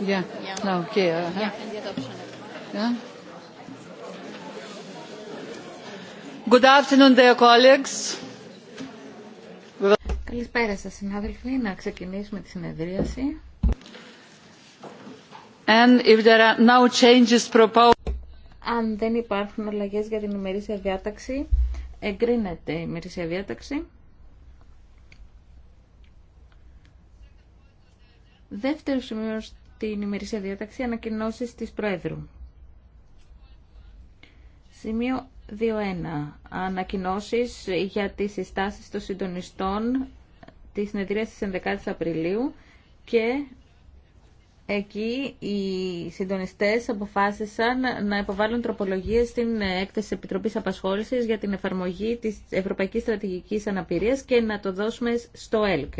Yeah. No. Okay. Yeah. Yeah. Good afternoon, dear colleagues. Καλησπέρα σας συνάδελφοι. Να ξεκινήσουμε τη συνεδρίαση. And if there are no changes proposed. Αν δεν υπάρχουν αλλαγέ για την ημερήσια διάταξη, εγκρίνεται η ημερήσια διάταξη. Δεύτερο σημείο στην ημερήσια διάταξη, ανακοινώσεις της Προέδρου. Σημείο 2.1. Ανακοινώσεις για τις συστάσεις των συντονιστών της συνεδρίας της 11 Απριλίου και Εκεί οι συντονιστές αποφάσισαν να υποβάλουν τροπολογίες στην έκθεση επιτροπή Επιτροπής Απασχόλησης για την εφαρμογή της Ευρωπαϊκής Στρατηγικής Αναπηρίας και να το δώσουμε στο ΕΛΚ.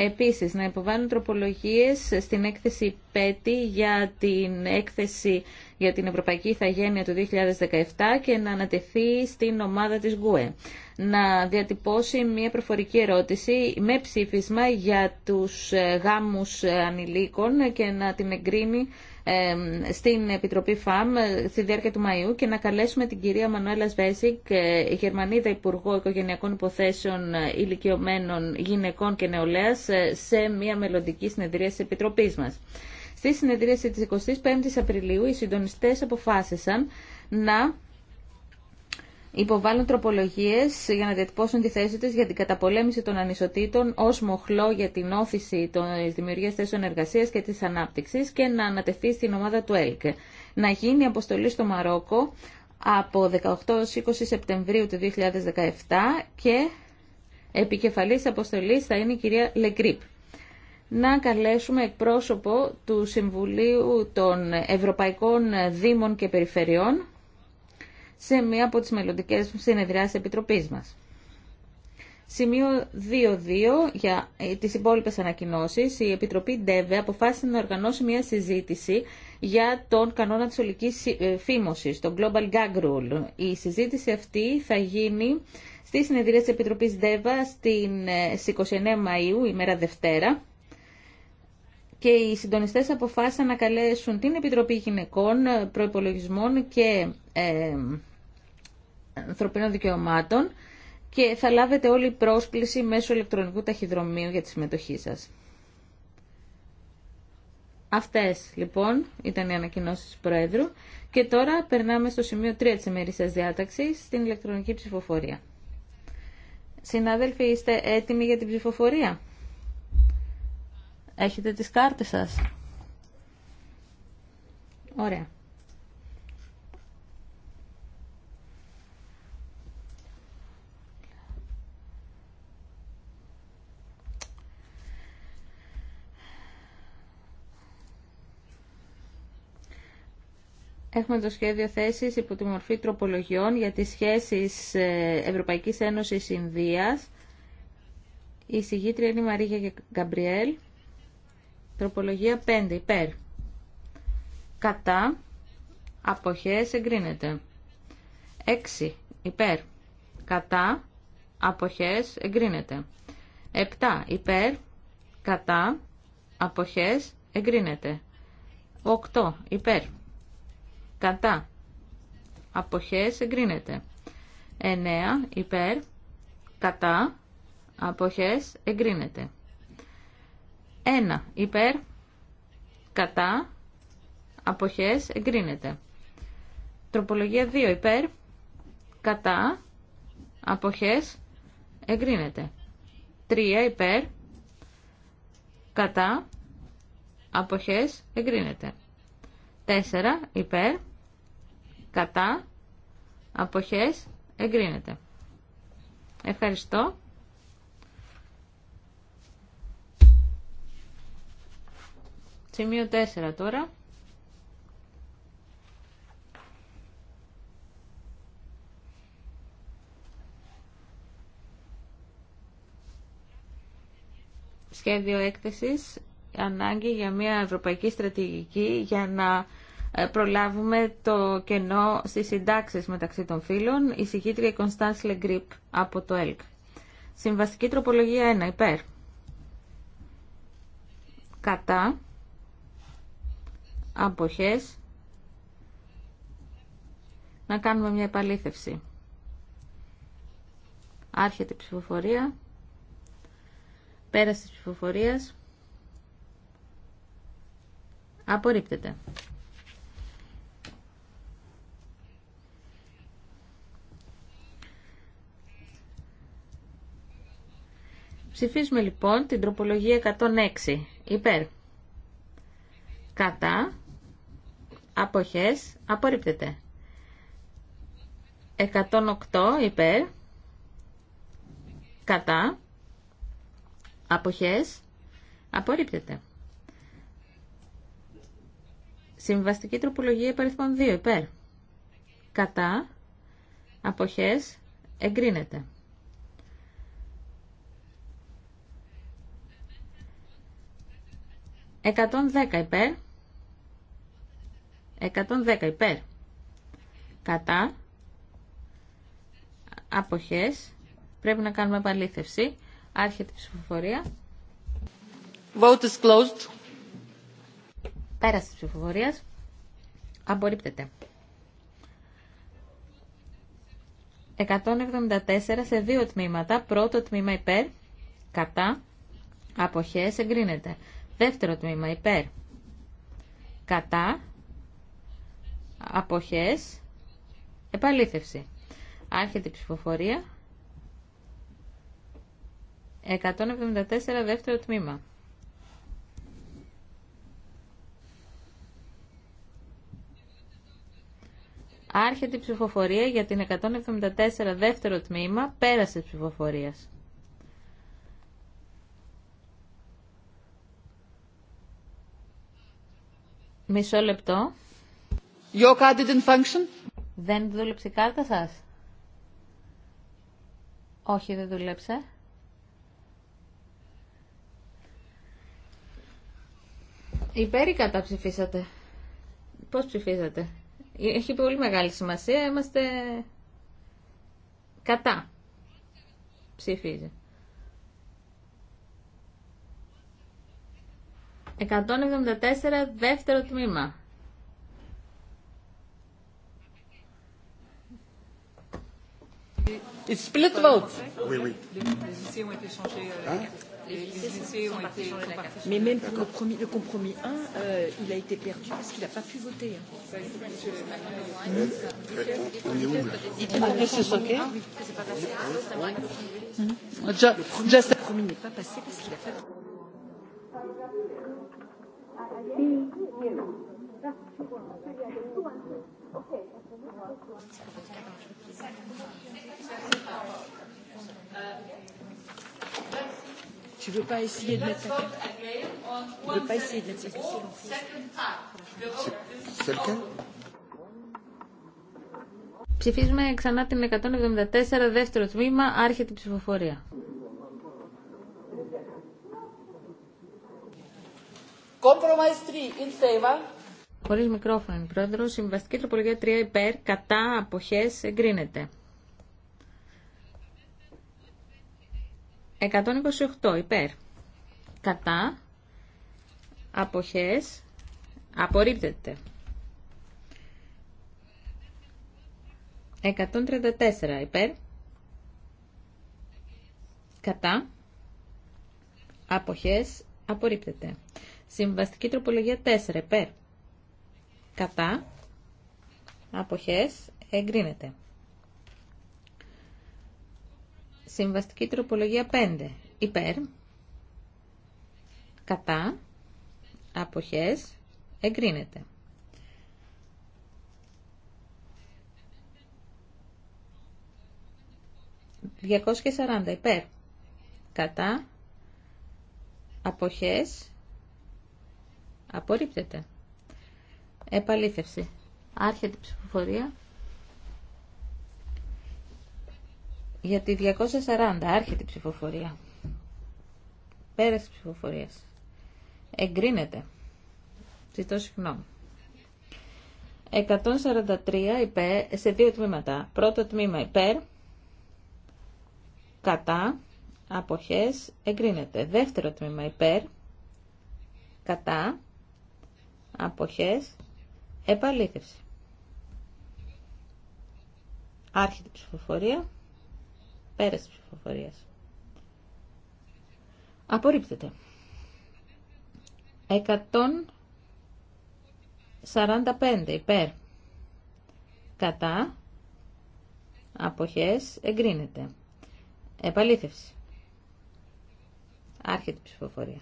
Επίσης, να υποβάλουν τροπολογίες στην έκθεση ΠΕΤΗ για την έκθεση για την Ευρωπαϊκή Ιθαγένεια του 2017 και να ανατεθεί στην ομάδα της ΓΟΕ. Να διατυπώσει μια προφορική ερώτηση με ψήφισμα για τους ε, γάμους ανηλίκων και να την εγκρίνει στην Επιτροπή ΦΑΜ στη διάρκεια του Μαΐου και να καλέσουμε την κυρία Μανουέλα Σβέσικ, ε, Γερμανίδα Υπουργό Οικογενειακών Υποθέσεων Ηλικιωμένων Γυναικών και Νεολαίας, ε, σε μια μελλοντική συνεδρία της Επιτροπής μας. Στη συνεδρίαση της 25ης Απριλίου οι συντονιστές αποφάσισαν να υποβάλλουν τροπολογίε για να διατυπώσουν τη θέση της για την καταπολέμηση των ανισοτήτων ω μοχλό για την όθηση της δημιουργία θέσεων εργασία και τη ανάπτυξη και να ανατεθεί στην ομάδα του ΕΛΚ. Να γίνει αποστολή στο Μαρόκο από 18-20 Σεπτεμβρίου του 2017 και επικεφαλής αποστολής θα είναι η κυρία Λεγκρίπ. Να καλέσουμε εκπρόσωπο του Συμβουλίου των Ευρωπαϊκών Δήμων και Περιφερειών σε μία από τις μελλοντικές συνεδριάσεις Επιτροπής μας. Σημείο 2.2 για ε, τις υπόλοιπες ανακοινώσεις, η Επιτροπή ΔΕΒΕ αποφάσισε να οργανώσει μια συζήτηση για τον κανόνα της ολικής ε, φήμωσης, τον Global Gag Rule. Η συζήτηση αυτή θα γίνει στη συνεδρία της Επιτροπής ΔΕΒΑ ε, στις 29 Μαΐου, ημέρα Δευτέρα, και οι συντονιστές αποφάσισαν να καλέσουν την Επιτροπή Γυναικών, Προϋπολογισμών και ανθρωπίνων δικαιωμάτων και θα λάβετε όλη η πρόσκληση μέσω ηλεκτρονικού ταχυδρομείου για τη συμμετοχή σας. Αυτές λοιπόν ήταν οι ανακοινώσεις του Πρόεδρου και τώρα περνάμε στο σημείο 3 της ημερήσιας διάταξης στην ηλεκτρονική ψηφοφορία. Συνάδελφοι, είστε έτοιμοι για την ψηφοφορία? Έχετε τις κάρτες σας. Ωραία. Έχουμε το σχέδιο θέσης υπό τη μορφή τροπολογιών για τις σχέσεις ε, Ευρωπαϊκής Ένωσης Ινδίας. Η συγγήτρια είναι η Μαρίγια Γκαμπριέλ. Τροπολογία 5 υπέρ. Κατά. Αποχές εγκρίνεται. 6 υπέρ. Κατά. Αποχές εγκρίνεται. 7 υπέρ. Κατά. Αποχές εγκρίνεται. 8 υπέρ κατά, αποχές εγκρίνεται. 9 υπέρ, κατά, αποχές εγκρίνεται. 1 υπέρ, κατά, αποχές εγκρίνεται. Τροπολογία 2 υπέρ, κατά, αποχές εγκρίνεται. 3 υπέρ, κατά, αποχές εγκρίνεται. 4 υπέρ, κατά, αποχές, εγκρίνεται. Ευχαριστώ. Σημείο 4 τώρα. Σχέδιο έκθεσης ανάγκη για μια ευρωπαϊκή στρατηγική για να ε, προλάβουμε το κενό στις συντάξεις μεταξύ των φίλων. Η συγκήτρια Κωνσταντς Λεγκρίπ από το ΕΛΚ. Συμβαστική τροπολογία 1. Υπέρ. Κατά. Αποχές. Να κάνουμε μια επαλήθευση. Άρχεται η ψηφοφορία. Πέραση της ψηφοφορίας. Απορρίπτεται. Ψηφίζουμε λοιπόν την τροπολογία 106. Υπέρ. Κατά. Αποχές. Απορρίπτεται. 108 υπέρ. Κατά. Αποχές. Απορρίπτεται. Συμβαστική τροπολογία υπαριθμών 2 υπέρ. Κατά. Αποχές. Εγκρίνεται. 110 υπέρ. 110 υπέρ. Κατά. Αποχές. Πρέπει να κάνουμε επαλήθευση. Άρχεται η ψηφοφορία. Vote is closed. Πέραση της Απορρίπτεται. 174 σε δύο τμήματα. Πρώτο τμήμα υπέρ. Κατά. Αποχές εγκρίνεται. Δεύτερο τμήμα υπέρ. Κατά. Αποχές. Επαλήθευση. Άρχεται η ψηφοφορία. 174 δεύτερο τμήμα. Άρχεται η ψηφοφορία για την 174 δεύτερο τμήμα πέρασε ψηφοφορίας. Μισό λεπτό. Your card function. Δεν δούλεψε η κάρτα σας. Όχι, δεν δούλεψε. Υπέρ ή κατά ψηφίσατε. Πώς ψηφίσατε. Έχει πολύ μεγάλη σημασία. Είμαστε κατά. Ψηφίζει. 174 δεύτερο τμήμα. It's split vote. Oui, oui. Mais même pour le, premier, le compromis 1, euh, il a été perdu parce qu'il n'a pas pu voter. Le premier n'est pas passé parce qu'il n'a pas Tu veux pas essayer de mettre Tu veux pas essayer de mettre C'est lequel Ψηφίζουμε ξανά την 174 δεύτερο τμήμα, άρχεται η ψηφοφορία. Compromise 3 in Χωρί μικρόφωνο, πρόεδρο. Συμβαστική τροπολογία 3 υπέρ, κατά, αποχέ, εγκρίνεται. 128 υπέρ, κατά, αποχές, απορρίπτεται. 134 υπέρ, κατά, αποχές, απορρίπτεται. Συμβαστική τροπολογία 4 υπέρ. Κατά. Αποχές. Εγκρίνεται. Συμβαστική τροπολογία 5 υπέρ. Κατά. Αποχές. Εγκρίνεται. Διακόσια υπέρ. Κατά. Αποχές Απορρίπτεται. Επαλήθευση. Άρχεται η ψηφοφορία. Για τη 240 άρχεται η ψηφοφορία. Πέρες τη ψηφοφορίας. Εγκρίνεται. Ζητώ συγγνώμη. 143 υπέρ, σε δύο τμήματα. Πρώτο τμήμα υπέρ, κατά, αποχές, εγκρίνεται. Δεύτερο τμήμα υπέρ, κατά, αποχές, επαλήθευση. Άρχεται ψηφοφορία, της ψηφοφορίας. Απορρίπτεται. 145 υπέρ. Κατά. Αποχές εγκρίνεται. Επαλήθευση. Άρχεται ψηφοφορία.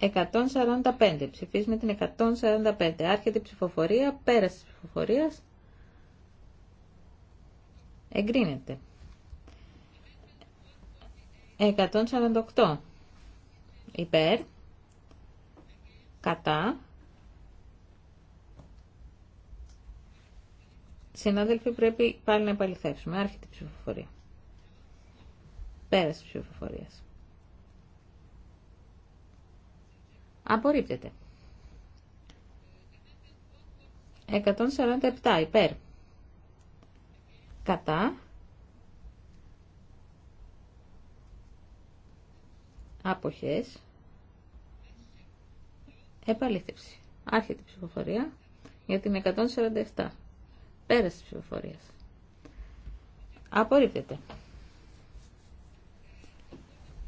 145. Ψηφίζουμε την 145. Άρχεται η ψηφοφορία, πέραση της ψηφοφορίας. Εγκρίνεται. 148. Υπέρ. Κατά. Συνάδελφοι, πρέπει πάλι να επαληθεύσουμε. Άρχεται η ψηφοφορία. Πέραση ψηφοφορίας. Απορρίπτεται. 147 υπέρ. Κατά. Άποχες. Επαλήθευση. Άρχεται η ψηφοφορία για την 147. Πέρασε της ψηφοφορία. Απορρίπτεται.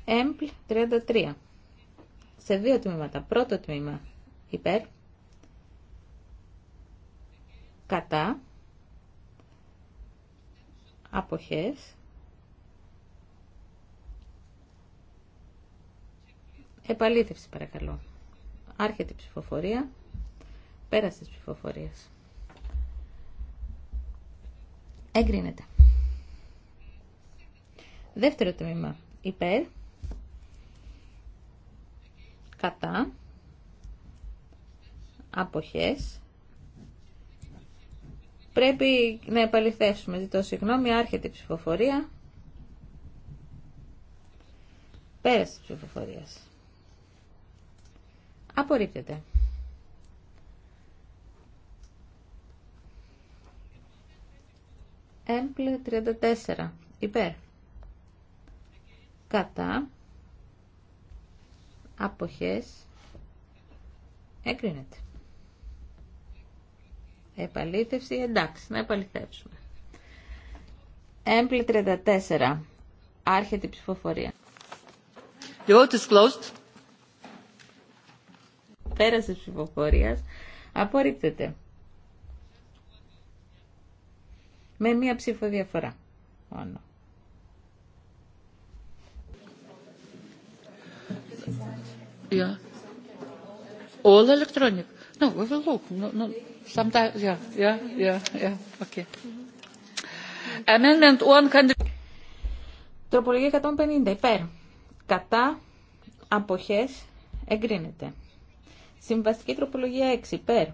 Έμπλ 33 σε δύο τμήματα. Πρώτο τμήμα υπέρ, κατά, αποχές, επαλήθευση παρακαλώ. Άρχεται η ψηφοφορία, πέρασε της ψηφοφορίας. Εγκρίνεται. Δεύτερο τμήμα υπέρ, κατά αποχές πρέπει να επαληθεύσουμε ζητώ συγγνώμη άρχεται η ψηφοφορία πέρασε της ψηφοφορίας απορρίπτεται έμπλε 34 υπέρ κατά αποχές εγκρίνεται. Επαλήθευση, εντάξει, να επαληθεύσουμε. Έμπλη 34, άρχεται η ψηφοφορία. The vote is closed. Πέρασε ψηφοφορίας, απορρίπτεται. Με μία ψήφο διαφορά. All electronic. No, we will look. No, no. Sometimes, yeah, yeah, yeah, yeah. Okay. Amendment 100. Τροπολογία 150 υπέρ. Κατά αποχές εγκρίνεται. Συμβαστική τροπολογία 6 υπέρ.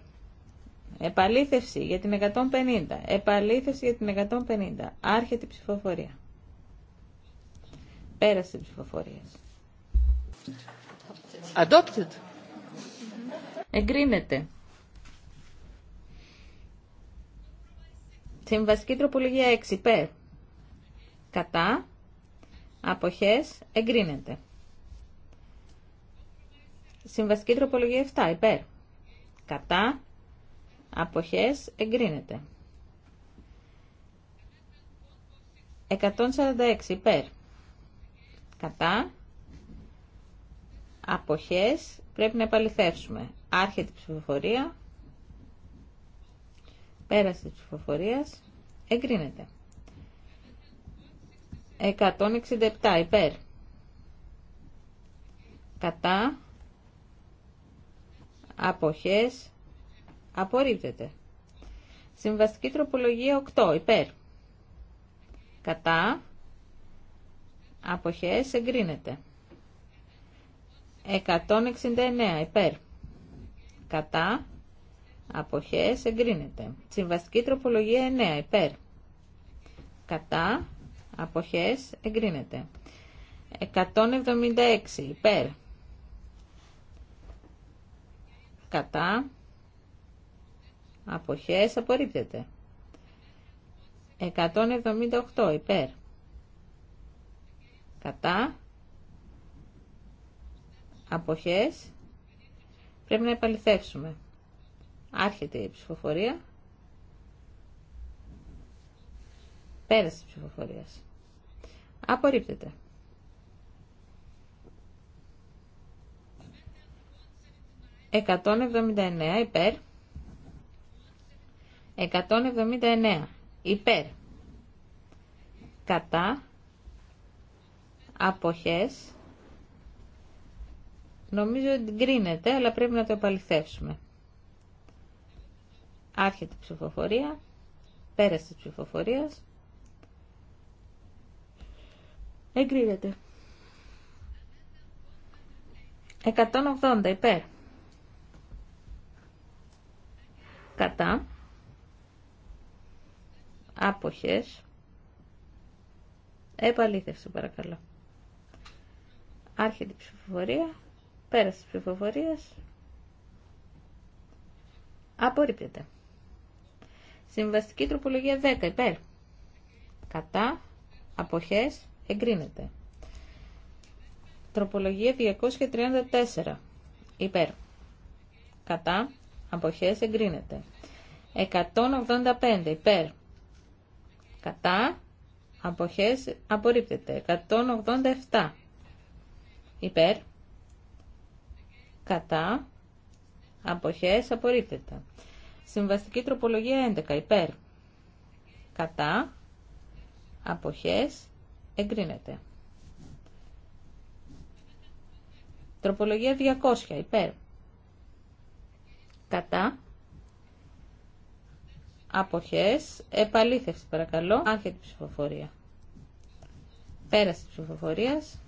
Επαλήθευση για την 150. Επαλήθευση για την 150. Άρχεται η ψηφοφορία. Πέρασε η ψηφοφορία. Adopted. Εγκρίνεται. Συμβαστική τροπολογία 6 υπέρ. Κατά. Αποχές. Εγκρίνεται. Συμβαστική τροπολογία 7 υπέρ. Κατά. Αποχές. Εγκρίνεται. 146 υπέρ. Κατά αποχές πρέπει να επαληθεύσουμε. Άρχεται η ψηφοφορία, πέραση τη ψηφοφορίας, εγκρίνεται. 167 υπέρ. Κατά. Αποχές. Απορρίπτεται. Συμβαστική τροπολογία 8 υπέρ. Κατά. Αποχές εγκρίνεται. 169 υπέρ. Κατά. Αποχές εγκρίνεται. Συμβαστική τροπολογία 9 υπέρ. Κατά. Αποχές εγκρίνεται. 176 υπέρ. Κατά. Αποχές απορρίπτεται. 178 υπέρ. Κατά αποχές πρέπει να επαληθεύσουμε. Άρχεται η ψηφοφορία. Πέρασε της ψηφοφορία. Απορρίπτεται. 179 υπέρ. 179 υπέρ. Κατά. Αποχές. Νομίζω ότι γκρίνεται, αλλά πρέπει να το επαληθεύσουμε. Άρχεται η ψηφοφορία, πέρασε τη ψηφοφορία. Εγκρίνεται. 180 υπέρ. Κατά. Άποχες. Επαλήθευση παρακαλώ. Άρχεται η ψηφοφορία. Πέρας της ψηφοφορίας. Απορρίπτεται. Συμβαστική τροπολογία 10 υπέρ. Κατά. Αποχές. Εγκρίνεται. Τροπολογία 234 υπέρ. Κατά. Αποχές. Εγκρίνεται. 185 υπέρ. Κατά. Αποχές. Απορρίπτεται. 187 υπέρ κατά, αποχές, απορρίπτεται. Συμβαστική τροπολογία 11, υπέρ, κατά, αποχές, εγκρίνεται. Τροπολογία 200, υπέρ, κατά, αποχές, επαλήθευση παρακαλώ, άρχεται την ψηφοφορία. Πέραση ψηφοφορίας.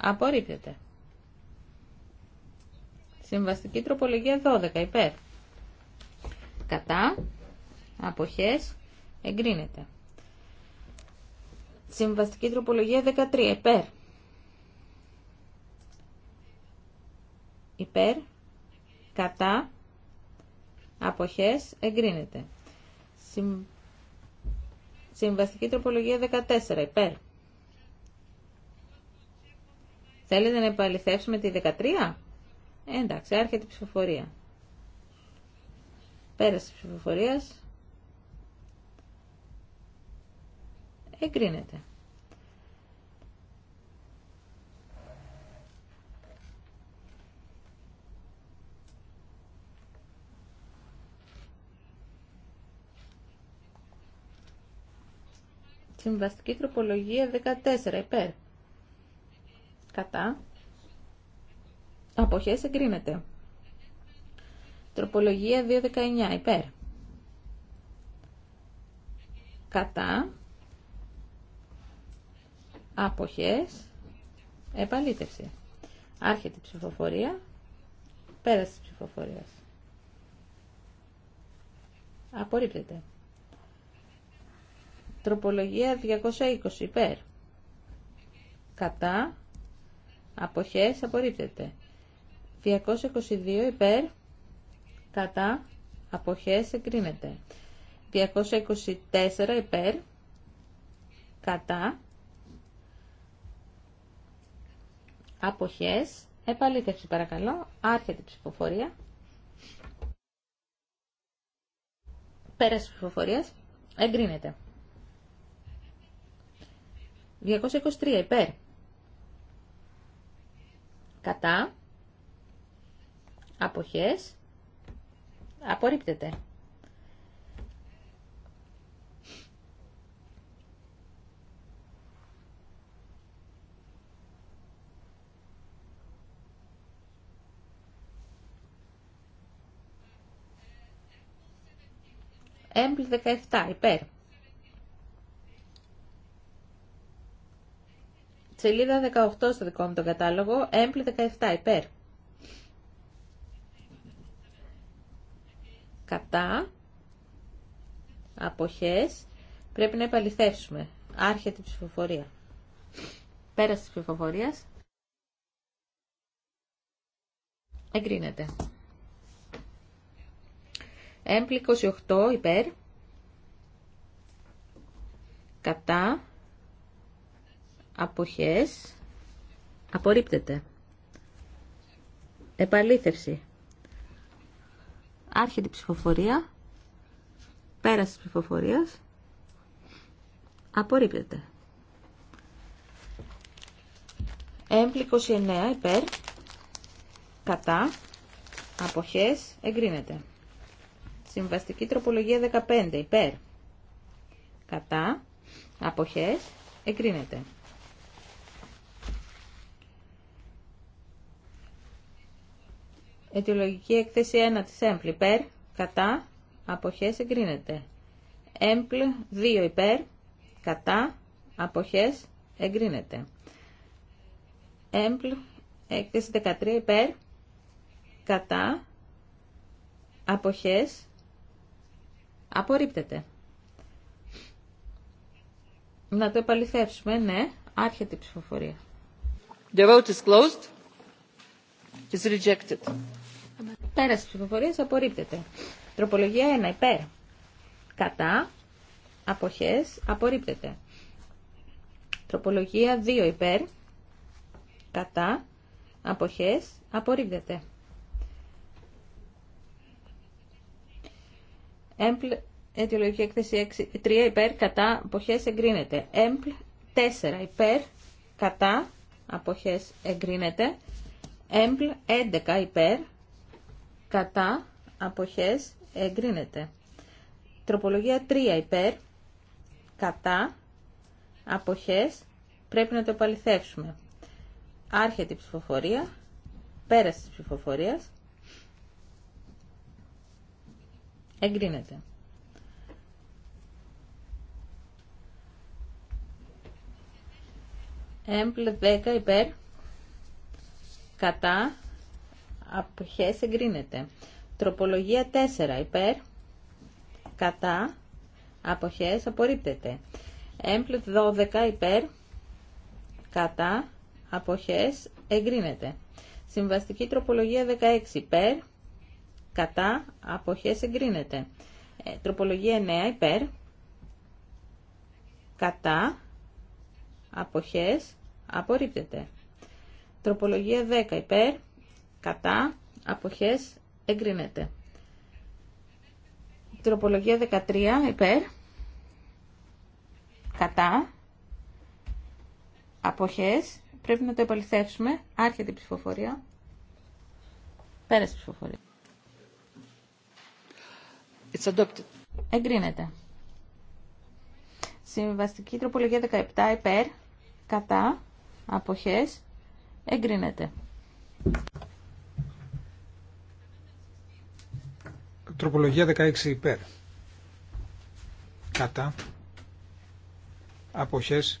Απορρίπτεται. Συμβαστική τροπολογία 12 υπέρ. Κατά. Αποχές. Εγκρίνεται. Συμβαστική τροπολογία 13 υπέρ. Υπέρ. Κατά. Αποχές. Εγκρίνεται. Συμ... Συμβαστική τροπολογία 14 υπέρ. Θέλετε να επαληθεύσουμε τη 13? Ε, εντάξει, άρχεται η ψηφοφορία. Πέρασε τη ψηφοφορία. Εγκρίνεται. Συμβαστική τροπολογία 14 υπέρ κατά, αποχές εγκρίνεται. Τροπολογία 2.19 υπέρ, κατά, αποχές, επαλήτευση. Άρχεται η ψηφοφορία, πέραση της ψηφοφορίας. Απορρίπτεται. Τροπολογία 220 υπέρ. Κατά αποχές απορρίπτεται 222 υπέρ κατά αποχές εγκρίνεται 224 υπέρ κατά αποχές επαλήθευση παρακαλώ άρχεται η ψηφοφορία πέρας ψηφοφορίας εγκρίνεται 223 υπέρ κατά, αποχές, απορρίπτεται. Έμπλη 17, υπέρ. Σελίδα 18 στο δικό μου τον κατάλογο, έμπλη 17 υπέρ. Κατά, αποχές, πρέπει να επαληθεύσουμε. Άρχεται η ψηφοφορία. Πέρας της ψηφοφορίας. Εγκρίνεται. Έμπλη 28 υπέρ. Κατά, αποχές απορρίπτεται. Επαλήθευση. Άρχεται ψηφοφορία. Πέραση της ψηφοφορίας. Απορρίπτεται. Έμπλικος 29 υπέρ. Κατά. Αποχές εγκρίνεται. Συμβαστική τροπολογία 15 υπέρ. Κατά. Αποχές εγκρίνεται. Αιτιολογική έκθεση 1 της έμπλη υπέρ, κατά, αποχές εγκρίνεται. Έμπλ 2 υπέρ, κατά, αποχές εγκρίνεται. Έμπλ έκθεση 13 υπέρ, κατά, αποχές απορρίπτεται. Να το επαληθεύσουμε, ναι, άρχεται η ψηφοφορία. The vote is closed is rejected. Πέραση της ψηφοφορίες απορρίπτεται. Τροπολογία 1 υπέρ. Κατά. Αποχές απορρίπτεται. Τροπολογία 2 υπέρ. Κατά. Αποχές απορρίπτεται. Έμπλ, αιτιολογική έκθεση 6, 3 υπέρ, κατά, αποχές εγκρίνεται. Έμπλ 4 υπέρ, κατά, αποχές εγκρίνεται. Έμπλ 11 υπέρ, κατά, αποχές, εγκρίνεται. Τροπολογία 3 υπέρ, κατά, αποχές, πρέπει να το επαληθεύσουμε. Άρχεται η ψηφοφορία, πέραση της ψηφοφορίας, εγκρίνεται. Έμπλ 10 υπέρ, κατά, αποχές εγκρίνεται. Τροπολογία 4 υπέρ, κατά, αποχές απορρίπτεται. Έμπλετ 12 υπέρ, κατά, αποχές εγκρίνεται. Συμβαστική τροπολογία 16 υπέρ, κατά, αποχές εγκρίνεται. Ε, τροπολογία 9 υπέρ, κατά, αποχές απορρίπτεται. Τροπολογία 10 υπέρ, κατά, αποχές, εγκρίνεται. Τροπολογία 13 υπέρ, κατά, αποχές, πρέπει να το επαληθεύσουμε, άρχεται η ψηφοφορία, πέρασε η ψηφοφορία. It's adopted. Εγκρίνεται. Συμβαστική τροπολογία 17 υπέρ, κατά, αποχές, Εγκρίνεται. Τροπολογία 16 υπέρ. Κατά. Αποχές.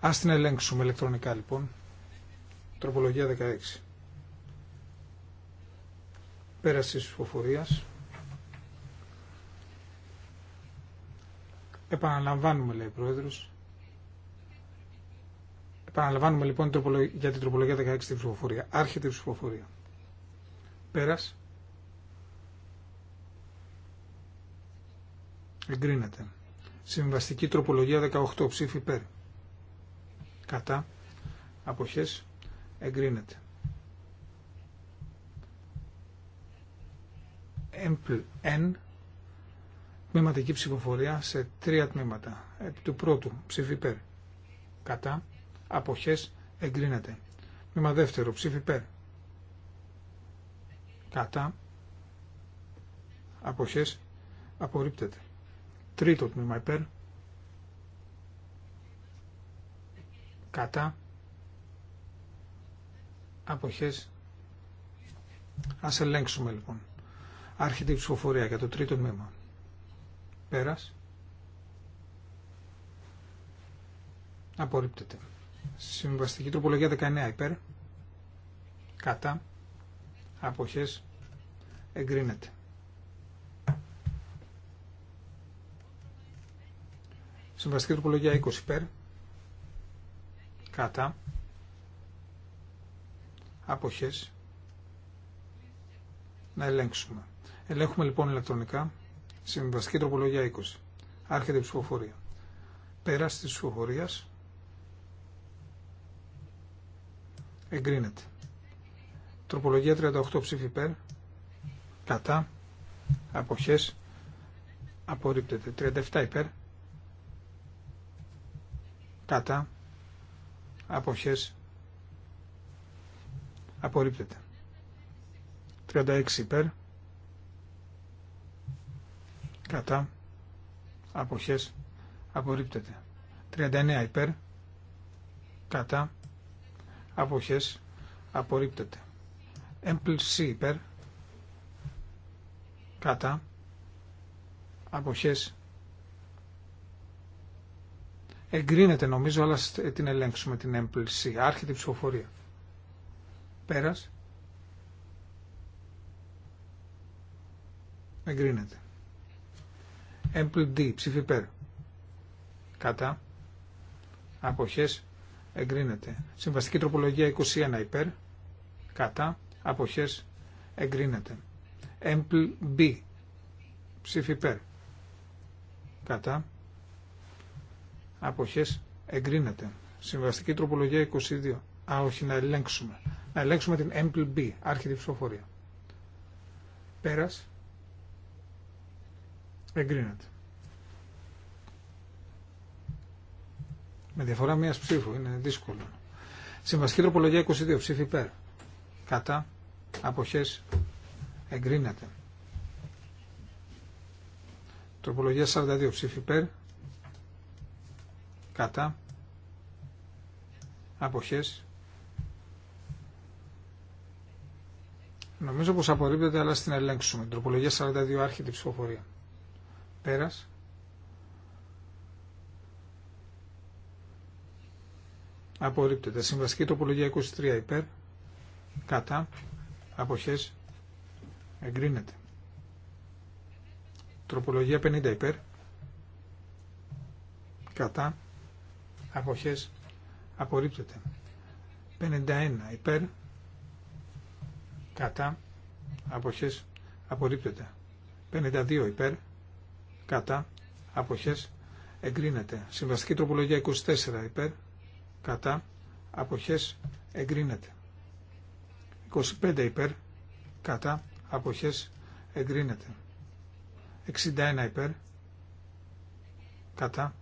Ας την ελέγξουμε ηλεκτρονικά λοιπόν. Τροπολογία 16. Πέραση της Επαναλαμβάνουμε λέει ο Πρόεδρος. Επαναλαμβάνουμε λοιπόν για την τροπολογία 16 την ψηφοφορία. Άρχεται η ψηφοφορία. Πέρας. Εγκρίνεται. Συμβαστική τροπολογία 18 ψήφι υπέρ. Κατά. Αποχές. Εγκρίνεται. Εμπλ Εν. τμήματική ψηφοφορία σε τρία τμήματα. Επί του πρώτου ψήφι υπέρ. Κατά αποχές εγκρίνεται. Μήμα δεύτερο ψήφι περ. Κατά αποχές απορρίπτεται. Τρίτο τμήμα υπέρ. Κατά αποχές Ας ελέγξουμε λοιπόν. Άρχεται η ψηφοφορία για το τρίτο τμήμα. Πέρας. Απορρίπτεται. Συμβαστική τροπολογία 19 υπέρ. Κατά. Αποχές. Εγκρίνεται. Συμβαστική τροπολογία 20 υπέρ. Κατά. Αποχές. Να ελέγξουμε. Ελέγχουμε λοιπόν ηλεκτρονικά. Συμβαστική τροπολογία 20. Άρχεται η ψηφοφορία. Πέρα τη ψηφοφορία. εγκρίνεται. Τροπολογία 38 ψήφι υπέρ, κατά, αποχές, απορρίπτεται. 37 υπέρ, κατά, αποχές, απορρίπτεται. 36 υπέρ, κατά, αποχές, απορρίπτεται. 39 υπέρ, κατά, αποχές απορρίπτεται. Έμπλ C υπέρ κατά αποχές εγκρίνεται νομίζω αλλά την ελέγξουμε την Έμπλ Άρχεται η ψηφοφορία. Πέρας. Εγκρίνεται. Έμπλυντή D ψήφι υπέρ κατά αποχές εγκρίνεται. Συμβαστική τροπολογία 21 υπέρ, κατά, αποχές, εγκρίνεται. Έμπλ B, ψήφι υπέρ, κατά, αποχές, εγκρίνεται. Συμβαστική τροπολογία 22. Α, όχι, να ελέγξουμε. Να ελέγξουμε την Έμπλ B, άρχιτη ψηφοφορία. Πέρας, εγκρίνεται. Με διαφορά μια ψήφου. Είναι δύσκολο. Συμβασική τροπολογία 22. Ψήφι υπέρ. Κατά. Αποχές. Εγκρίνεται. Τροπολογία 42. Ψήφι υπέρ. Κατά. Αποχές. Νομίζω πως απορρίπτεται αλλά στην ελέγξουμε. Τροπολογία 42. Άρχεται ψηφοφορία. Πέρας. απορρίπτεται. Συμβαστική τροπολογία 23 υπέρ, κατά, αποχές, εγκρίνεται. Τροπολογία 50 υπέρ, κατά, αποχές, απορρίπτεται. 51 υπέρ, κατά, αποχές, απορρίπτεται. 52 υπέρ, κατά, αποχές, εγκρίνεται. Συμβαστική τροπολογία 24 υπέρ, κατά αποχές εγκρίνεται. 25 υπέρ κατά αποχές εγκρίνεται. 61 υπέρ κατά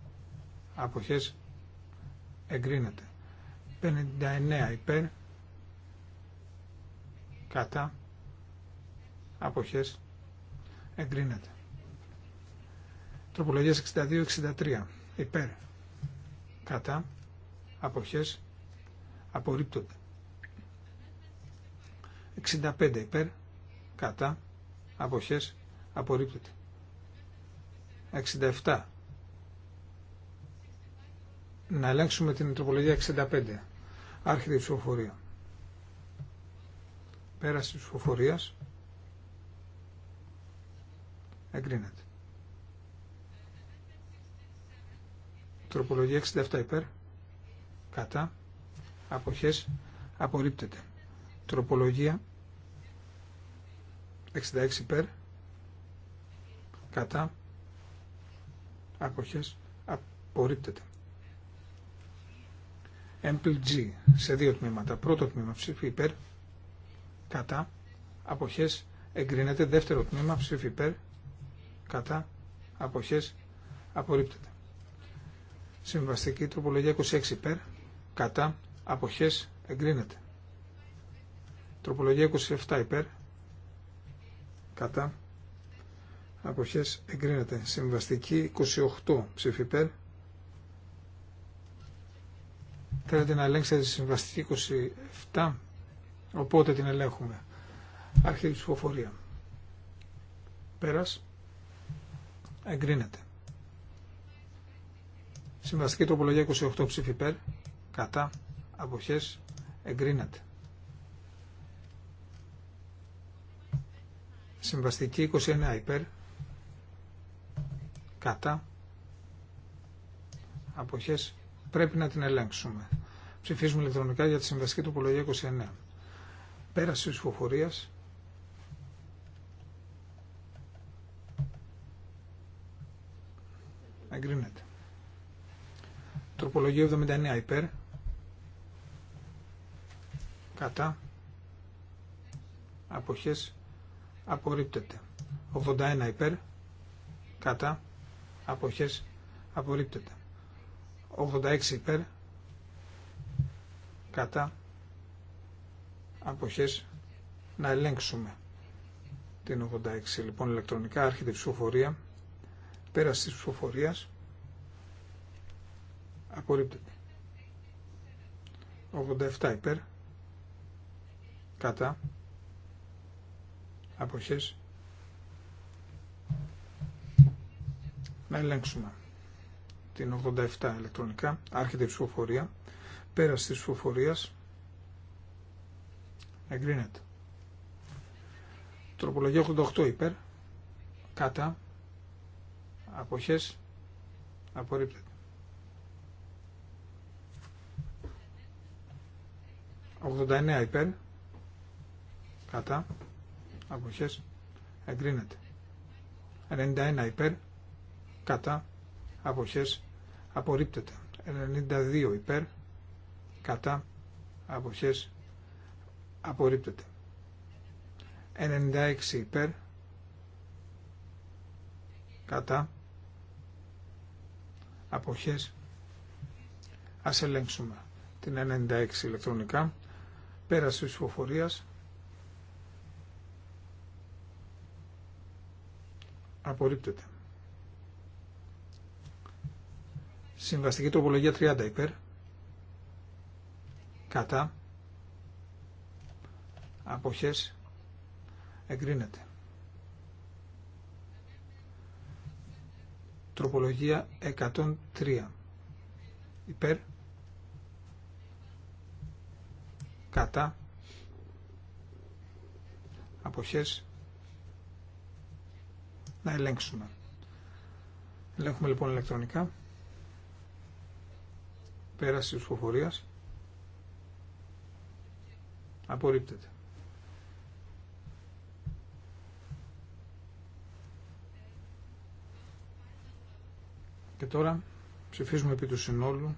αποχές εγκρίνεται. 59 υπέρ κατά αποχές εγκρίνεται. Τροπολογίες 62-63 υπέρ κατά αποχές απορρίπτονται. 65 υπέρ, κατά, αποχές απορρίπτονται. 67. Να ελέγξουμε την τροπολογία 65. Άρχεται η ψηφοφορία. Πέραση της ψηφοφορίας. Εγκρίνεται. Τροπολογία 67 υπέρ κατά αποχές απορρίπτεται. Τροπολογία 66 περ κατά αποχές απορρίπτεται. MPG σε δύο τμήματα. Πρώτο τμήμα ψήφι υπέρ κατά αποχές εγκρίνεται. Δεύτερο τμήμα ψήφι υπέρ κατά αποχές απορρίπτεται. Συμβαστική τροπολογία 26 υπέρ κατά αποχές εγκρίνεται. Τροπολογία 27 υπέρ κατά αποχές εγκρίνεται. Συμβαστική 28 ψήφι υπέρ Θέλετε να ελέγξετε τη συμβαστική 27, οπότε την ελέγχουμε. Άρχη ψηφοφορία. Πέρας. Εγκρίνεται. Συμβαστική τροπολογία 28 ψήφι υπέρ κατά αποχές εγκρίνεται. Συμβαστική 29 υπέρ κατά αποχές πρέπει να την ελέγξουμε. Ψηφίζουμε ηλεκτρονικά για τη συμβαστική τοπολογία 29. Πέραση της ψηφοφορίας εγκρίνεται. Τροπολογία 79 υπέρ κατά αποχές απορρίπτεται 81 υπέρ κατά αποχές απορρίπτεται 86 υπέρ κατά αποχές να ελέγξουμε την 86 λοιπόν ηλεκτρονικά άρχεται η ψηφοφορία πέραση της ψηφοφορίας απορρίπτεται 87 υπέρ κατά αποχές να ελέγξουμε την 87 ηλεκτρονικά άρχεται η ψηφοφορία πέρας της ψηφοφορίας εγκρίνεται τροπολογία 88 υπέρ κατά αποχές απορρίπτεται 89 υπέρ κατά αποχές εγκρίνεται 91 υπέρ κατά αποχές απορρίπτεται 92 υπέρ κατά αποχές απορρίπτεται 96 υπέρ κατά αποχές ας ελέγξουμε την 96 ηλεκτρονικά πέρασε της φοφορίας απορρίπτεται. Συμβαστική τροπολογία 30 υπέρ. Κατά. Αποχές. Εγκρίνεται. Τροπολογία 103 υπέρ. Κατά. Αποχές να ελέγξουμε. Ελέγχουμε λοιπόν ηλεκτρονικά. Πέραση της ψηφοφορίας. Απορρίπτεται. Και τώρα ψηφίζουμε επί του συνόλου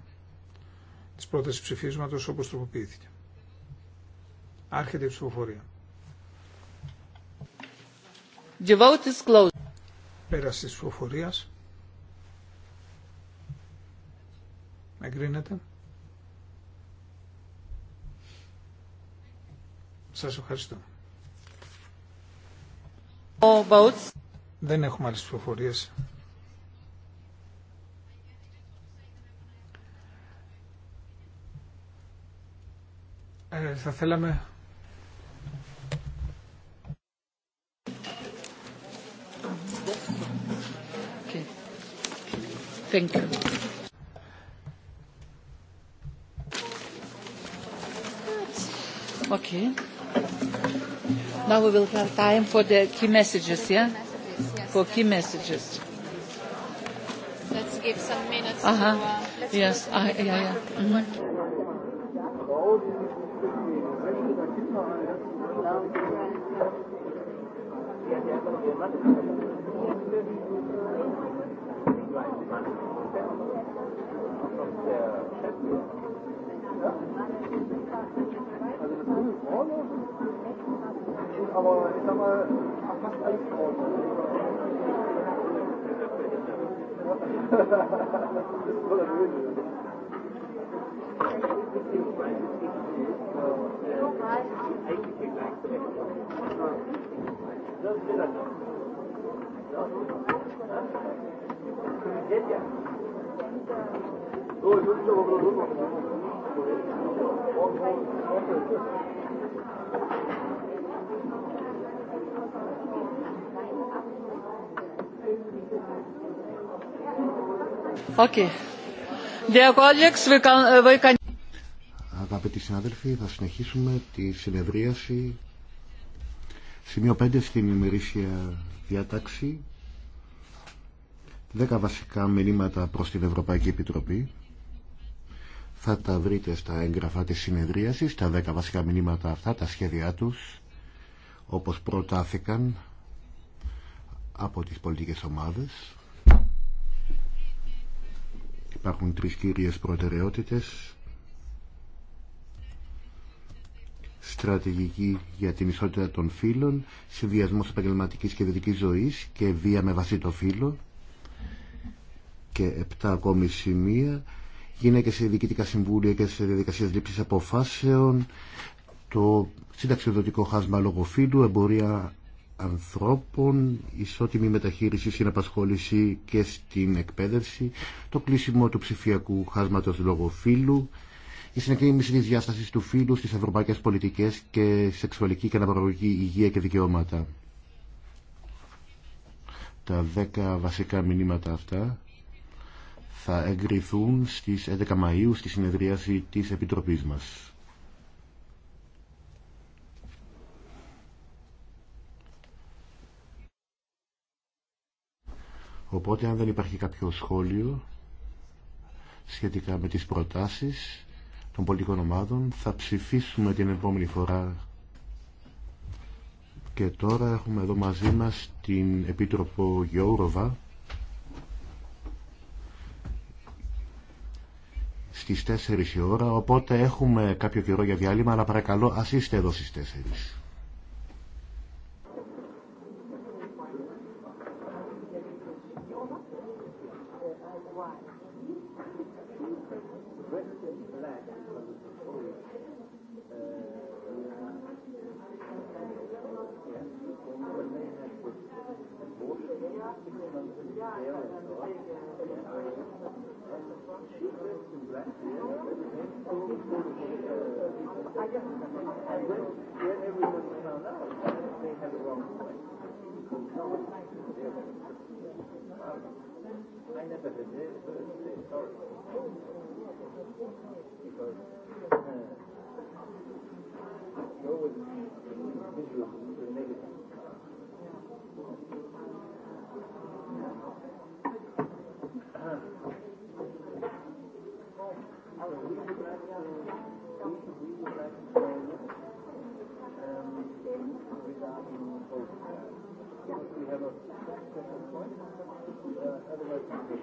της πρότασης ψηφίσματος όπως τροποποιήθηκε. Άρχεται η ψηφοφορία. The is closed. Πέραση της ψηφοφορίας. Εγκρίνεται. Σας ευχαριστώ. Δεν έχουμε άλλες φοροφορίες. Ε, θα θέλαμε think. Okay. Now we will have time for the key messages, yeah? For key messages. Let's give some minutes. Uh-huh. Yes. Uh, yeah. Yeah. das aber ich sag mal, fast alles Frauen. Das Uh, Αγαπητοί συνάδελφοι, θα συνεχίσουμε τη συνεδρίαση σημείο 5 στην ημερήσια διάταξη 10 βασικά μηνύματα προς την Ευρωπαϊκή Επιτροπή θα τα βρείτε στα έγγραφα της συνεδρίασης, τα δέκα βασικά μηνύματα αυτά, τα σχέδιά τους, όπως προτάθηκαν από τις πολιτικές ομάδες. Υπάρχουν τρεις κύριες προτεραιότητες. Στρατηγική για την ισότητα των φύλων, συνδυασμό επαγγελματική και δυτικής ζωής και βία με βασί το φύλο και επτά ακόμη σημεία γυναίκε σε διοικητικά συμβούλια και σε διαδικασίε λήψη αποφάσεων, το συνταξιοδοτικό χάσμα λογοφύλου, εμπορία ανθρώπων, ισότιμη μεταχείριση στην απασχόληση και στην εκπαίδευση, το κλείσιμο του ψηφιακού χάσματος λογοφύλου, η συνεκτήμηση της διάστασης του φύλου στις ευρωπαϊκές πολιτικές και σεξουαλική και αναπαραγωγική υγεία και δικαιώματα. Τα δέκα βασικά μηνύματα αυτά θα εγκριθούν στις 11 Μαΐου στη συνεδρίαση της Επιτροπής μας. Οπότε αν δεν υπάρχει κάποιο σχόλιο σχετικά με τις προτάσεις των πολιτικών ομάδων θα ψηφίσουμε την επόμενη φορά και τώρα έχουμε εδώ μαζί μας την Επίτροπο Γιώργοβα στις 4 η ώρα, οπότε έχουμε κάποιο καιρό για διάλειμμα, αλλά παρακαλώ ας είστε εδώ στις 4. Otherwise,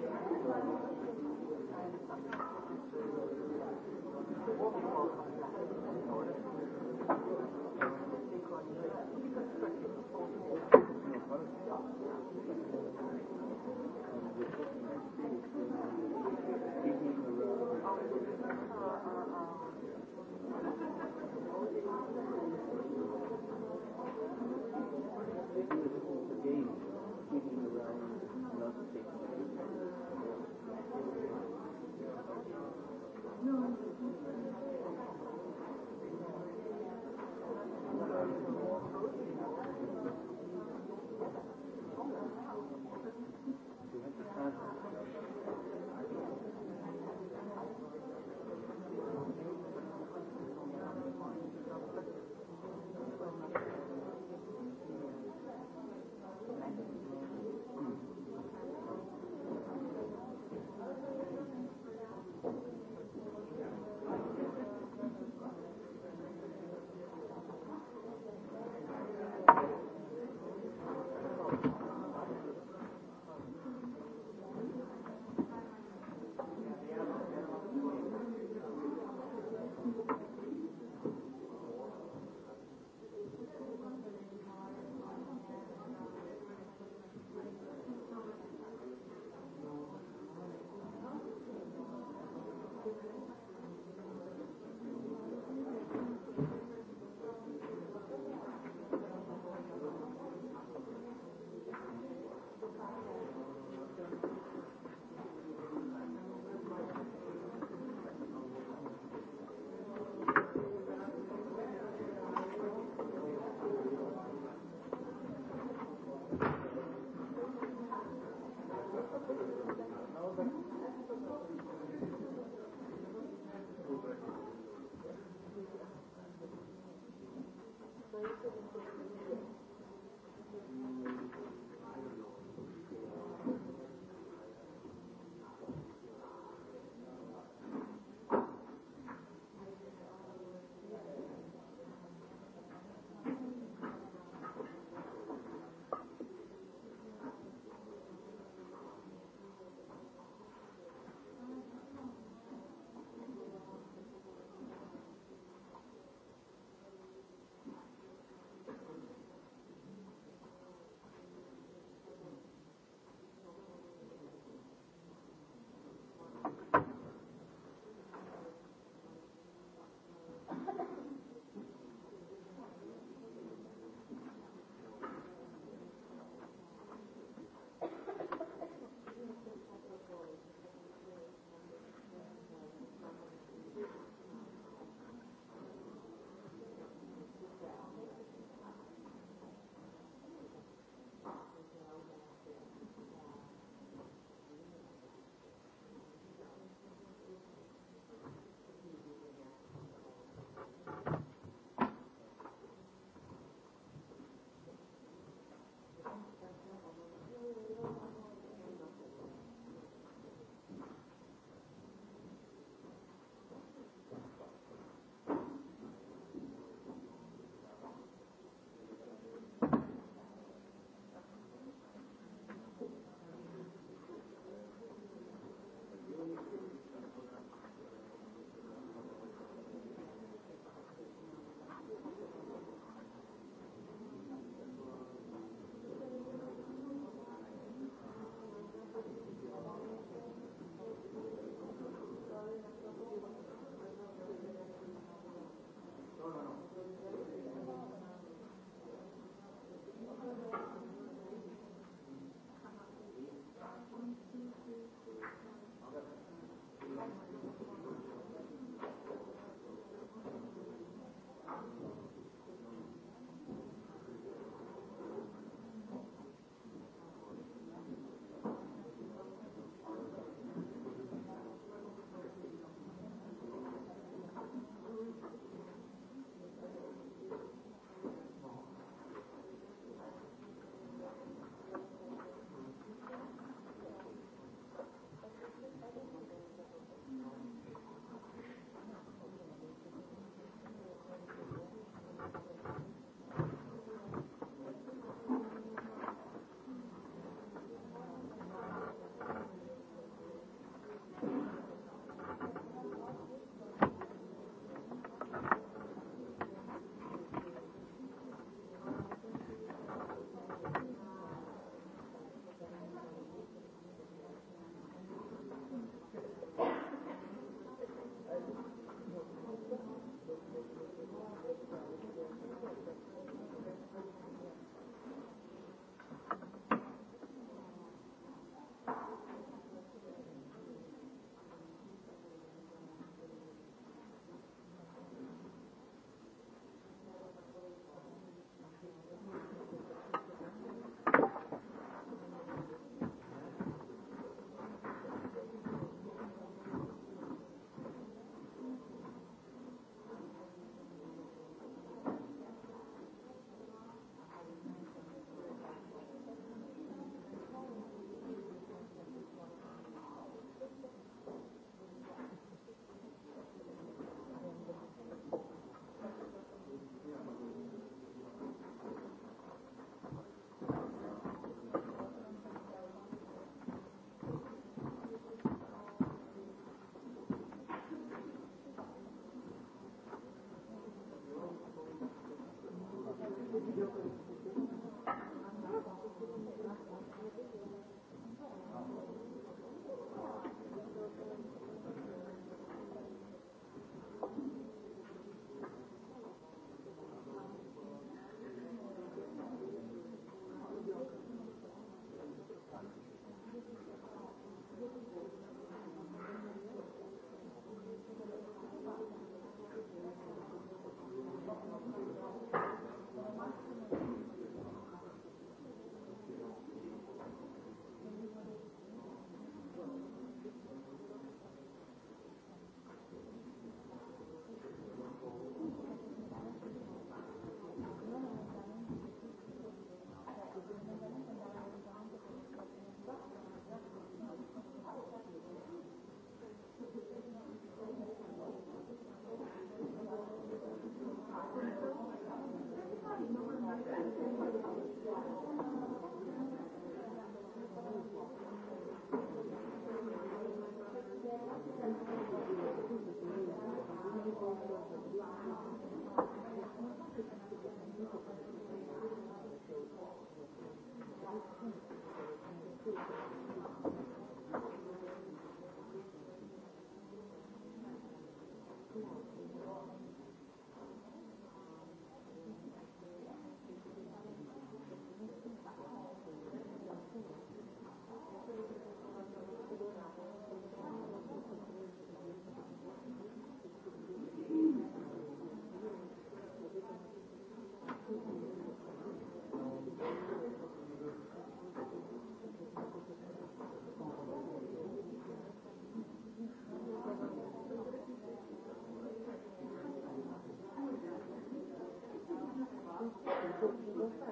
Υπότιτλοι AUTHORWAVE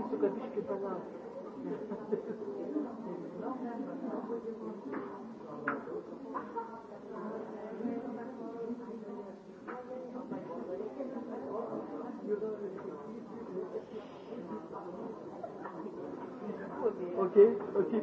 στο κατήχη παλάτι. Okay, okay.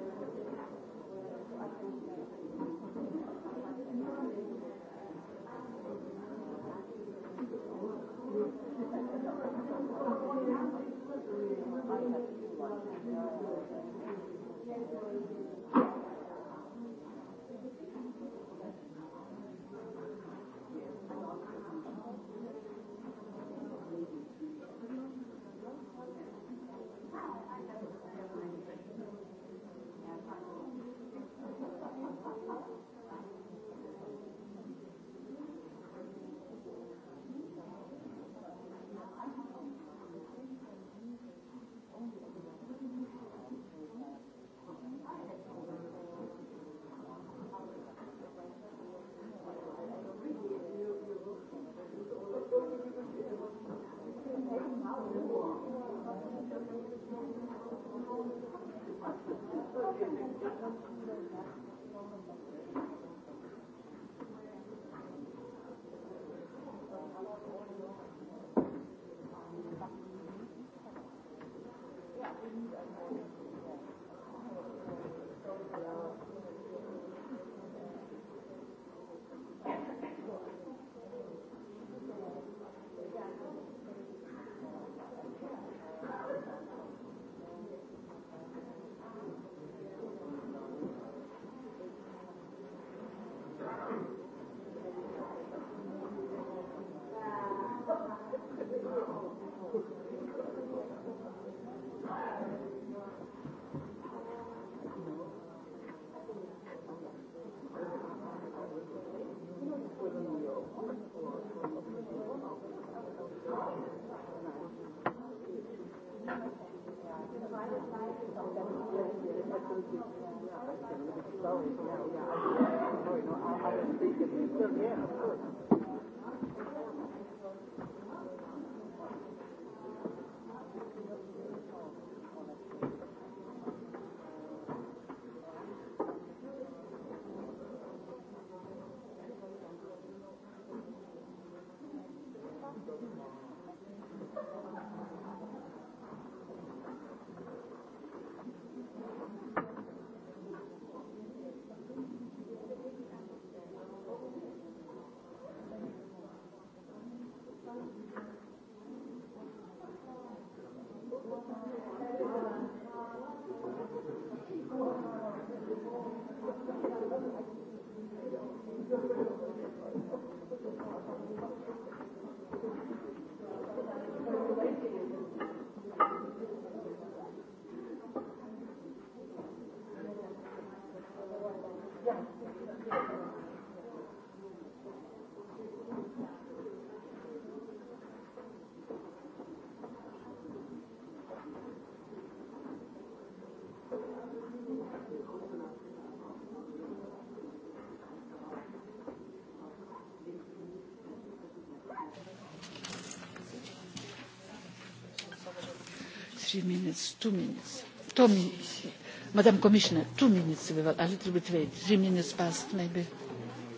three minutes, two minutes. Two minutes. Madam Commissioner, two minutes, we will a little bit wait. Three minutes passed, maybe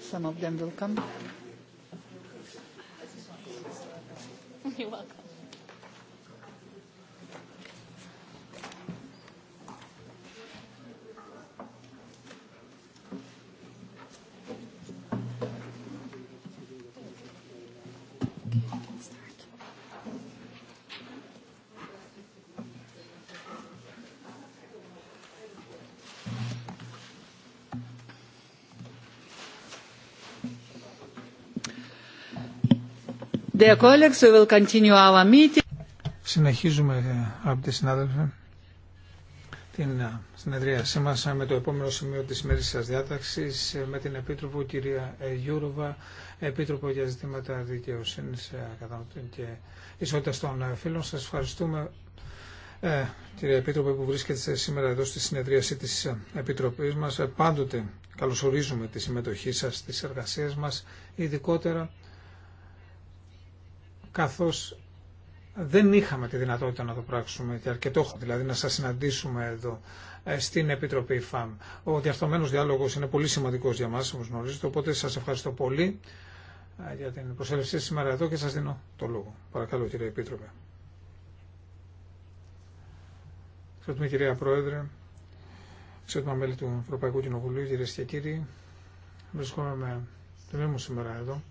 some of them will come. Συνεχίζουμε, αγαπητοί συνάδελφοι, την ε, συνεδρίασή μας με το επόμενο σημείο της μέρης σας διάταξης ε, με την Επίτροπο κυρία ε, Γιούροβα, Επίτροπο για ζητήματα δικαιοσύνης και ισότητας των φίλων. Σας ευχαριστούμε κυρία κύριε που βρίσκεται σήμερα εδώ στη συνεδρίαση της Επιτροπής μας. Πάντοτε καλωσορίζουμε τη συμμετοχή σας στις εργασίες μας, ειδικότερα καθώς δεν είχαμε τη δυνατότητα να το πράξουμε και αρκετό δηλαδή να σας συναντήσουμε εδώ ε, στην Επιτροπή ΦΑΜ. Ο διαρθωμένος διάλογος είναι πολύ σημαντικός για μας, όπως γνωρίζετε, οπότε σας ευχαριστώ πολύ ε, για την προσέλευση σήμερα εδώ και σας δίνω το λόγο. Παρακαλώ κύριε Επίτροπε. Ευχαριστούμε κυρία Πρόεδρε, ευχαριστούμε μέλη του Ευρωπαϊκού Κοινοβουλίου, κυρίε και κύριοι. Βρισκόμαι με την μου σήμερα εδώ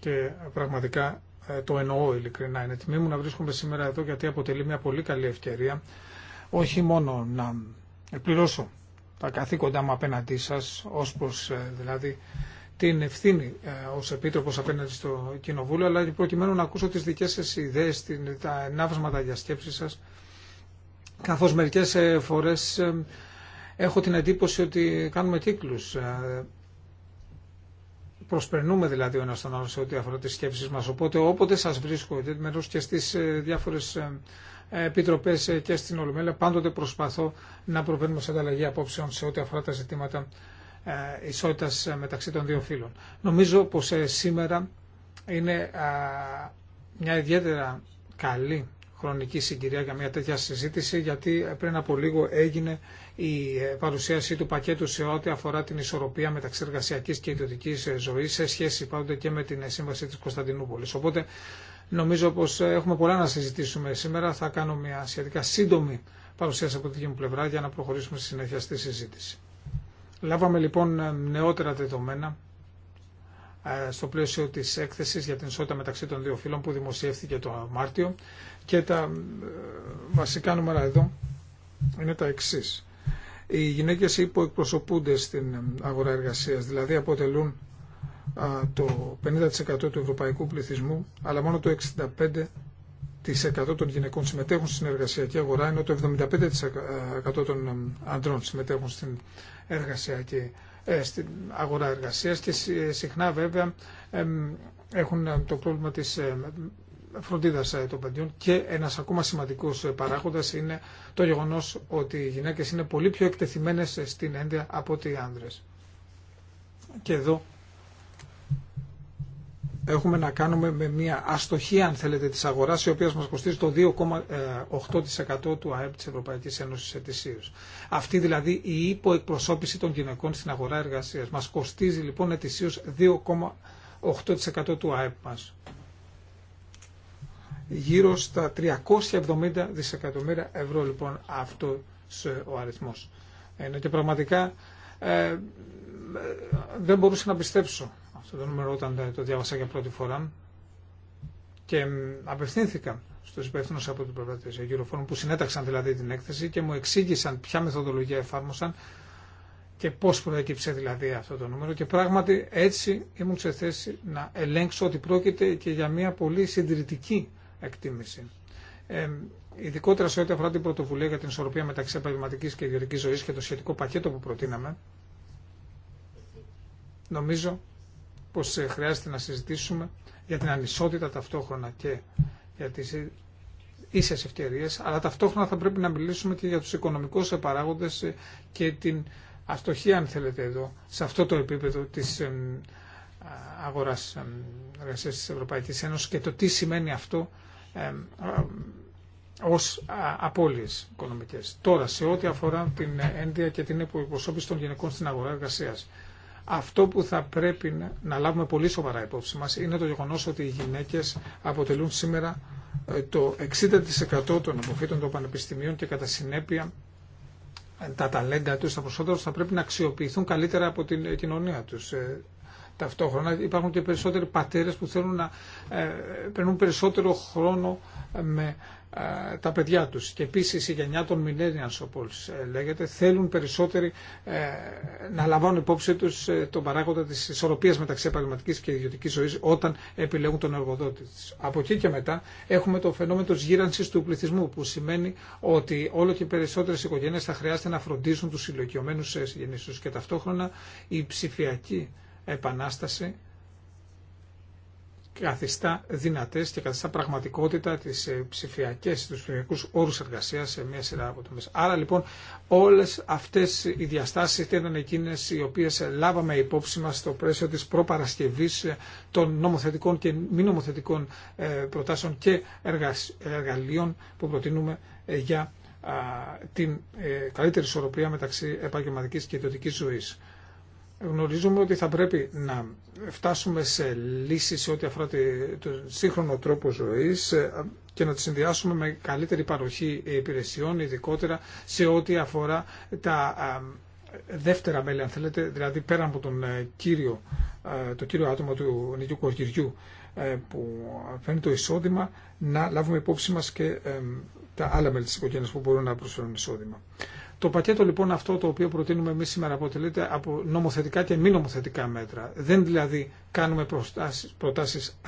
και πραγματικά ε, το εννοώ ειλικρινά. Είναι τιμή μου να βρίσκομαι σήμερα εδώ γιατί αποτελεί μια πολύ καλή ευκαιρία όχι μόνο να πληρώσω τα καθήκοντά μου απέναντί σας ως προς ε, δηλαδή την ευθύνη ε, ως επίτροπος απέναντι στο Κοινοβούλιο αλλά και προκειμένου να ακούσω τις δικές σας ιδέες, τα ενάβασματα για σκέψη σας καθώς μερικές φορές έχω την εντύπωση ότι κάνουμε κύκλους προσπερνούμε δηλαδή ο ένας τον άλλο σε ό,τι αφορά τις σκέψει μας. Οπότε όποτε σας βρίσκω, μέρο και στι ε, διάφορες ε, ε, επιτροπές και στην Ολομέλεια, πάντοτε προσπαθώ να προβαίνουμε σε ανταλλαγή απόψεων σε ό,τι αφορά τα ζητήματα ισότητα μεταξύ των δύο φύλων. Νομίζω πως σήμερα είναι μια ιδιαίτερα καλή χρονική συγκυρία για μια τέτοια συζήτηση, γιατί πριν από λίγο έγινε η παρουσίαση του πακέτου σε ό,τι αφορά την ισορροπία μεταξύ εργασιακή και ιδιωτική ζωή σε σχέση πάντοτε και με την σύμβαση τη Κωνσταντινούπολη. Οπότε νομίζω πω έχουμε πολλά να συζητήσουμε σήμερα. Θα κάνω μια σχετικά σύντομη παρουσίαση από τη δική μου πλευρά για να προχωρήσουμε στη συνέχεια στη συζήτηση. Λάβαμε λοιπόν νεότερα δεδομένα ε, στο πλαίσιο τη έκθεση για την ισότητα μεταξύ των δύο φύλων που δημοσιεύθηκε το Μάρτιο και τα ε, βασικά νούμερα εδώ είναι τα εξή. Οι γυναίκες υποεκπροσωπούνται στην ε, αγορά εργασίας, δηλαδή αποτελούν το 50% του ευρωπαϊκού πληθυσμού, αλλά μόνο το 65% των γυναικών συμμετέχουν στην εργασιακή αγορά, ενώ το 75% των ε, αντρών συμμετέχουν στην εργασιακή στην αγορά εργασίας και συχνά βέβαια έχουν το πρόβλημα της φροντίδας ε, των παιδιών και ένας ακόμα σημαντικός ε, παράγοντας είναι το γεγονός ότι οι γυναίκες είναι πολύ πιο εκτεθειμένε ε, στην ένδια από ότι οι άνδρες. Και εδώ έχουμε να κάνουμε με μια αστοχία αν θέλετε της αγοράς η οποία μας κοστίζει το 2,8% του ΑΕΠ της Ευρωπαϊκής Ένωσης ετησίως. Αυτή δηλαδή η υποεκπροσώπηση των γυναικών στην αγορά εργασίας μας κοστίζει λοιπόν ετησίως 2,8% του ΑΕΠ μας γύρω στα 370 δισεκατομμύρια ευρώ λοιπόν αυτό ε, ο αριθμός. Ενώ και πραγματικά ε, δεν μπορούσα να πιστέψω αυτό το νούμερο όταν ε, το διάβασα για πρώτη φορά και απευθύνθηκα στους υπεύθυνους από την πλευρά της που συνέταξαν δηλαδή την έκθεση και μου εξήγησαν ποια μεθοδολογία εφάρμοσαν και πώς προέκυψε δηλαδή αυτό το νούμερο και πράγματι έτσι ήμουν σε θέση να ελέγξω ότι πρόκειται και για μια πολύ συντηρητική εκτίμηση. Ε, ειδικότερα σε ό,τι αφορά την πρωτοβουλία για την ισορροπία μεταξύ επαγγελματική και ιδιωτική ζωή και το σχετικό πακέτο που προτείναμε, νομίζω πω ε, χρειάζεται να συζητήσουμε για την ανισότητα ταυτόχρονα και για τι ίσε ευκαιρίε, αλλά ταυτόχρονα θα πρέπει να μιλήσουμε και για του οικονομικού παράγοντε ε, και την αστοχία, αν θέλετε, εδώ, σε αυτό το επίπεδο τη αγορά εργασία τη Ευρωπαϊκή Ένωση και το τι σημαίνει αυτό ε, ως απώλειες οικονομικές. Τώρα, σε ό,τι αφορά την ένδια και την υποπροσώπηση των γυναικών στην αγορά εργασίας, αυτό που θα πρέπει να λάβουμε πολύ σοβαρά υπόψη μας είναι το γεγονός ότι οι γυναίκες αποτελούν σήμερα ε, το 60% των αποφύτων των πανεπιστημίων και κατά συνέπεια ε, τα ταλέντα τους, τα προσόντα τους θα πρέπει να αξιοποιηθούν καλύτερα από την κοινωνία τους ταυτόχρονα. Υπάρχουν και περισσότεροι πατέρες που θέλουν να ε, περνούν περισσότερο χρόνο ε, με ε, τα παιδιά τους. Και επίσης η γενιά των millennials όπως λέγεται θέλουν περισσότεροι να λαμβάνουν υπόψη τους τον παράγοντα της ισορροπίας μεταξύ επαγγελματική και ιδιωτικής ζωής όταν επιλέγουν τον εργοδότη της. Από εκεί και μετά έχουμε το φαινόμενο της γύρανσης του πληθυσμού που σημαίνει ότι όλο και περισσότερες οικογένειες θα χρειάζεται να φροντίσουν τους συλλογιωμένους συγγενείς τους και ταυτόχρονα η ψηφιακή επανάσταση καθιστά δυνατές και καθιστά πραγματικότητα τις ε, ψηφιακές, τους ψηφιακούς όρους εργασίας σε μια σειρά από Άρα λοιπόν όλες αυτές οι διαστάσεις ήταν εκείνες οι οποίες λάβαμε υπόψη μας στο πλαίσιο της προπαρασκευής ε, των νομοθετικών και μη νομοθετικών ε, προτάσεων και εργαλείων που προτείνουμε για την καλύτερη ισορροπία μεταξύ επαγγελματικής και ιδιωτικής ζωής γνωρίζουμε ότι θα πρέπει να φτάσουμε σε λύσεις σε ό,τι αφορά το σύγχρονο τρόπο ζωής ε, και να τη συνδυάσουμε με καλύτερη παροχή υπηρεσιών, ειδικότερα σε ό,τι αφορά τα δεύτερα μέλη, αν θέλετε, δηλαδή πέρα από τον ε, κύριο, ε, το κύριο άτομο του νοικιού κορκυριού που φέρνει το εισόδημα, να λάβουμε υπόψη μας και τα άλλα μέλη της οικογένειας που μπορούν να προσφέρουν εισόδημα. Το πακέτο λοιπόν αυτό το οποίο προτείνουμε εμείς σήμερα αποτελείται από νομοθετικά και μη νομοθετικά μέτρα. Δεν δηλαδή κάνουμε προτάσεις, προτάσεις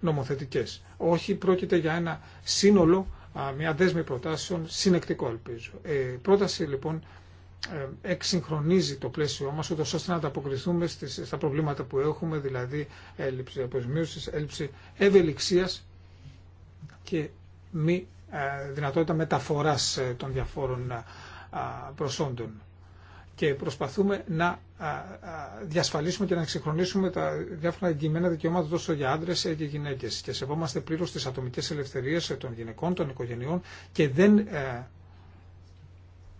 νομοθετικέ. Όχι, πρόκειται για ένα σύνολο, μια δέσμη προτάσεων, συνεκτικό ελπίζω. Η ε, πρόταση λοιπόν ε, εξυγχρονίζει το πλαίσιό μας, ώστε να ανταποκριθούμε στα προβλήματα που έχουμε, δηλαδή έλλειψη αποσμίωσης, έλλειψη ευελιξίας και μη ε, δυνατότητα μεταφοράς των διαφόρων προσόντων και προσπαθούμε να διασφαλίσουμε και να εξυγχρονίσουμε τα διάφορα εγγυημένα δικαιώματα τόσο για άντρε ε, και γυναίκε. Και σεβόμαστε πλήρω τι ατομικέ ελευθερίε ε, των γυναικών, των οικογενειών και δεν ε,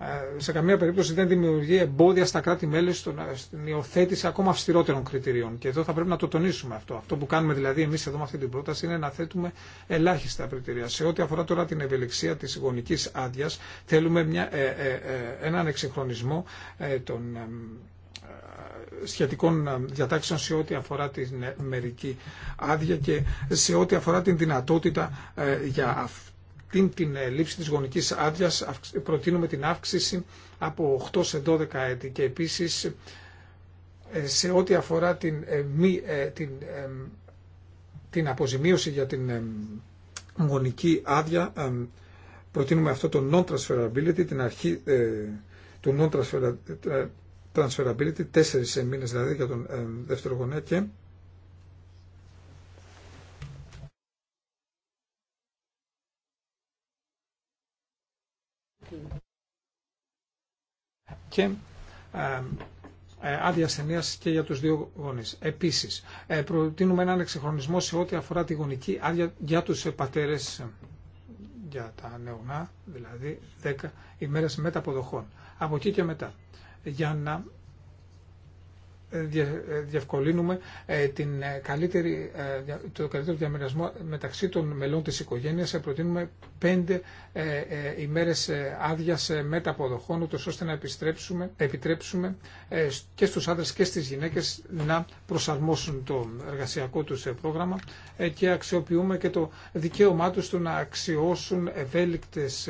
ε, σε καμία περίπτωση δεν δημιουργεί εμπόδια στα κράτη-μέλη στην υιοθέτηση ακόμα αυστηρότερων κριτηρίων. Και εδώ θα πρέπει να το τονίσουμε αυτό. Αυτό που κάνουμε δηλαδή εμεί εδώ με αυτή την πρόταση είναι να θέτουμε ελάχιστα κριτηρία. Σε ό,τι αφορά τώρα την ευελιξία τη γονική άδεια, θέλουμε μια, ε, ε, έναν εξυγχρονισμό των σχετικών διατάξεων σε ό,τι αφορά την μερική άδεια και σε ό,τι αφορά την δυνατότητα για την ε, λήψη της γονικής άδεια προτείνουμε την αύξηση από 8 σε 12 έτη και επίσης ε, σε ό,τι αφορά την, ε, την, την αποζημίωση για την γονική άδεια προτείνουμε αυτό το non-transferability, την αρχή του non-transferability, τέσσερις μήνες δηλαδή για τον δεύτερο γονέα και και ε, άδεια ασθενεία και για του δύο γονεί. Επίση, ε, προτείνουμε έναν εξεχρονισμό σε ό,τι αφορά τη γονική άδεια για του πατέρε για τα νεονά, δηλαδή 10 ημέρε μεταποδοχών. Από εκεί και μετά. Για να διευκολύνουμε ε, την καλύτερη, ε, το καλύτερο διαμερισμό μεταξύ των μελών της οικογένειας. Ε, προτείνουμε πέντε ημέρες άδεια μεταποδοχών, ώστε να επιστρέψουμε, επιτρέψουμε και στους άντρες και στις γυναίκες να προσαρμόσουν το εργασιακό τους πρόγραμμα και αξιοποιούμε και το δικαίωμά τους να αξιώσουν ευέλικτες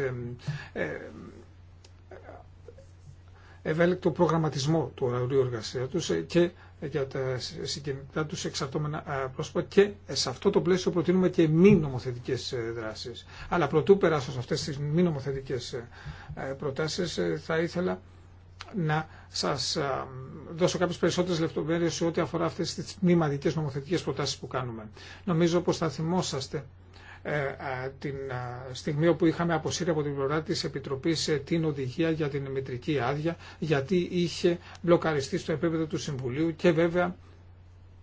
ευέλικτο προγραμματισμό του ωραρίου εργασία τους ε, και για τα συγκεκριμένα τους εξαρτώμενα πρόσωπα και ε, σε αυτό το πλαίσιο προτείνουμε και μη νομοθετικές ε, δράσεις. Αλλά προτού περάσω σε αυτές τις μη νομοθετικές προτάσεις θα ήθελα να σας δώσω κάποιες περισσότερες λεπτομέρειες σε ό,τι αφορά αυτές τις μη νομοθετικές προτάσεις που κάνουμε. Νομίζω πως θα θυμόσαστε ε, την στιγμή όπου είχαμε αποσύρει από την πλευρά της Επιτροπής ε, την οδηγία για την μητρική άδεια γιατί είχε μπλοκαριστεί στο επίπεδο του Συμβουλίου και βέβαια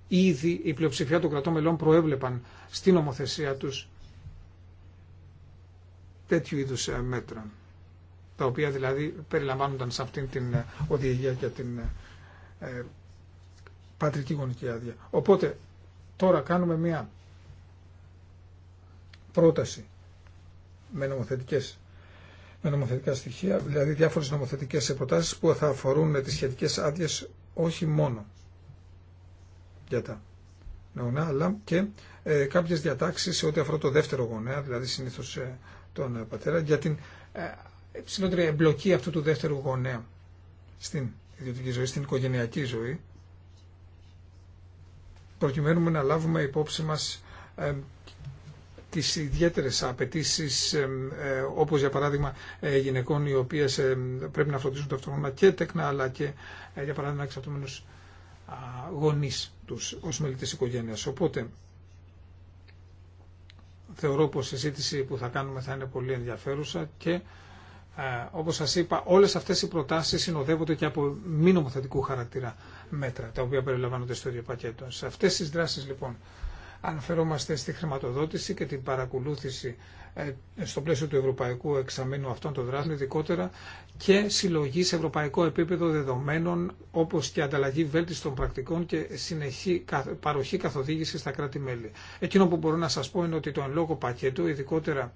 ήδη η πλειοψηφία των κρατών μελών προέβλεπαν στην ομοθεσία τους τέτοιου είδους ε, μέτρα τα οποία δηλαδή περιλαμβάνονταν σε αυτήν την οδηγία για την πατρική γονική άδεια. Οπότε τώρα κάνουμε μια πρόταση με νομοθετικές με νομοθετικά στοιχεία, δηλαδή διάφορες νομοθετικές προτάσεις που θα αφορούν τις σχετικές άδειε όχι μόνο για τα νεονά, αλλά και ε, κάποιες διατάξεις σε ό,τι αφορά το δεύτερο γονέα, δηλαδή συνήθως ε, τον ε, πατέρα, για την ε, ψηλότερη εμπλοκή αυτού του δεύτερου γονέα στην ιδιωτική ζωή, στην οικογενειακή ζωή, προκειμένου να λάβουμε υπόψη μας ε, τις ιδιαίτερες απαιτήσει, ε, όπως για παράδειγμα ε, γυναικών οι οποίες πρέπει να φροντίζουν ταυτόχρονα και τέκνα αλλά και ε, για παράδειγμα εξαρτώμενους γονείς τους ως της οικογένειας. Οπότε θεωρώ πως η συζήτηση που θα κάνουμε θα είναι πολύ ενδιαφέρουσα και ε, όπως σας είπα, όλες αυτές οι προτάσεις συνοδεύονται και από μη νομοθετικού χαρακτήρα μέτρα, τα οποία περιλαμβάνονται στο ίδιο πακέτο. Σε αυτές τις δράσεις λοιπόν αναφερόμαστε στη χρηματοδότηση και την παρακολούθηση ε, στο πλαίσιο του ευρωπαϊκού εξαμήνου αυτών των δράσεων, ειδικότερα και συλλογή σε ευρωπαϊκό επίπεδο δεδομένων, όπω και ανταλλαγή βέλτιστων πρακτικών και συνεχή παροχή καθοδήγηση στα κράτη-μέλη. Εκείνο που μπορώ να σα πω είναι ότι το εν πακέτο, ειδικότερα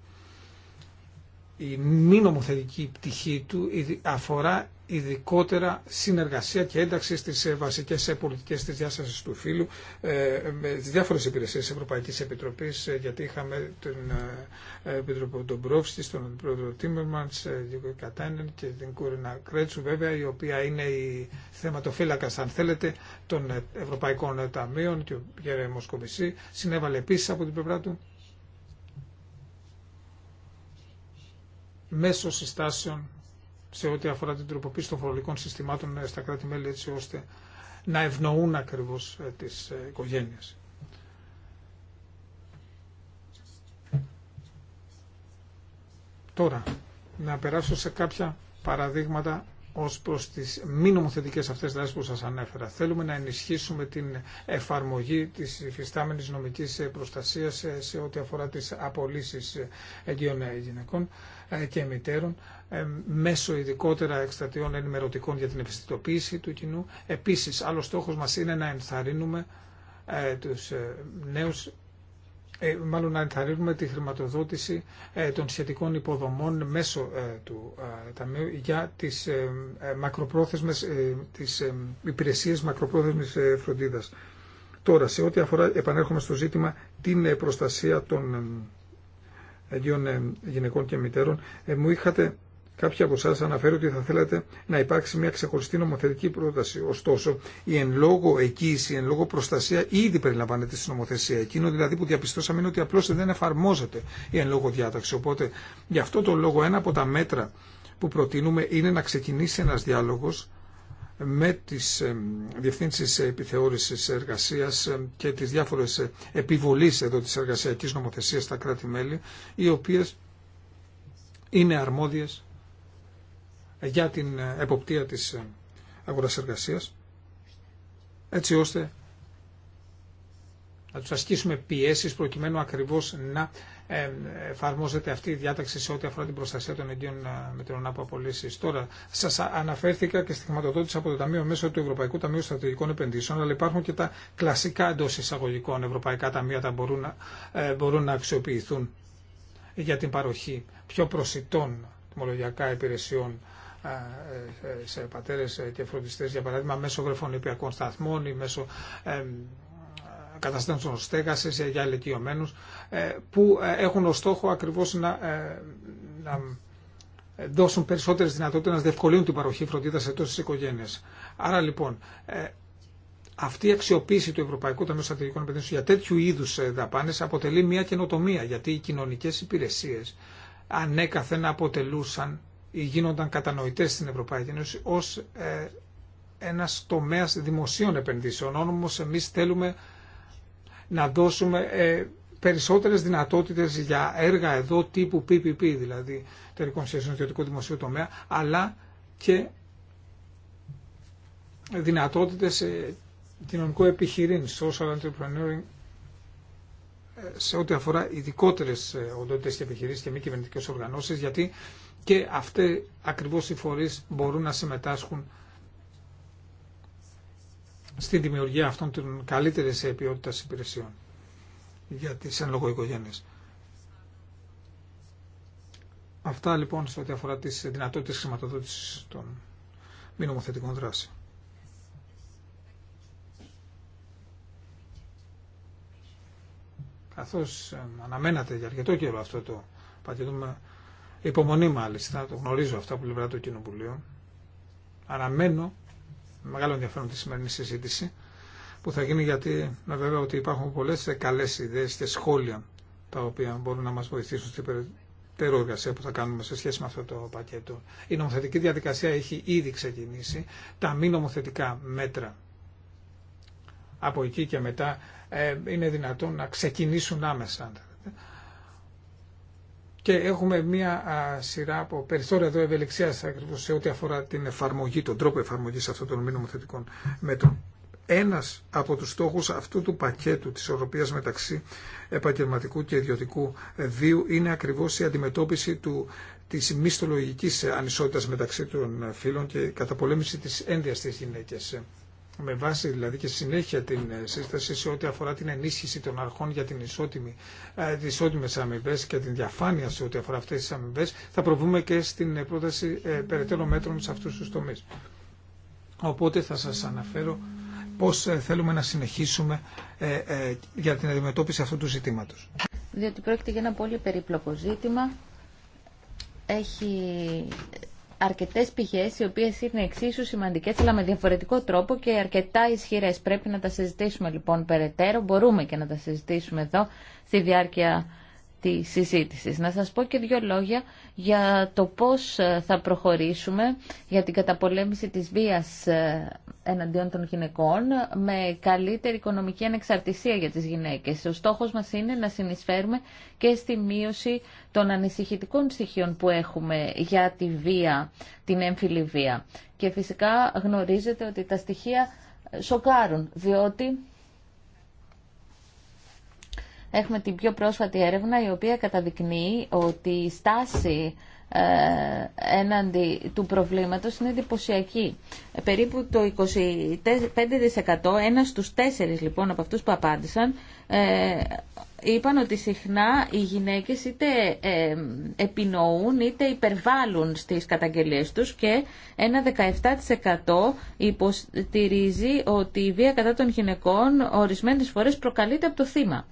η μη νομοθετική πτυχή του αφορά ειδικότερα συνεργασία και ένταξη στις ε, βασικές ε, πολιτικές της διάστασης του φύλου ε, με τις διάφορες υπηρεσίες της Ευρωπαϊκής Επιτροπής γιατί είχαμε τον Επιτροπό Πρόφστη, τον Πρόεδρο Τίμερμαντς, τον Κατάνεν και την Κούρινα Κρέτσου βέβαια η οποία είναι η θεματοφύλακας αν θέλετε των Ευρωπαϊκών Ταμείων και ο Γέρεμος συνέβαλε επίσης από την πλευρά του μέσω συστάσεων σε ό,τι αφορά την τροποποίηση των φορολογικών συστημάτων ε, στα κράτη-μέλη έτσι ώστε να ευνοούν ακριβώς ε, τις ε, οικογένειες. Τώρα, να περάσω σε κάποια παραδείγματα ως προς τις μη νομοθετικές αυτές δράσεις που σας ανέφερα. Θέλουμε να ενισχύσουμε την εφαρμογή της υφιστάμενης νομικής προστασίας σε ό,τι αφορά τις απολύσεις εγγύων γυναικών ε, και μητέρων ε, μέσω ειδικότερα εκστατιών ενημερωτικών για την ευαισθητοποίηση του κοινού. Επίσης, άλλο στόχος μας είναι να ενθαρρύνουμε ε, τους νέους μάλλον να ενθαρρύνουμε τη χρηματοδότηση των σχετικών υποδομών μέσω του Ταμείου για τις μακροπρόθεσμες τις υπηρεσίες μακροπρόθεσμης φροντίδας. Τώρα, σε ό,τι αφορά, επανέρχομαι στο ζήτημα, την προστασία των εγγύων ε, γυναικών και μητέρων, ε, μου είχατε Κάποιοι από εσά αναφέρει ότι θα θέλατε να υπάρξει μια ξεχωριστή νομοθετική πρόταση. Ωστόσο, η εν λόγω εγγύηση, η εν λόγω προστασία ήδη περιλαμβάνεται στη νομοθεσία. Εκείνο δηλαδή που διαπιστώσαμε είναι ότι απλώ δεν εφαρμόζεται η εν λόγω διάταξη. Οπότε, γι' αυτό το λόγο, ένα από τα μέτρα που προτείνουμε είναι να ξεκινήσει ένα διάλογο με τις διευθύνσεις επιθεώρησης εργασίας και τις διάφορες ε, επιβολής εδώ της εργασιακής νομοθεσίας στα κράτη-μέλη, οι οποίες είναι αρμόδιες για την ε, εποπτεία της αγοράς εργασίας, έτσι ώστε να τους ασκήσουμε πιέσεις προκειμένου ακριβώς να εφαρμόζεται αυτή η διάταξη σε ό,τι αφορά την προστασία των εγγύων ε, μετρών από απολύσει. Τώρα, σα αναφέρθηκα και στη χρηματοδότηση από το Ταμείο μέσω του Ευρωπαϊκού Ταμείου Στρατηγικών Επενδύσεων, αλλά υπάρχουν και τα κλασικά εντό εισαγωγικών ευρωπαϊκά ταμεία τα μπορούν, να, ε, μπορούν να αξιοποιηθούν για την παροχή πιο προσιτών τιμολογιακά υπηρεσιών ε, σε πατέρες και φροντιστές για παράδειγμα μέσω γρεφονιπιακών σταθμών ή μέσω καταστάσεων στέγασης ε, για ηλικιωμένους ε, που ε, έχουν ως στόχο ακριβώς να, να δώσουν περισσότερες δυνατότητες να διευκολύνουν την παροχή φροντιδα σε τόσες οικογένειες. Άρα λοιπόν αυτή η αξιοποίηση του Ευρωπαϊκού Ταμείου Στρατηγικών Επενδύσεων για τέτοιου είδους δαπάνες αποτελεί μια καινοτομία γιατί οι κοινωνικές υπηρεσίες ανέκαθεν αποτελούσαν ή γίνονταν κατανοητές στην Ευρωπαϊκή Ένωση ως ένας τομέας δημοσίων επενδύσεων. Όμως εμείς θέλουμε να δώσουμε ε, περισσότερες δυνατότητες για έργα εδώ τύπου PPP, δηλαδή εταιρικών σχέσεων ιδιωτικού δημοσίου τομέα, αλλά και δυνατότητες ε, κοινωνικού επιχειρήν, social entrepreneuring, ε, σε ό,τι αφορά ειδικότερε οντότητε και επιχειρήσει και μη κυβερνητικέ οργανώσει, γιατί και αυτές ακριβώ οι φορεί μπορούν να συμμετάσχουν στη δημιουργία αυτών των σε ποιότητας υπηρεσιών για τι εν λόγω οικογένειε. Αυτά λοιπόν σε ό,τι αφορά τι δυνατότητε χρηματοδότηση των μη νομοθετικών δράσεων. Καθώς ε, αναμένατε για αρκετό καιρό αυτό το πακέτο με υπομονή μάλιστα, το γνωρίζω αυτά που πλευρά του Κοινοβουλίου, αναμένω μεγάλο ενδιαφέρον τη σημερινή συζήτηση που θα γίνει γιατί να βέβαια ότι υπάρχουν πολλές καλές ιδέες και σχόλια τα οποία μπορούν να μας βοηθήσουν στην περαιτέρω εργασία που θα κάνουμε σε σχέση με αυτό το πακέτο. Η νομοθετική διαδικασία έχει ήδη ξεκινήσει. Τα μη νομοθετικά μέτρα από εκεί και μετά ε, είναι δυνατόν να ξεκινήσουν άμεσα και έχουμε μία σειρά από περιθώρια εδώ ευελιξία σε ό,τι αφορά την εφαρμογή, τον τρόπο εφαρμογή αυτών των μη νομοθετικών μέτρων. Ένα από του στόχου αυτού του πακέτου τη οροπία μεταξύ επαγγελματικού και ιδιωτικού βίου είναι ακριβώ η αντιμετώπιση του τη μισθολογική ανισότητα μεταξύ των φύλων και η καταπολέμηση τη ένδυα στι γυναίκε με βάση δηλαδή και συνέχεια την ε, σύσταση σε ό,τι αφορά την ενίσχυση των αρχών για την ισότιμη, τις ε, ισότιμες αμοιβέ και την διαφάνεια σε ό,τι αφορά αυτές τις αμοιβέ, θα προβούμε και στην ε, πρόταση ε, περαιτέρω μέτρων σε αυτούς τους τομείς. Οπότε θα σας αναφέρω πώς θέλουμε να συνεχίσουμε για την αντιμετώπιση αυτού του ζητήματος. Διότι πρόκειται για ένα πολύ περίπλοκο ζήτημα αρκετές πηγές οι οποίες είναι εξίσου σημαντικές αλλά με διαφορετικό τρόπο και αρκετά ισχυρές. Πρέπει να τα συζητήσουμε λοιπόν περαιτέρω, μπορούμε και να τα συζητήσουμε εδώ στη διάρκεια να σας πω και δύο λόγια για το πώς ε, θα προχωρήσουμε για την καταπολέμηση της βίας ε, εναντίον των γυναικών με καλύτερη οικονομική ανεξαρτησία για τις γυναίκες. Ο στόχος μας είναι να συνεισφέρουμε και στη μείωση των ανησυχητικών στοιχείων που έχουμε για τη βία, την έμφυλη βία. Και φυσικά γνωρίζετε ότι τα στοιχεία σοκάρουν, διότι Έχουμε την πιο πρόσφατη έρευνα η οποία καταδεικνύει ότι η στάση ε, έναντι του προβλήματος είναι εντυπωσιακή. Ε, περίπου το 25% ένας στους τέσσερις λοιπόν από αυτούς που απάντησαν ε, είπαν ότι συχνά οι γυναίκες είτε επινοούν είτε υπερβάλλουν στις καταγγελίες τους και ένα 17% υποστηρίζει ότι η βία κατά των γυναικών ορισμένες φορές προκαλείται από το θύμα.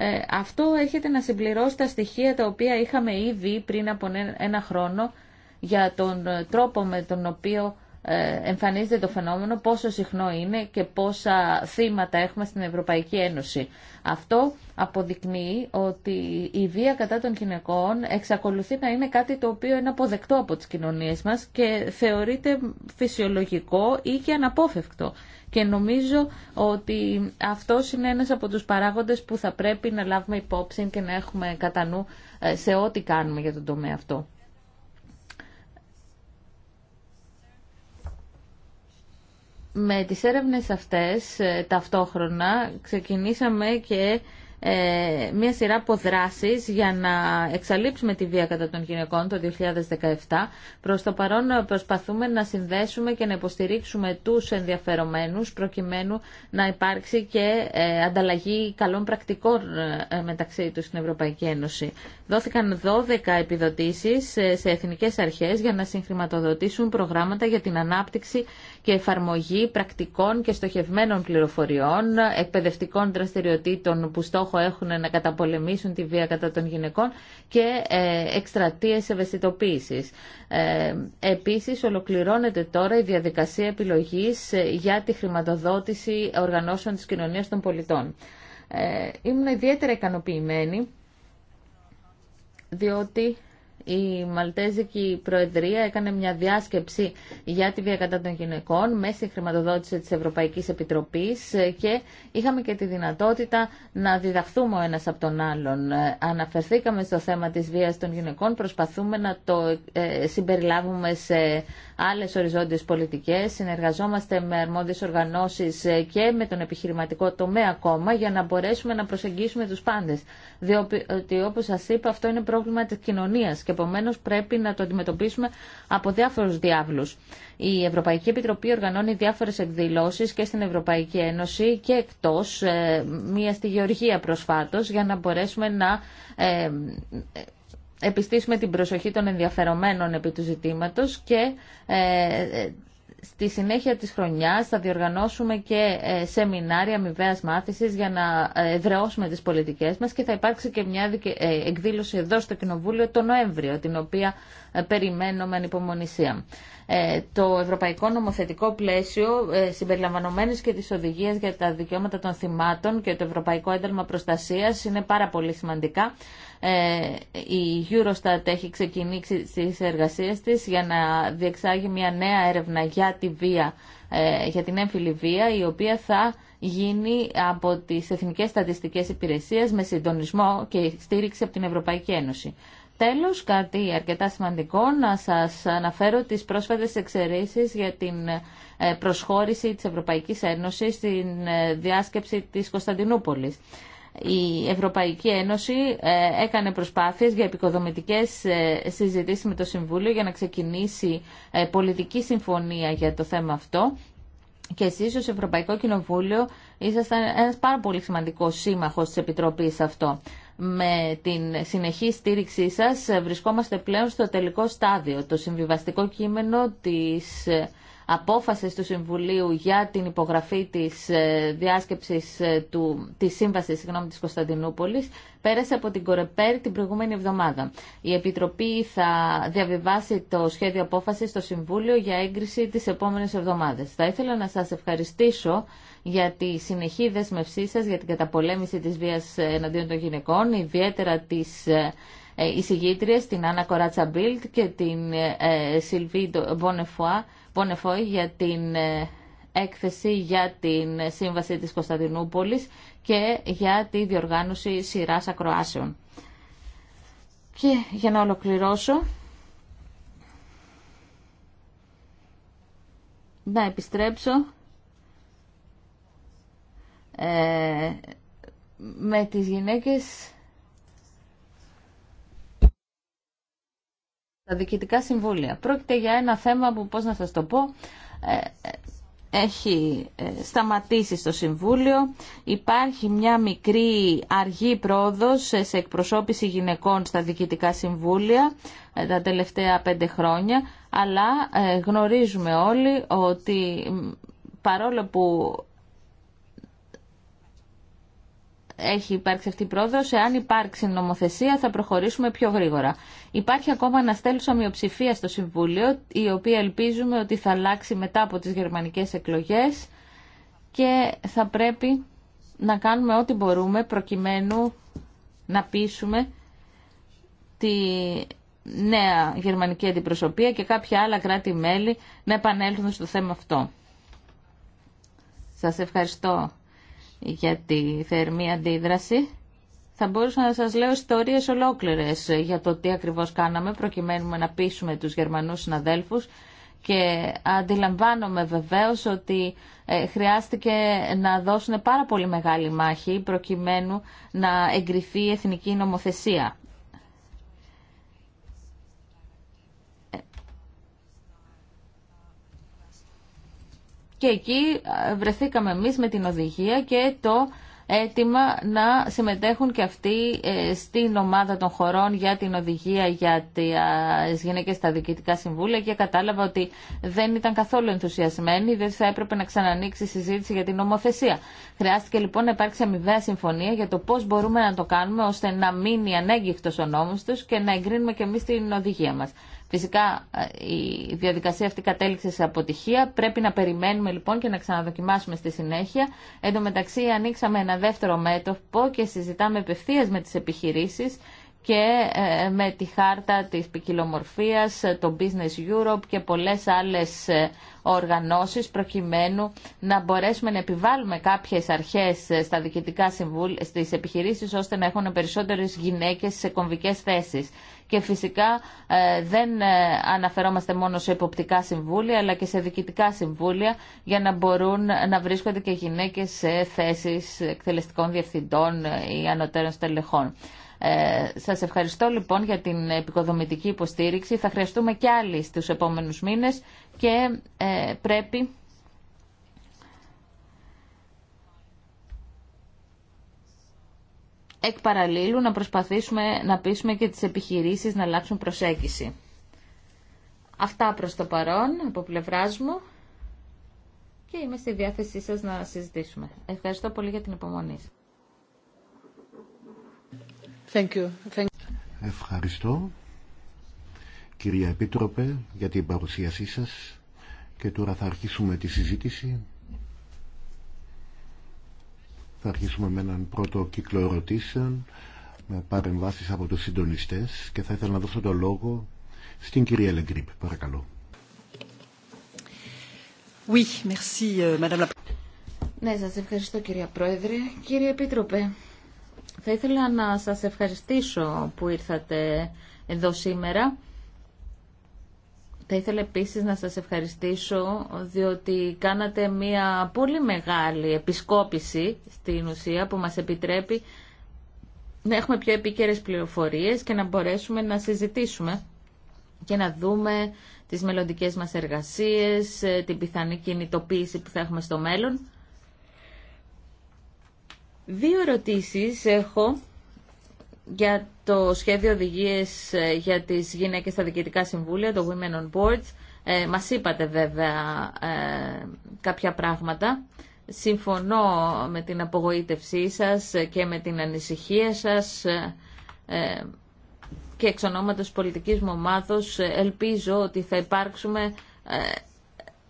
Ε, αυτό έρχεται να συμπληρώσει τα στοιχεία τα οποία είχαμε ήδη πριν από ένα χρόνο για τον τρόπο με τον οποίο ε, εμφανίζεται το φαινόμενο, πόσο συχνό είναι και πόσα θύματα έχουμε στην Ευρωπαϊκή Ένωση. Αυτό αποδεικνύει ότι η βία κατά των γυναικών εξακολουθεί να είναι κάτι το οποίο είναι αποδεκτό από τις κοινωνίες μας και θεωρείται φυσιολογικό ή και αναπόφευκτο. Και νομίζω ότι αυτό είναι ένας από τους παράγοντες που θα πρέπει να λάβουμε υπόψη και να έχουμε κατά νου ε, σε ό,τι κάνουμε για τον τομέα αυτό. Με τις έρευνες αυτές ε, ταυτόχρονα ξεκινήσαμε και ε, μία σειρά από δράσεις για να εξαλείψουμε τη βία κατά των γυναικών το 2017. Προς το παρόν προσπαθούμε να συνδέσουμε και να υποστηρίξουμε τους ενδιαφερομένους προκειμένου να υπάρξει και ε, ανταλλαγή καλών πρακτικών ε, μεταξύ τους στην Ευρωπαϊκή Ένωση. Δόθηκαν 12 επιδοτήσεις σε εθνικές αρχές για να συγχρηματοδοτήσουν προγράμματα για την ανάπτυξη και εφαρμογή πρακτικών και στοχευμένων πληροφοριών, εκπαιδευτικών δραστηριοτήτων που στόχο έχουν να καταπολεμήσουν τη βία κατά των γυναικών και ε, εκστρατείες ευαισθητοποίησης. Ε, επίσης, ολοκληρώνεται τώρα η διαδικασία επιλογής ε, για τη χρηματοδότηση οργανώσεων της κοινωνίας των πολιτών. Ήμουν ιδιαίτερα ικανοποιημένη διότι η Μαλτέζικη Προεδρία έκανε μια διάσκεψη για τη βία κατά των γυναικών μέσα στη χρηματοδότηση της Ευρωπαϊκής Επιτροπής και είχαμε και τη δυνατότητα να διδαχθούμε ο ένας από τον άλλον. Αναφερθήκαμε στο θέμα της βίας των γυναικών, προσπαθούμε να το ε, συμπεριλάβουμε σε άλλες οριζόντιες πολιτικές. Συνεργαζόμαστε με αρμόδιες οργανώσεις ε, και με τον επιχειρηματικό τομέα ακόμα για να μπορέσουμε να προσεγγίσουμε τους πάντες. Διότι όπως σας είπα αυτό είναι πρόβλημα της κοινωνίας και επομένως πρέπει να το αντιμετωπίσουμε από διάφορους διάβλους. Η Ευρωπαϊκή Επιτροπή οργανώνει διάφορες εκδηλώσεις και στην Ευρωπαϊκή Ένωση και εκτός, ε, μία στη Γεωργία προσφάτως, για να μπορέσουμε να ε, επιστήσουμε την προσοχή των ενδιαφερομένων επί του ζητήματος και ε, ε, στη συνέχεια της χρονιάς θα διοργανώσουμε και ε, σεμινάρια αμοιβαία μάθησης για να εδραιώσουμε τις πολιτικές μας και θα υπάρξει και μια εκδήλωση εδώ στο Κοινοβούλιο το Νοέμβριο, την οποία περιμένω με ανυπομονησία. Ε, το ευρωπαϊκό νομοθετικό πλαίσιο ε, συμπεριλαμβανομένης και της οδηγίας για τα δικαιώματα των θυμάτων και το ευρωπαϊκό ένταλμα προστασίας είναι πάρα πολύ σημαντικά. Ε, η Eurostat έχει ξεκινήσει τις εργασίες της για να διεξάγει μια νέα έρευνα για τη βία για την έμφυλη βία, η οποία θα γίνει από τις Εθνικές Στατιστικές Υπηρεσίες με συντονισμό και στήριξη από την Ευρωπαϊκή Ένωση. Τέλος, κάτι αρκετά σημαντικό, να σας αναφέρω τις πρόσφατες εξαιρέσεις για την ε, προσχώρηση της Ευρωπαϊκής Ένωσης στην ε, διάσκεψη της Κωνσταντινούπολης. Η Ευρωπαϊκή Ένωση ε, έκανε προσπάθειες για επικοδομητικές συζητήσεις με το Συμβούλιο για να ξεκινήσει πολιτική συμφωνία για το θέμα αυτό και εσείς ως Ευρωπαϊκό Κοινοβούλιο ήσασταν ένας πάρα πολύ σημαντικός σύμμαχος της Επιτροπής αυτό με την συνεχή στήριξή σας ε, βρισκόμαστε πλέον στο τελικό στάδιο, το συμβιβαστικό κείμενο της ε, απόφασης του Συμβουλίου για την υπογραφή της ε, διάσκεψης ε, του, της σύμβασης συγγνώμη, της Κωνσταντινούπολης πέρασε από την Κορεπέρ την προηγούμενη εβδομάδα. Η Επιτροπή θα διαβιβάσει το σχέδιο απόφασης στο Συμβούλιο για έγκριση τις επόμενες εβδομάδες. Θα ήθελα να σας ευχαριστήσω για τη συνεχή δέσμευσή σας για την καταπολέμηση της βίας ε, εναντίον των γυναικών, ιδιαίτερα της εισηγήτριες, την Άννα Κοράτσα Μπίλτ και την Σιλβί Μπονεφουά, Λοιπόν, για την ε, έκθεση για την Σύμβαση της Κωνσταντινούπολης και για τη διοργάνωση σειράς ακροάσεων. Και για να ολοκληρώσω, να επιστρέψω ε, με τις γυναίκες τα διοικητικά συμβούλια. Πρόκειται για ένα θέμα που, πώς να σας το πω, ε, έχει ε, σταματήσει στο Συμβούλιο. Υπάρχει μια μικρή αργή πρόοδος σε εκπροσώπηση γυναικών στα διοικητικά συμβούλια ε, τα τελευταία πέντε χρόνια, αλλά γνωρίζουμε όλοι ότι παρόλο που έχει υπάρξει αυτή η πρόοδος, εάν υπάρξει νομοθεσία θα προχωρήσουμε πιο γρήγορα. Υπάρχει ακόμα ένα στέλσο μειοψηφία στο Συμβούλιο, η οποία ελπίζουμε ότι θα αλλάξει μετά από τις γερμανικές εκλογές και θα πρέπει να κάνουμε ό,τι μπορούμε προκειμένου να πείσουμε τη νέα γερμανική αντιπροσωπεία και κάποια άλλα κράτη-μέλη να επανέλθουν στο θέμα αυτό. Σας ευχαριστώ για τη θερμή αντίδραση. Θα μπορούσα να σας λέω ιστορίες ολόκληρες για το τι ακριβώς κάναμε προκειμένου να πείσουμε τους Γερμανούς συναδέλφους και αντιλαμβάνομαι βεβαίως ότι ε, χρειάστηκε να δώσουν πάρα πολύ μεγάλη μάχη προκειμένου να εγκριθεί η εθνική νομοθεσία. Και εκεί ε, βρεθήκαμε εμείς με την οδηγία και το έτοιμα να συμμετέχουν και αυτοί ε, στην ομάδα των χωρών για την οδηγία για τις γυναίκες στα διοικητικά συμβούλια και κατάλαβα ότι δεν ήταν καθόλου ενθουσιασμένοι, δεν θα έπρεπε να ξανανοίξει η συζήτηση για την νομοθεσία. Χρειάστηκε λοιπόν να υπάρξει αμοιβαία συμφωνία για το πώς μπορούμε να το κάνουμε ώστε να μείνει ανέγγιχτος ο νόμος τους και να εγκρίνουμε και εμείς την οδηγία μας. Φυσικά ε, η διαδικασία αυτή κατέληξε σε αποτυχία. Πρέπει να περιμένουμε λοιπόν και να ξαναδοκιμάσουμε στη συνέχεια. Εν τω μεταξύ ανοίξαμε ένα δεύτερο μέτωπο και συζητάμε απευθεία με τις επιχειρήσεις και ε, με τη χάρτα της ποικιλομορφία, ε, το Business Europe και πολλές άλλες ε, οργανώσεις προκειμένου να μπορέσουμε να επιβάλλουμε κάποιες αρχές στα διοικητικά συμβούλια, στις επιχειρήσεις ώστε να έχουν περισσότερες γυναίκες σε κομβικές θέσεις. Και φυσικά δεν αναφερόμαστε μόνο σε υποπτικά συμβούλια αλλά και σε διοικητικά συμβούλια για να μπορούν να βρίσκονται και γυναίκες σε θέσεις εκτελεστικών διευθυντών ή ανωτέρων στελεχών. Ε, σας ευχαριστώ λοιπόν για την επικοδομητική υποστήριξη. Θα χρειαστούμε κι άλλοι στου επόμενους μήνες και ε, πρέπει... εκ παραλίλου να προσπαθήσουμε να πείσουμε και τις επιχειρήσεις να αλλάξουν προσέγγιση. Αυτά προς το παρόν από πλευράς μου και είμαι στη διάθεσή σας να συζητήσουμε. Ευχαριστώ πολύ για την υπομονή σας. Ευχαριστώ κυρία Επίτροπε για την παρουσίασή σας και τώρα θα αρχίσουμε τη συζήτηση. Θα αρχίσουμε με έναν πρώτο κύκλο ερωτήσεων με παρεμβάσεις από τους συντονιστές και θα ήθελα να δώσω το λόγο στην κυρία Λεγκρίπ. Παρακαλώ. Oui, merci, euh, madame la... Ναι, σας ευχαριστώ κυρία Πρόεδρε. Κύριε Επίτροπε, θα ήθελα να σας ευχαριστήσω που ήρθατε εδώ σήμερα. Θα ήθελα επίσης να σας ευχαριστήσω διότι κάνατε μια πολύ μεγάλη επισκόπηση στην ουσία που μας επιτρέπει να έχουμε πιο επίκαιρες πληροφορίες και να μπορέσουμε να συζητήσουμε και να δούμε τις μελλοντικές μας εργασίες, ε, την πιθανή κινητοποίηση που θα έχουμε στο μέλλον. Δύο ερωτήσεις έχω για το σχέδιο οδηγίες ε, για τις γυναίκες στα διοικητικά συμβούλια, το Women on Boards. Ε, μας είπατε βέβαια ε, κάποια πράγματα. Συμφωνώ με την απογοήτευσή σας και με την ανησυχία σας ε, και εξ ονόματος πολιτικής μου ομάδος ελπίζω ότι θα υπάρξουμε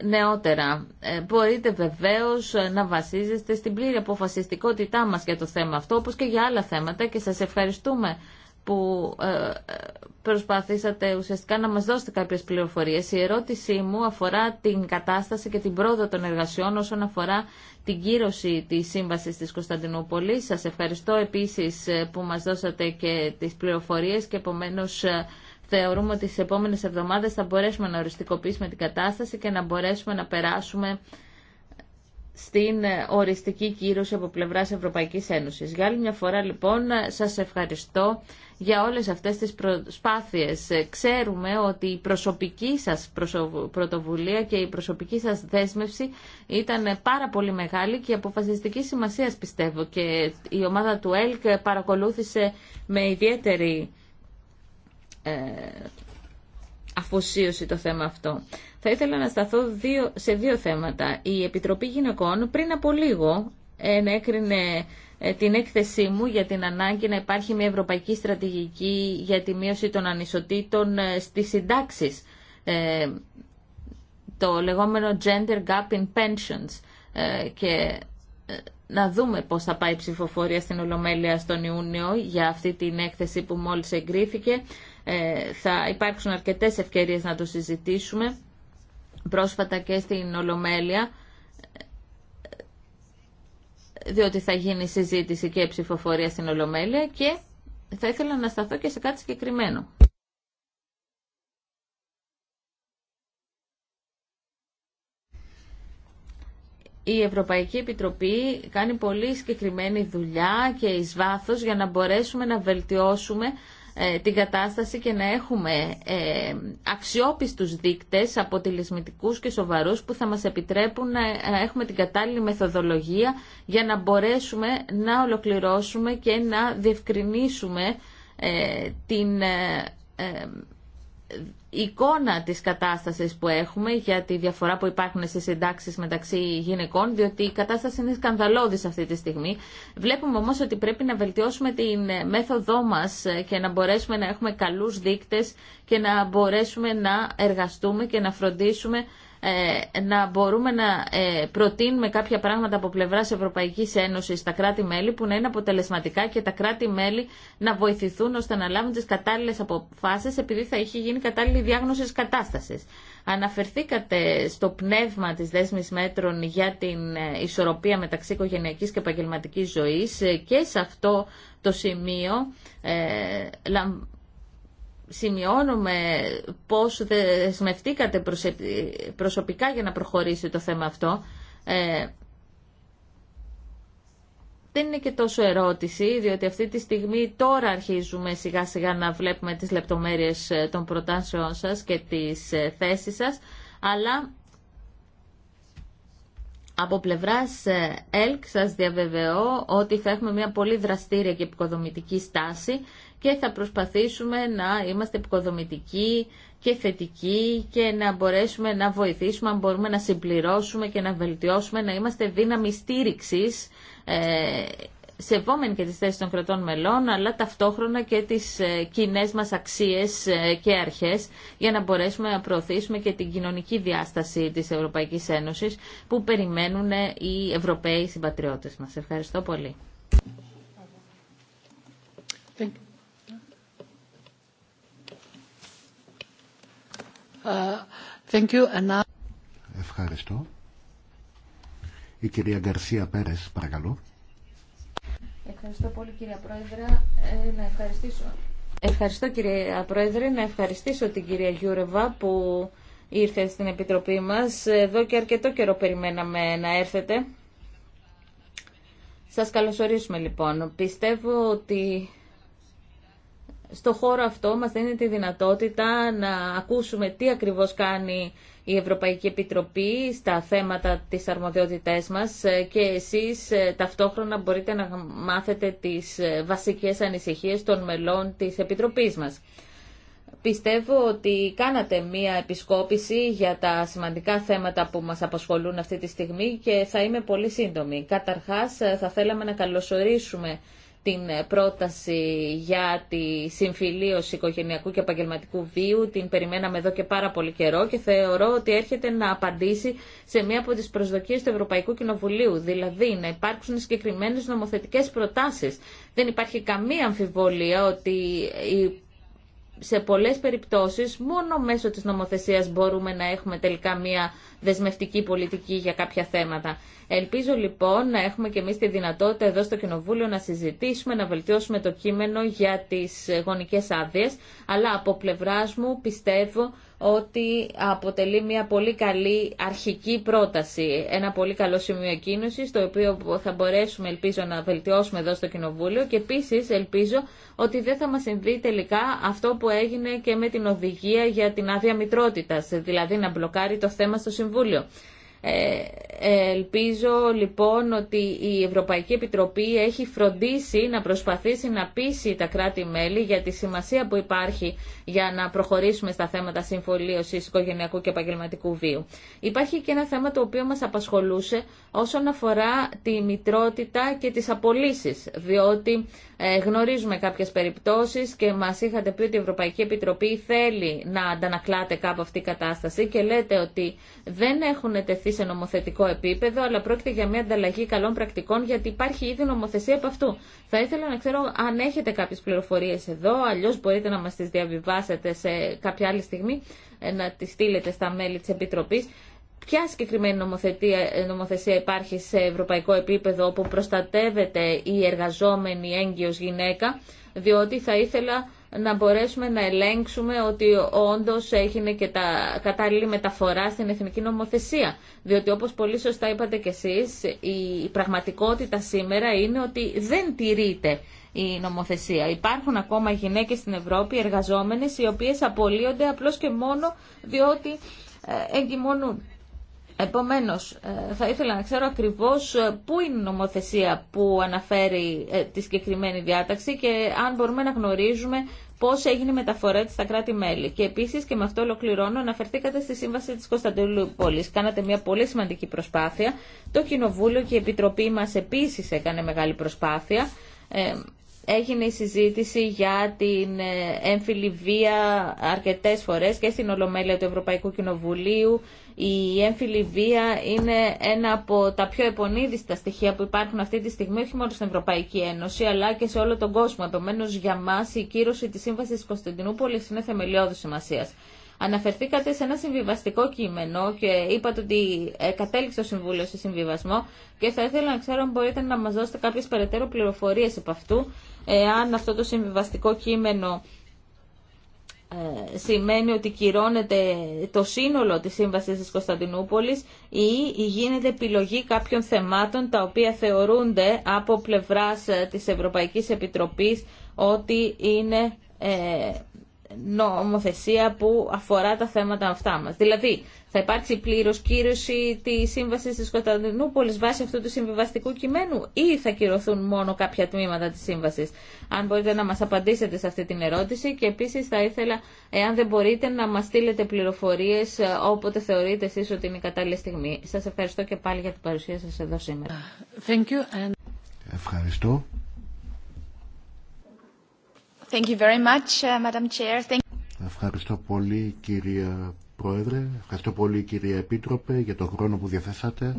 νεότερα. Ε, μπορείτε βεβαίως ε, να βασίζεστε στην πλήρη αποφασιστικότητά μας για το θέμα αυτό, όπως και για άλλα θέματα και σας ευχαριστούμε που ε, προσπαθήσατε ουσιαστικά να μας δώσετε κάποιες πληροφορίες. Η ερώτησή μου αφορά την κατάσταση και την πρόοδο των εργασιών όσον αφορά την κύρωση της Σύμβασης της Κωνσταντινούπολης. Σας ευχαριστώ επίσης που μας δώσατε και τις πληροφορίες και επομένως θεωρούμε ότι στις επόμενες εβδομάδες θα μπορέσουμε να οριστικοποιήσουμε την κατάσταση και να μπορέσουμε να περάσουμε στην οριστική κύρωση από πλευράς Ευρωπαϊκής Ένωσης. Για άλλη μια φορά λοιπόν σας ευχαριστώ για όλες αυτές τις προσπάθειες. Ξέρουμε ότι η προσωπική σας πρωτοβουλία και η προσωπική σας δέσμευση ήταν πάρα πολύ μεγάλη και αποφασιστική σημασίας πιστεύω και η ομάδα του ΕΛΚ παρακολούθησε με ιδιαίτερη ε, αφοσίωση το θέμα αυτό. Θα ήθελα να σταθώ σε δύο θέματα. Η Επιτροπή Γυναικών πριν από λίγο ενέκρινε ε, την έκθεσή μου για την ανάγκη να υπάρχει μια ευρωπαϊκή στρατηγική για τη μείωση των ανισοτήτων ε, στις συντάξεις. Το λεγόμενο Gender Gap in Pensions. Και να δούμε πώς θα πάει η ψηφοφορία στην Ολομέλεια στον Ιούνιο για αυτή την έκθεση που μόλις εγκρίθηκε. Ε, θα υπάρξουν αρκετές ευκαιρίες να το συζητήσουμε πρόσφατα και στην Ολομέλεια διότι θα γίνει συζήτηση και ψηφοφορία στην Ολομέλεια και θα ήθελα να σταθώ και σε κάτι συγκεκριμένο. η Ευρωπαϊκή Επιτροπή κάνει πολύ συγκεκριμένη δουλειά και εις για να μπορέσουμε να βελτιώσουμε ε, την κατάσταση και να έχουμε ε, αξιόπιστους δείκτες αποτελεσματικούς και σοβαρούς που θα μας επιτρέπουν να έχουμε την κατάλληλη μεθοδολογία για να μπορέσουμε να ολοκληρώσουμε και να διευκρινίσουμε ε, την εικόνα της κατάστασης που έχουμε για τη διαφορά που υπάρχουν στις συντάξεις μεταξύ γυναικών, διότι η κατάσταση είναι σκανδαλώδης αυτή τη στιγμή. Βλέπουμε όμως ότι πρέπει να βελτιώσουμε την μέθοδό μας και να μπορέσουμε να έχουμε καλούς δείκτες και να μπορέσουμε να εργαστούμε και να φροντίσουμε ε, να μπορούμε να ε, προτείνουμε κάποια πράγματα από πλευρά Ευρωπαϊκή Ένωση στα κράτη-μέλη που να είναι αποτελεσματικά και τα κράτη-μέλη να βοηθηθούν ώστε να λάβουν τι κατάλληλε αποφάσει επειδή θα έχει γίνει κατάλληλη διάγνωση κατάσταση. Αναφερθήκατε στο πνεύμα τη δέσμη μέτρων για την ε, ισορροπία μεταξύ οικογενειακή και επαγγελματική ζωή και σε αυτό το σημείο ε, σημειώνουμε πώς δεσμευτήκατε προσωπικά για να προχωρήσει το θέμα αυτό. Ε, δεν είναι και τόσο ερώτηση, διότι αυτή τη στιγμή τώρα αρχίζουμε σιγά σιγά να βλέπουμε τις λεπτομέρειες ε, των προτάσεών σας και τις ε, θέσεις σας, αλλά από πλευράς ΕΛΚ σας διαβεβαιώ ότι θα έχουμε μια πολύ δραστήρια και επικοδομητική στάση και θα προσπαθήσουμε να είμαστε επικοδομητικοί και θετικοί και να μπορέσουμε να βοηθήσουμε, αν μπορούμε να συμπληρώσουμε και να βελτιώσουμε, να είμαστε δύναμη στήριξη ε, σεβόμενοι και τις θέσεις των κρατών μελών, αλλά ταυτόχρονα και τις ε, κοινέ μας αξίες ε, και αρχές, για να μπορέσουμε να προωθήσουμε και την κοινωνική διάσταση της Ευρωπαϊκής Ένωσης, που περιμένουν οι Ευρωπαίοι συμπατριώτες μας. Ευχαριστώ πολύ. Ευχαριστώ. Η κυρία Γκαρσία Πέρες, παρακαλώ. Ευχαριστώ πολύ κυρία ε, να ευχαριστήσω. Ευχαριστώ Πρόεδρε. Να ευχαριστήσω την κυρία Γιούρεβα που ήρθε στην Επιτροπή μας. Εδώ και αρκετό καιρό περιμέναμε να έρθετε. Σας καλωσορίσουμε λοιπόν. Πιστεύω ότι στο χώρο αυτό μας δίνει τη δυνατότητα να ακούσουμε τι ακριβώς κάνει η Ευρωπαϊκή Επιτροπή στα θέματα της αρμοδιότητές μας ε, και εσείς ε, ταυτόχρονα μπορείτε να μάθετε τις ε, βασικές ανησυχίες των μελών της Επιτροπής μας. Πιστεύω ότι κάνατε μία επισκόπηση για τα σημαντικά θέματα που μας απασχολούν αυτή τη στιγμή και θα είμαι πολύ σύντομη. Καταρχάς θα θέλαμε να καλωσορίσουμε την πρόταση για τη συμφιλίωση οικογενειακού και επαγγελματικού βίου. Την περιμέναμε εδώ και πάρα πολύ καιρό και θεωρώ ότι έρχεται να απαντήσει σε μία από τις προσδοκίες του Ευρωπαϊκού Κοινοβουλίου, δηλαδή να υπάρξουν συγκεκριμένες νομοθετικές προτάσεις. Δεν υπάρχει καμία αμφιβολία ότι η σε πολλές περιπτώσεις μόνο μέσω της νομοθεσίας μπορούμε να έχουμε τελικά μία δεσμευτική πολιτική για κάποια θέματα. Ελπίζω λοιπόν να έχουμε και εμείς τη δυνατότητα εδώ στο Κοινοβούλιο να συζητήσουμε, να βελτιώσουμε το κείμενο για τις γονικές άδειες, αλλά από πλευράς μου πιστεύω ότι αποτελεί μια πολύ καλή αρχική πρόταση, ένα πολύ καλό σημείο κίνησης το οποίο θα μπορέσουμε ελπίζω να βελτιώσουμε εδώ στο Κοινοβούλιο και επίση ελπίζω ότι δεν θα μα συμβεί τελικά αυτό που έγινε και με την οδηγία για την άδεια μητρότητα, δηλαδή να μπλοκάρει το θέμα στο Συμβούλιο. Ε, ελπίζω λοιπόν ότι η Ευρωπαϊκή Επιτροπή έχει φροντίσει να προσπαθήσει να πείσει τα κράτη-μέλη για τη σημασία που υπάρχει για να προχωρήσουμε στα θέματα συμφωλίωσης οικογενειακού και επαγγελματικού βίου. Υπάρχει και ένα θέμα το οποίο μας απασχολούσε όσον αφορά τη μητρότητα και τις απολύσεις, διότι ε, γνωρίζουμε κάποιες περιπτώσεις και μας είχατε πει ότι η Ευρωπαϊκή Επιτροπή θέλει να αντανακλάτε κάπου αυτή η κατάσταση και λέτε ότι δεν έχουν τεθεί σε νομοθετικό επίπεδο, αλλά πρόκειται για μια ανταλλαγή καλών πρακτικών γιατί υπάρχει ήδη νομοθεσία από αυτού. Θα ήθελα να ξέρω αν έχετε κάποιες πληροφορίε εδώ, Αλλιώ μπορείτε να μα τι διαβιβάσετε σε κάποια άλλη στιγμή, ε, να τι στείλετε στα μέλη τη Επιτροπής Ποια συγκεκριμένη ε, νομοθεσία υπάρχει σε ευρωπαϊκό επίπεδο όπου προστατεύεται η εργαζόμενη έγκυος γυναίκα, διότι θα ήθελα να μπορέσουμε να ελέγξουμε ότι όντως έγινε και τα κατάλληλη μεταφορά στην εθνική νομοθεσία. Διότι όπως πολύ σωστά είπατε κι εσείς, η πραγματικότητα σήμερα είναι ότι δεν τηρείται η νομοθεσία. Υπάρχουν ακόμα γυναίκες στην Ευρώπη, εργαζόμενες, οι οποίες απολύονται απλώς και μόνο διότι ε, εγκυμονούν. Επομένως, ε, θα ήθελα να ξέρω ακριβώς ε, πού είναι η νομοθεσία που αναφέρει ε, τη συγκεκριμένη διάταξη και αν μπορούμε να γνωρίζουμε πώς έγινε η μεταφορά της στα κράτη-μέλη. Και επίσης, και με αυτό ολοκληρώνω, αναφερθήκατε στη Σύμβαση της Κωνσταντινούπολης. Κάνατε μια πολύ σημαντική προσπάθεια. Το Κοινοβούλιο και η Επιτροπή μας επίσης έκανε μεγάλη προσπάθεια έγινε η συζήτηση για την ε, έμφυλη βία αρκετές φορές και στην Ολομέλεια του Ευρωπαϊκού Κοινοβουλίου. Η έμφυλη βία είναι ένα από τα πιο επωνίδιστα στοιχεία που υπάρχουν αυτή τη στιγμή, όχι μόνο στην Ευρωπαϊκή Ένωση, αλλά και σε όλο τον κόσμο. Επομένω, για μα η κύρωση τη Σύμβαση τη Κωνσταντινούπολη είναι θεμελιώδη σημασία. Αναφερθήκατε σε ένα συμβιβαστικό κείμενο και είπατε ότι ε, κατέληξε το Συμβούλιο σε συμβιβασμό και θα ήθελα να ξέρω αν μπορείτε να μα δώσετε κάποιε περαιτέρω πληροφορίε από αυτού εάν αυτό το συμβιβαστικό κείμενο ε, σημαίνει ότι κυρώνεται το σύνολο της Σύμβασης της Κωνσταντινούπολης ή γίνεται επιλογή κάποιων θεμάτων τα οποία θεωρούνται από πλευράς ε, της Ευρωπαϊκής Επιτροπής ότι είναι ε, νομοθεσία που αφορά τα θέματα αυτά μας. Δηλαδή, θα υπάρξει πλήρω κύρωση τη σύμβαση τη Κωνσταντινούπολη βάσει αυτού του συμβιβαστικού κειμένου ή θα κυρωθούν μόνο κάποια τμήματα τη σύμβαση. Αν μπορείτε να μα απαντήσετε σε αυτή την ερώτηση και επίση θα ήθελα, εάν δεν μπορείτε, να μα στείλετε πληροφορίε ε, όποτε θεωρείτε εσεί ότι είναι η κατάλληλη στιγμή. Σα ευχαριστώ και πάλι για την παρουσία σα εδώ σήμερα. Thank you and... Ευχαριστώ. Thank you very much, uh, Madam Chair. Thank... Ευχαριστώ πολύ, κυρία Πρόεδρε. Ευχαριστώ πολύ κύριε Επίτροπε για τον χρόνο που διαθέσατε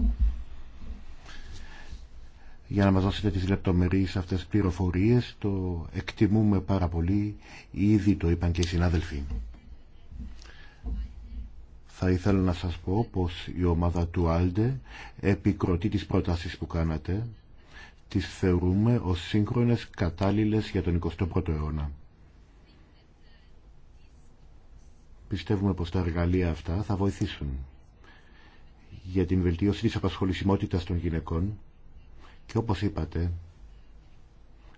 για να μας δώσετε τις λεπτομερίες αυτές τις πληροφορίες. Το εκτιμούμε πάρα πολύ. Ήδη το είπαν και οι συνάδελφοι. Θα ήθελα να σας πω πως η ομάδα του Άλντε επικροτεί τις προτάσεις που κάνατε. Τις θεωρούμε ως σύγχρονες κατάλληλες για τον 21ο αιώνα. Πιστεύουμε πως τα εργαλεία αυτά θα βοηθήσουν για την βελτίωση της απασχολησιμότητας των γυναικών και όπως είπατε,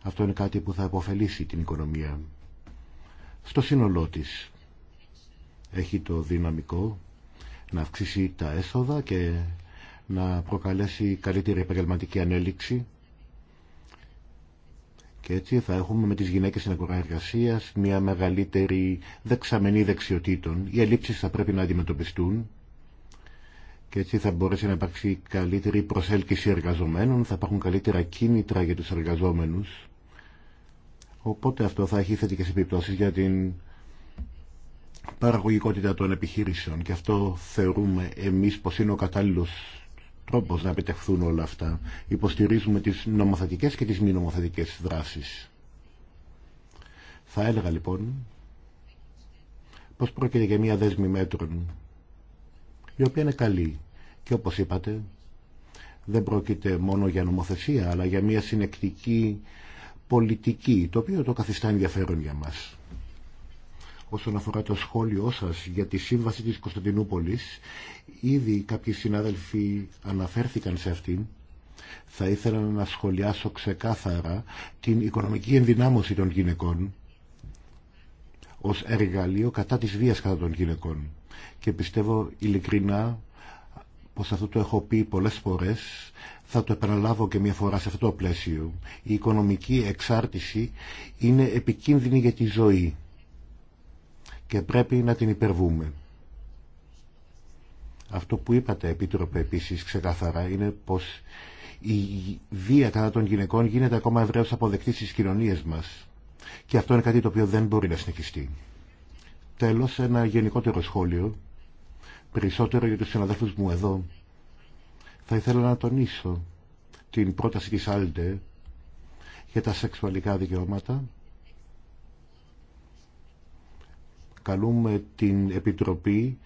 αυτό είναι κάτι που θα υποφελήσει την οικονομία. Στο σύνολό της έχει το δυναμικό να αυξήσει τα έσοδα και να προκαλέσει καλύτερη επαγγελματική ανέλυξη και έτσι θα έχουμε με τις γυναίκες στην αγορά εργασία μια μεγαλύτερη δεξαμενή δεξιοτήτων. Οι ελλείψεις θα πρέπει να αντιμετωπιστούν και έτσι θα μπορέσει να υπάρξει καλύτερη προσέλκυση εργαζομένων, θα υπάρχουν καλύτερα κίνητρα για τους εργαζόμενους. Οπότε αυτό θα έχει θετικές επιπτώσεις για την παραγωγικότητα των επιχείρησεων και αυτό θεωρούμε εμείς πως είναι ο κατάλληλος Πώς να επιτευχθούν όλα αυτά. Υποστηρίζουμε τις νομοθετικέ και τις μη νομοθετικές δράσεις. Θα έλεγα λοιπόν πως πρόκειται για μια δέσμη μέτρων η οποία είναι καλή και όπως είπατε δεν πρόκειται μόνο για νομοθεσία αλλά για μια συνεκτική πολιτική το οποίο το καθιστά ενδιαφέρον για μας όσον αφορά το σχόλιο σας για τη σύμβαση της Κωνσταντινούπολης. Ήδη κάποιοι συνάδελφοι αναφέρθηκαν σε αυτήν. Θα ήθελα να σχολιάσω ξεκάθαρα την οικονομική ενδυνάμωση των γυναικών ως εργαλείο κατά της βίας κατά των γυναικών. Και πιστεύω ειλικρινά πως αυτό το έχω πει πολλές φορές, θα το επαναλάβω και μια φορά σε αυτό το πλαίσιο. Η οικονομική εξάρτηση είναι επικίνδυνη για τη ζωή και πρέπει να την υπερβούμε. Αυτό που είπατε, Επίτροπε, επίσης ξεκάθαρα, είναι πως η βία κατά των γυναικών γίνεται ακόμα ευρέως αποδεκτή στις κοινωνίες μας. Και αυτό είναι κάτι το οποίο δεν μπορεί να συνεχιστεί. Τέλος, ένα γενικότερο σχόλιο, περισσότερο για τους συναδέλφους μου εδώ. Θα ήθελα να τονίσω την πρόταση της Άλντε για τα σεξουαλικά δικαιώματα καλούμε την Επιτροπή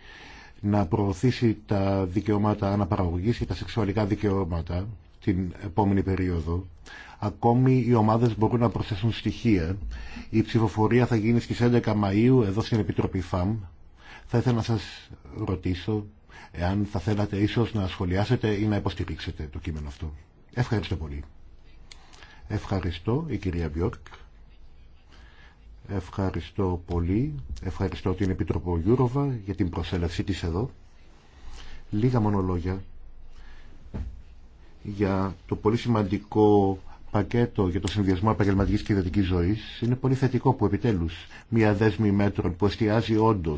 να προωθήσει τα δικαιώματα αναπαραγωγής και τα σεξουαλικά δικαιώματα την επόμενη περίοδο. Ακόμη οι ομάδες μπορούν να προσθέσουν στοιχεία. Η ψηφοφορία θα γίνει στις 11 Μαΐου εδώ στην Επιτροπή ΦΑΜ. Θα ήθελα να σας ρωτήσω εάν θα θέλατε ίσως να σχολιάσετε ή να υποστηρίξετε το κείμενο αυτό. Ευχαριστώ πολύ. Ευχαριστώ η κυρία Μπιόρκ. Ευχαριστώ πολύ. Ευχαριστώ την Επιτροπό Γιούροβα για την προσέλευσή της εδώ. Λίγα μονολόγια για το πολύ σημαντικό πακέτο για το συνδυασμό επαγγελματική και ιδιωτική ζωή. Είναι πολύ θετικό που επιτέλου μια δέσμη μέτρων που εστιάζει όντω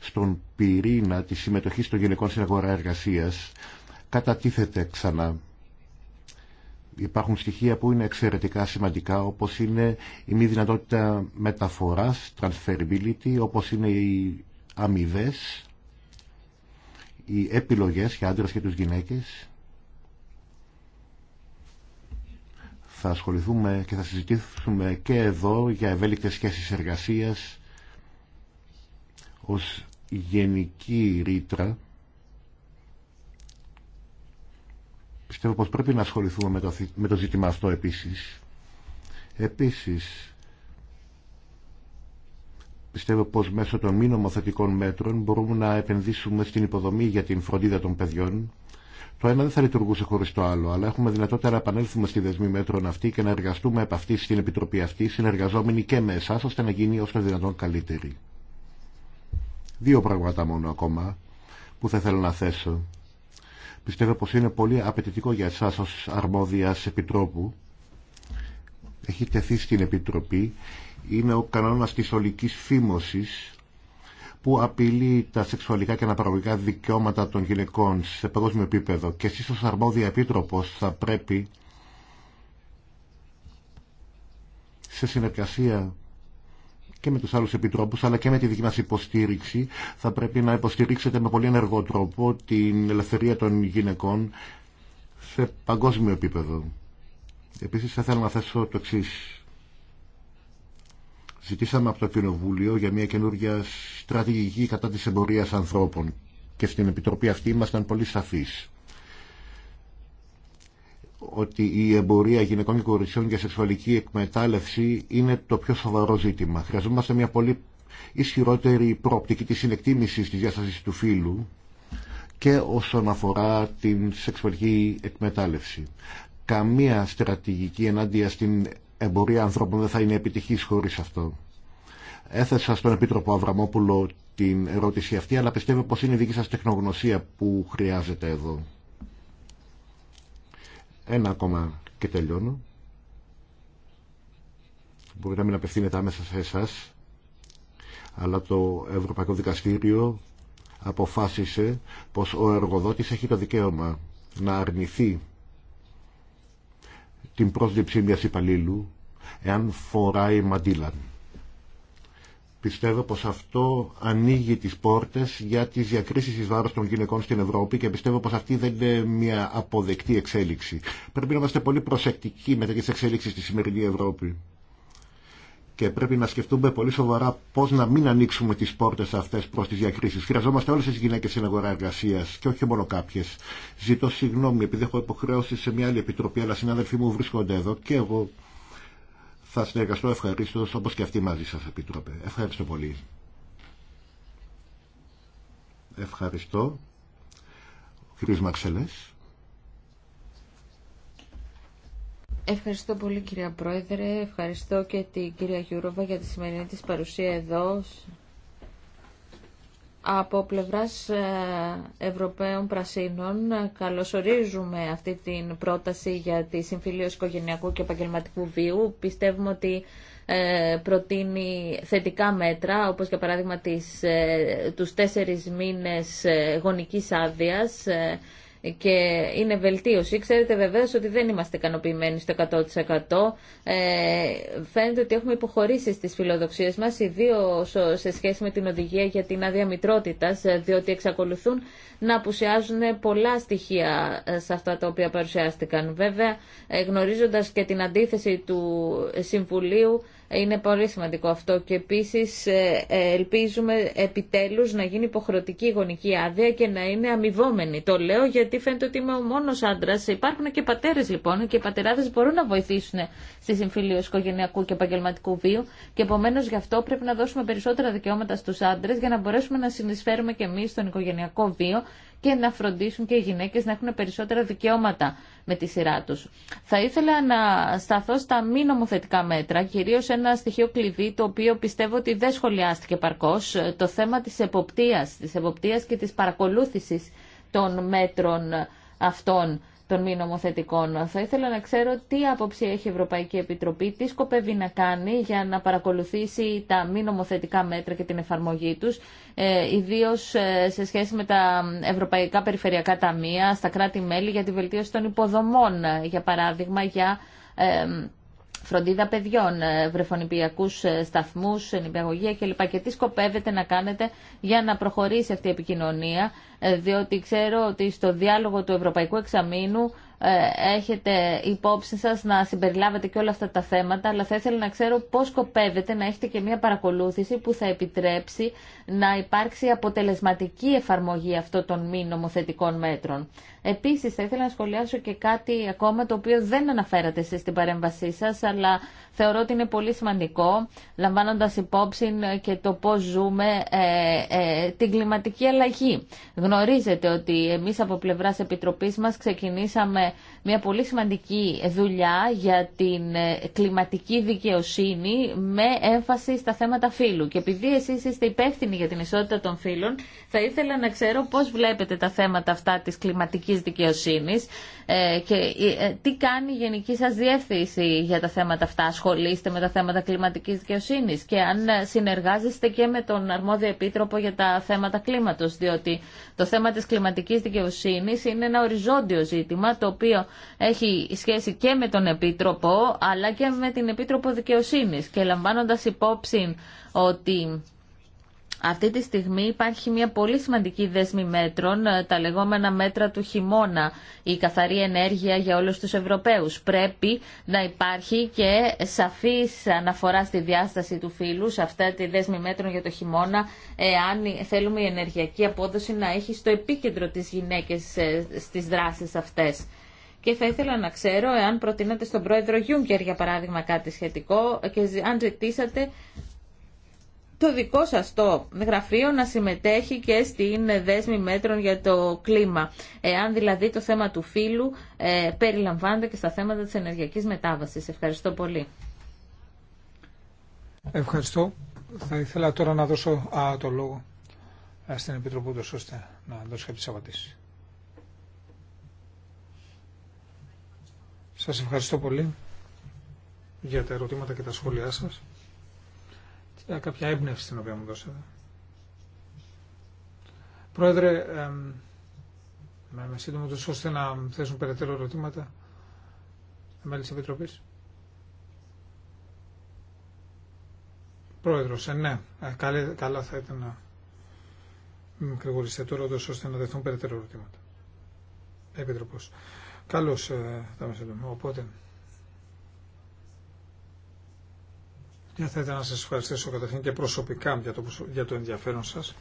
στον πυρήνα τη συμμετοχή των γυναικών στην αγορά εργασία κατατίθεται ξανά Υπάρχουν στοιχεία που είναι εξαιρετικά σημαντικά όπως είναι η μη δυνατότητα μεταφοράς, transferability, όπως είναι οι αμοιβέ, οι επιλογές για άντρες και τους γυναίκες. Θα ασχοληθούμε και θα συζητήσουμε και εδώ για ευέλικτες σχέσεις εργασίας ως γενική ρήτρα Πιστεύω πως πρέπει να ασχοληθούμε με το, με το ζήτημα αυτό επίσης. Επίσης, πιστεύω πως μέσω των μη νομοθετικών μέτρων μπορούμε να επενδύσουμε στην υποδομή για την φροντίδα των παιδιών. Το ένα δεν θα λειτουργούσε χωρίς το άλλο, αλλά έχουμε δυνατότητα να επανέλθουμε στη δεσμή μέτρων αυτή και να εργαστούμε επ' αυτή στην Επιτροπή αυτή, συνεργαζόμενοι και με εσάς, ώστε να γίνει όσο δυνατόν καλύτερη. Δύο πράγματα μόνο ακόμα που θα θέλω να θέσω Πιστεύω πως είναι πολύ απαιτητικό για εσάς ως αρμόδιας επιτρόπου. Έχει τεθεί στην Επιτροπή. Είναι ο κανόνας της ολικής φήμωσης που απειλεί τα σεξουαλικά και αναπαραγωγικά δικαιώματα των γυναικών σε παγκόσμιο επίπεδο. Και εσείς ως αρμόδια επίτροπος θα πρέπει σε συνεργασία και με τους άλλους επιτρόπους αλλά και με τη δική μας υποστήριξη θα πρέπει να υποστηρίξετε με πολύ ενεργό τρόπο την ελευθερία των γυναικών σε παγκόσμιο επίπεδο. Επίσης θα ήθελα να θέσω το εξή. Ζητήσαμε από το Κοινοβούλιο για μια καινούργια στρατηγική κατά της εμπορίας ανθρώπων και στην Επιτροπή αυτή ήμασταν πολύ σαφείς ότι η εμπορία γυναικών και κοριτσιών για σεξουαλική εκμετάλλευση είναι το πιο σοβαρό ζήτημα. Χρειαζόμαστε μια πολύ ισχυρότερη προοπτική της συνεκτίμησης της διάστασης του φύλου και όσον αφορά την σεξουαλική εκμετάλλευση. Καμία στρατηγική ενάντια στην εμπορία ανθρώπων δεν θα είναι επιτυχής χωρίς αυτό. Έθεσα στον Επίτροπο Αβραμόπουλο την ερώτηση αυτή, αλλά πιστεύω πως είναι η δική σας τεχνογνωσία που χρειάζεται εδώ. Ένα ακόμα και τελειώνω. Μπορεί να μην απευθύνεται άμεσα σε εσά, αλλά το Ευρωπαϊκό Δικαστήριο αποφάσισε πως ο εργοδότης έχει το δικαίωμα να αρνηθεί την πρόσληψη μιας υπαλλήλου εάν φοράει μαντήλα. Πιστεύω πως αυτό ανοίγει τις πόρτες για τις διακρίσεις εις βάρος των γυναικών στην Ευρώπη και πιστεύω πως αυτή δεν είναι μια αποδεκτή εξέλιξη. Πρέπει να είμαστε πολύ προσεκτικοί με τέτοιες εξέλιξεις στη σημερινή Ευρώπη. Και πρέπει να σκεφτούμε πολύ σοβαρά πώ να μην ανοίξουμε τι πόρτε αυτέ προ τι διακρίσει. Χρειαζόμαστε όλε τι γυναίκε στην αγορά εργασία και όχι μόνο κάποιε. Ζητώ συγγνώμη επειδή έχω υποχρέωση σε μια άλλη επιτροπή, αλλά συνάδελφοί μου βρίσκονται εδώ και εγώ θα συνεργαστώ ευχαρίστω όπω και αυτή μαζί σα, Επίτροπε. Ευχαριστώ πολύ. Ευχαριστώ. Ο κ. Μαξελέ. Ευχαριστώ πολύ κυρία Πρόεδρε, ευχαριστώ και την κυρία Γιούροβα για τη σημερινή της παρουσία εδώ από πλευράς ε, Ευρωπαίων Πρασίνων ε, καλωσορίζουμε αυτή την πρόταση για τη συμφιλίωση οικογενειακού και επαγγελματικού βίου. Πιστεύουμε ότι ε, προτείνει θετικά μέτρα, όπως για παράδειγμα τις, τους τέσσερις μήνες γονικής άδειας και είναι βελτίωση. Ξέρετε βεβαίως ότι δεν είμαστε ικανοποιημένοι στο 100%. Ε, φαίνεται ότι έχουμε υποχωρήσει στις φιλοδοξίες μας, ιδίως σε σχέση με την οδηγία για την άδεια ε, διότι εξακολουθούν να απουσιάζουν πολλά στοιχεία ε, σε αυτά τα οποία παρουσιάστηκαν. Βέβαια, ε, γνωρίζοντας και την αντίθεση του Συμβουλίου, είναι πολύ σημαντικό αυτό και επίσης ε, ε, ελπίζουμε επιτέλους να γίνει υποχρεωτική γονική άδεια και να είναι αμοιβόμενη. Το λέω γιατί φαίνεται ότι είμαι ο μόνος άντρας. Υπάρχουν και πατέρες λοιπόν και οι πατεράδες μπορούν να βοηθήσουν στη συμφιλίωση οικογενειακού και επαγγελματικού βίου και επομένω γι' αυτό πρέπει να δώσουμε περισσότερα δικαιώματα στους άντρες για να μπορέσουμε να συνεισφέρουμε και εμείς στον οικογενειακό βίο και να φροντίσουν και οι γυναίκες να έχουν περισσότερα δικαιώματα με τη σειρά τους. Θα ήθελα να σταθώ στα μη νομοθετικά μέτρα, κυρίως ένα στοιχείο κλειδί το οποίο πιστεύω ότι δεν σχολιάστηκε παρκώς, το θέμα της εποπτείας, της εποπτείας και της παρακολούθησης των μέτρων αυτών των μη νομοθετικών. Θα ήθελα να ξέρω τι άποψη έχει η Ευρωπαϊκή Επιτροπή, τι σκοπεύει να κάνει για να παρακολουθήσει τα μη νομοθετικά μέτρα και την εφαρμογή τους, ε, ιδίως ε, σε σχέση με τα Ευρωπαϊκά Περιφερειακά Ταμεία, στα κράτη-μέλη για τη βελτίωση των υποδομών, ε, για παράδειγμα, για... Ε, φροντίδα παιδιών, ε, βρεφονιπιακού ε, σταθμούς, νηπιαγωγεία κλπ. Και τι σκοπεύετε να κάνετε για να προχωρήσει αυτή η επικοινωνία, ε, διότι ξέρω ότι στο διάλογο του Ευρωπαϊκού Εξαμήνου έχετε υπόψη σας να συμπεριλάβετε και όλα αυτά τα θέματα, αλλά θα ήθελα να ξέρω πώς σκοπεύετε να έχετε και μια παρακολούθηση που θα επιτρέψει να υπάρξει αποτελεσματική εφαρμογή αυτών των μη νομοθετικών μέτρων. Επίσης, θα ήθελα να σχολιάσω και κάτι ακόμα το οποίο δεν αναφέρατε εσεί στην παρέμβασή σας, αλλά θεωρώ ότι είναι πολύ σημαντικό, λαμβάνοντας υπόψη και το πώ ζούμε ε, ε, την κλιματική αλλαγή. Γνωρίζετε ότι εμείς από πλευράς Επιτροπής μας ξεκινήσαμε μια πολύ σημαντική δουλειά για την ε, κλιματική δικαιοσύνη με έμφαση στα θέματα φύλου. Και επειδή εσεί είστε υπεύθυνοι για την ισότητα των φύλων, θα ήθελα να ξέρω πώ βλέπετε τα θέματα αυτά τη κλιματική. Δικαιοσύνη. δικαιοσύνης ε, και ε, ε, τι κάνει η Γενική σας Διεύθυνση για τα θέματα αυτά. Ασχολείστε με τα θέματα κλιματικής δικαιοσύνης και αν συνεργάζεστε και με τον Αρμόδιο Επίτροπο για τα θέματα κλίματος, διότι το θέμα της κλιματικής δικαιοσύνης είναι ένα οριζόντιο ζήτημα το οποίο έχει σχέση και με τον Επίτροπο αλλά και με την Επίτροπο Δικαιοσύνης και λαμβάνοντας υπόψη ότι αυτή τη στιγμή υπάρχει μια πολύ σημαντική δέσμη μέτρων, ε, τα λεγόμενα μέτρα του χειμώνα, η καθαρή ενέργεια για όλους τους Ευρωπαίους. Πρέπει να υπάρχει και σαφής αναφορά στη διάσταση του φύλου σε αυτά τη δέσμη μέτρων για το χειμώνα, εάν θέλουμε η ενεργειακή απόδοση να έχει στο επίκεντρο τις γυναίκες ε, στις δράσεις αυτές. Και θα ήθελα να ξέρω εάν προτείνατε στον πρόεδρο Γιούγκερ, για παράδειγμα, κάτι σχετικό και αν ζητήσατε το δικό σας το γραφείο να συμμετέχει και στην δέσμη μέτρων για το κλίμα. Εάν δηλαδή το θέμα του φύλου ε, περιλαμβάνεται και στα θέματα της ενεργειακής μετάβασης. Ευχαριστώ πολύ. Ευχαριστώ. Θα ήθελα τώρα να δώσω α, το λόγο ε, στην Επιτροπή του ώστε να δώσει κάποιες απαντήσεις. Σας ευχαριστώ πολύ για τα ερωτήματα και τα σχόλιά σας. Ε, κάποια έμπνευση την οποία μου δώσατε. Πρόεδρε, με, με σύντομο τους ώστε να θέσουν περαιτέρω ερωτήματα μέλη της Επιτροπής. Πρόεδρος, ε, ναι, ε, καλά, καλά θα ήταν να μην τώρα ώστε να δεθούν περαιτέρω ερωτήματα. Επιτροπός. Καλώς θα ε, μας Οπότε... θα ήθελα να σας ευχαριστήσω καταρχήν και προσωπικά για το, για το ενδιαφέρον σας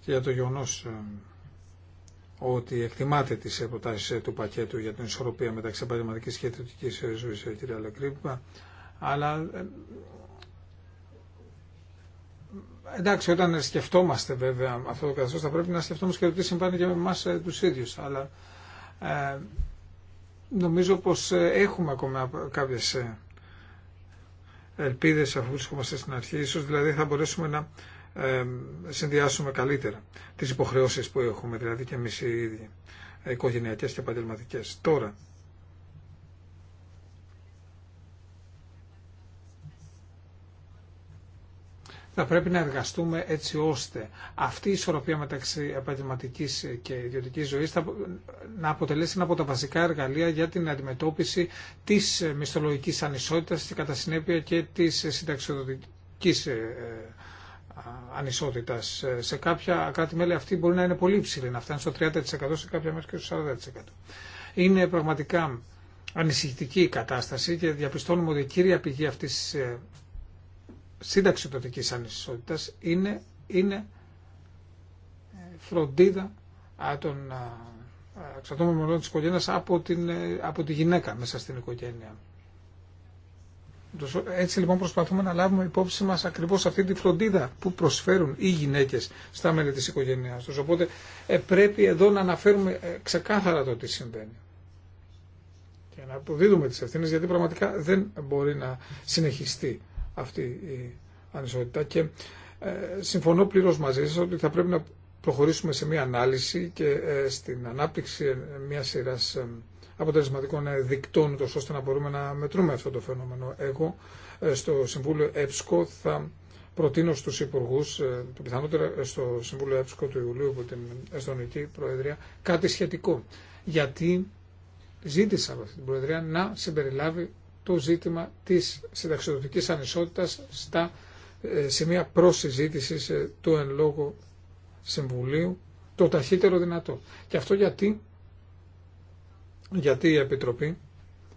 και για το γεγονό ε, ότι εκτιμάτε τις προτάσεις ε, του πακέτου για την ισορροπία μεταξύ επαγγελματικής και ιδιωτικής ε, ζωής, κυρία Λεκρύπα, αλλά εντάξει, όταν σκεφτόμαστε βέβαια αυτό το καθεστώς θα πρέπει να σκεφτόμαστε και το τι συμβάνει και με εμάς τους ίδιους, αλλά Νομίζω πως ε, έχουμε ακόμα κάποιες ε, ελπίδες αφού βρίσκομαστε στην αρχή. Ίσως δηλαδή θα μπορέσουμε να ε, συνδυάσουμε καλύτερα τις υποχρεώσεις που έχουμε, δηλαδή και εμείς οι ίδιοι, οικογενειακές και επαγγελματικέ. Τώρα, θα πρέπει να εργαστούμε έτσι ώστε αυτή η ισορροπία μεταξύ επαγγελματική και ιδιωτική ζωή να αποτελέσει ένα από τα βασικά εργαλεία για την αντιμετώπιση τη μισθολογική ανισότητα και κατά συνέπεια και τη συνταξιοδοτική ε, ε, ανισότητα. Ε, σε κάποια κράτη-μέλη αυτή μπορεί να είναι πολύ ψηλή, να φτάνει στο 30%, σε κάποια μέρη και στο 40%. Είναι πραγματικά ανησυχητική η κατάσταση και διαπιστώνουμε ότι η κύρια πηγή αυτής σύνταξη ανισότητας είναι, είναι ε, φροντίδα των εξαρτώμενων μελών της από, την, ε, από τη γυναίκα μέσα στην οικογένεια. Έτσι λοιπόν προσπαθούμε να λάβουμε υπόψη μας ακριβώς αυτή τη φροντίδα που προσφέρουν οι γυναίκες στα μέλη της οικογένειάς τους. Οπότε ε, πρέπει εδώ να αναφέρουμε ξεκάθαρα το τι συμβαίνει. Και να αποδίδουμε τις ευθύνες γιατί πραγματικά δεν μπορεί να συνεχιστεί αυτή η ανισότητα και ε, συμφωνώ πλήρως μαζί σας ότι θα πρέπει να προχωρήσουμε σε μια ανάλυση και ε, στην ανάπτυξη μια σειράς ε, αποτελεσματικών δικτών, τόσο ώστε να μπορούμε να μετρούμε αυτό το φαινόμενο. Εγώ στο Συμβούλιο ΕΠΣΚΟ θα προτείνω στους υπουργού, το πιθανότερο στο Συμβούλιο ΕΠΣΚΟ του Ιουλίου από την Εστονική Προεδρία, κάτι σχετικό. Γιατί ζήτησα από αυτή την Προεδρία να συμπεριλάβει το ζήτημα της συνταξιδοτικής ανισότητας στα ε, σημεία προσυζήτηση ε, του εν λόγω Συμβουλίου το ταχύτερο δυνατό. Και αυτό γιατί, γιατί η Επιτροπή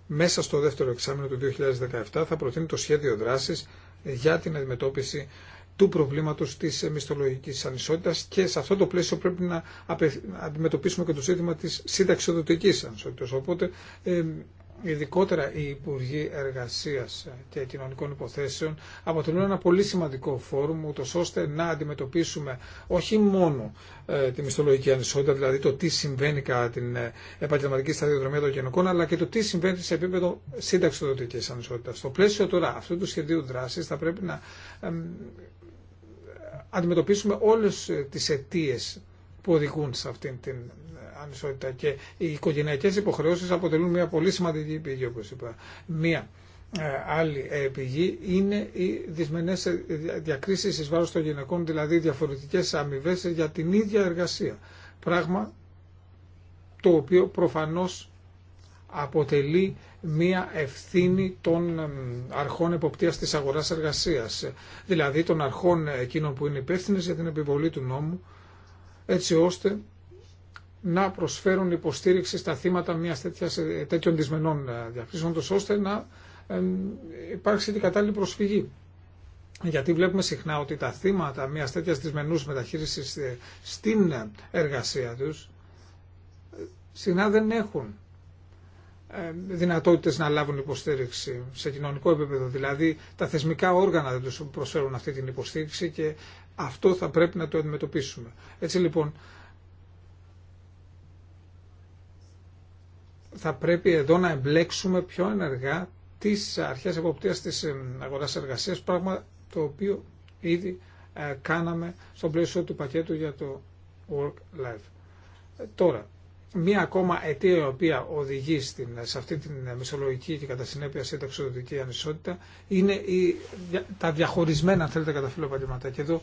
μέσα στο δεύτερο εξάμεινο του 2017 θα προτείνει το σχέδιο δράσης για την αντιμετώπιση του προβλήματος της μισθολογικής ανισότητας και σε αυτό το πλαίσιο πρέπει να αντιμετωπίσουμε και το ζήτημα της συνταξιοδοτικής ανισότητας. Οπότε ε, ειδικότερα οι Υπουργοί Εργασία και Κοινωνικών Υποθέσεων αποτελούν ένα πολύ σημαντικό φόρουμ ούτω ώστε να αντιμετωπίσουμε όχι μόνο ε, τη μισθολογική ανισότητα, δηλαδή το τι συμβαίνει κατά την ε, επαγγελματική σταδιοδρομία των γενικών, αλλά και το τι συμβαίνει σε επίπεδο του ανισότητα. Στο πλαίσιο τώρα αυτού του σχεδίου δράση θα πρέπει να αντιμετωπίσουμε όλε τι αιτίε που οδηγούν σε αυτήν την ανισότητα και οι οικογενειακές υποχρεώσεις αποτελούν μια πολύ σημαντική πηγή όπω είπα. Μια ε, άλλη ε, πηγή είναι οι δυσμενές ε, διακρίσεις εις βάρος των γυναικών, δηλαδή διαφορετικές αμοιβέ για την ίδια εργασία. Πράγμα το οποίο προφανώς αποτελεί μία ευθύνη των αρχών εποπτείας της αγοράς εργασίας, δηλαδή των αρχών εκείνων που είναι υπεύθυνε για την επιβολή του νόμου, έτσι ώστε να προσφέρουν υποστήριξη στα θύματα μιας τέτοιας, ε, τέτοιων δυσμενών ε, διακρίσεων, ώστε να ε, υπάρξει την κατάλληλη προσφυγή. Γιατί βλέπουμε συχνά ότι τα θύματα μια τέτοια δυσμενού μεταχείριση στην εργασία του συχνά δεν έχουν δυνατότητες να λάβουν υποστήριξη σε κοινωνικό επίπεδο. Δηλαδή τα θεσμικά όργανα δεν τους προσφέρουν αυτή την υποστήριξη και αυτό θα πρέπει να το αντιμετωπίσουμε. Έτσι λοιπόν θα πρέπει εδώ να εμπλέξουμε πιο ενεργά τις αρχές εποπτείας της ε, αγοράς εργασίας, πράγμα το οποίο ήδη ε, κάναμε στο πλαίσιο του πακέτου για το Work Life. Ε, τώρα, μία ακόμα αιτία η οποία οδηγεί στην, σε αυτή την μισολογική και κατά συνέπεια σε ταξιδιωτική ανισότητα είναι η, τα διαχωρισμένα, αν θέλετε, παντήματα. Και εδώ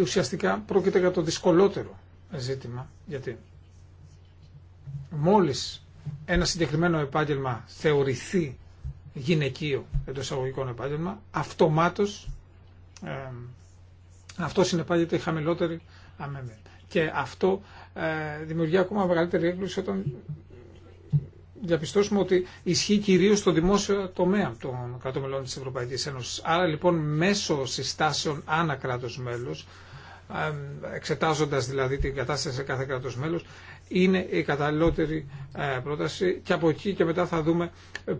ουσιαστικά πρόκειται για το δυσκολότερο ζήτημα, γιατί μόλις ένα συγκεκριμένο επάγγελμα θεωρηθεί γυναικείο εντό εισαγωγικών επάγγελμα, αυτομάτω ε, αυτό συνεπάγεται χαμηλότερη αμέμενη. Και αυτό ε, δημιουργεί ακόμα μεγαλύτερη έκπληξη όταν διαπιστώσουμε ότι ισχύει κυρίως στο δημόσιο τομέα των κρατομελών της Ευρωπαϊκής Ένωσης. Άρα λοιπόν μέσω συστάσεων ανά κράτος μέλος, εξετάζοντας δηλαδή την κατάσταση σε κάθε κράτος μέλος, είναι η καταλληλότερη ε, πρόταση και από εκεί και μετά θα δούμε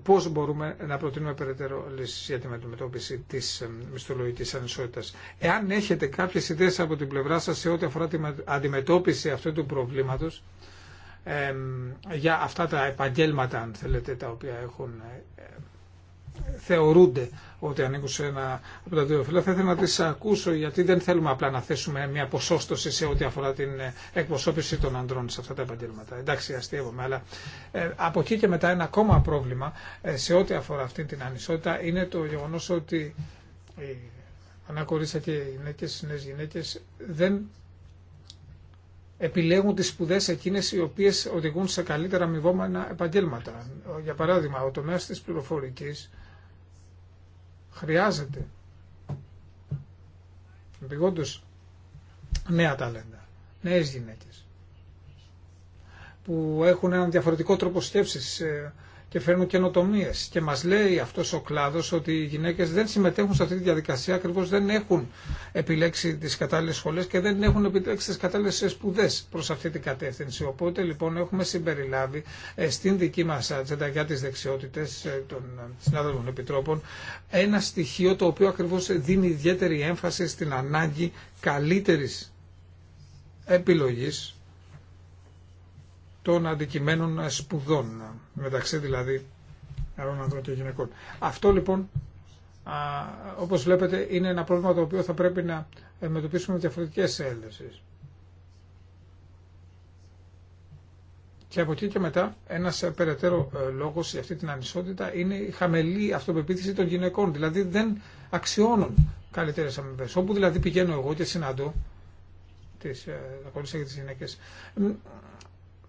πώς μπορούμε να προτείνουμε περαιτέρω λύσεις για την αντιμετώπιση της ε, μισθολογικής ανισότητας. Εάν έχετε κάποιες ιδέες από την πλευρά σας σε ό,τι αφορά την αντιμετώπιση αυτού του προβλήματος, ε, για αυτά τα επαγγέλματα, αν θέλετε, τα οποία έχουν θεωρούνται ότι ανήκουν σε ένα από τα δύο φύλλα. Θα ήθελα να τις ακούσω γιατί δεν θέλουμε απλά να θέσουμε μια ποσόστοση σε ό,τι αφορά την εκπροσώπηση των ανδρών σε αυτά τα επαγγέλματα. Εντάξει, αστείευομαι, αλλά ε, από εκεί και μετά ένα ακόμα πρόβλημα ε, σε ό,τι αφορά αυτή την ανισότητα είναι το γεγονός ότι οι ανάκοριστα και οι γυναίκες, οι νέες γυναίκες δεν επιλέγουν τις σπουδέ εκείνες οι οποίες οδηγούν σε καλύτερα αμοιβόμενα επαγγέλματα. Για παράδειγμα, ο τομέας της πληροφορικής Χρειάζεται επιγόντως νέα ταλέντα, νέες γυναίκες που έχουν έναν διαφορετικό τρόπο σκέψης, ε, και φέρνουν καινοτομίε. Και μα λέει αυτό ο κλάδο ότι οι γυναίκε δεν συμμετέχουν σε αυτή τη διαδικασία, ακριβώ δεν έχουν επιλέξει τι κατάλληλε σχολέ και δεν έχουν επιλέξει τι κατάλληλε σπουδέ προ αυτή την κατεύθυνση. Οπότε λοιπόν έχουμε συμπεριλάβει ε, στην δική μα ατζέντα για τι δεξιότητε ε, των συνάδελφων επιτρόπων ένα στοιχείο το οποίο ακριβώ δίνει ιδιαίτερη έμφαση στην ανάγκη καλύτερη επιλογής των αντικειμένων σπουδών, μεταξύ δηλαδή αρών ανδρών και γυναικών. Αυτό λοιπόν, όπως βλέπετε, είναι ένα πρόβλημα το οποίο θα πρέπει να αντιμετωπίσουμε με διαφορετικές έλευσεις. Και από εκεί και μετά, ένα περαιτέρω ε, λόγο για αυτή την ανισότητα είναι η χαμελή αυτοπεποίθηση των γυναικών. Δηλαδή δεν αξιώνουν καλύτερε αμοιβέ. Όπου δηλαδή πηγαίνω εγώ και συναντώ ε, και τι γυναίκε,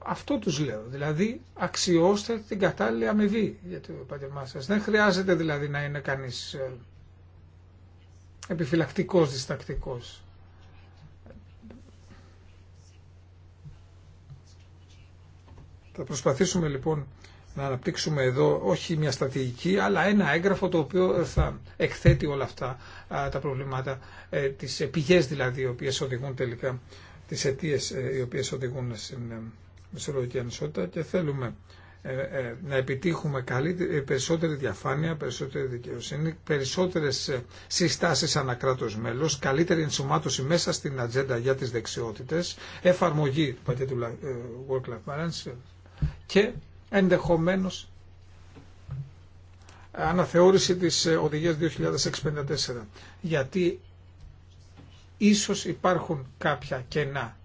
αυτό τους λέω. Δηλαδή αξιώστε την κατάλληλη αμοιβή για το επάγγελμά σα. Δεν χρειάζεται δηλαδή να είναι κανείς ε, επιφυλακτικός, διστακτικός. Θα προσπαθήσουμε λοιπόν να αναπτύξουμε εδώ όχι μια στρατηγική αλλά ένα έγγραφο το οποίο θα εκθέτει όλα αυτά τα προβλήματα, ε, τις πηγές δηλαδή οι οποίες οδηγούν τελικά, τις αιτίες ε, οι οποίες οδηγούν στην ανισότητα και θέλουμε ε, ε, να επιτύχουμε καλύτερη, περισσότερη διαφάνεια, περισσότερη δικαιοσύνη, περισσότερες ε, συστάσεις ανακράτος μέλος, καλύτερη ενσωμάτωση μέσα στην ατζέντα για τις δεξιότητες, εφαρμογή του πακέτου Work-Life Balance και ενδεχομένως αναθεώρηση της οδηγίας 2654 Γιατί ίσως υπάρχουν κάποια κενά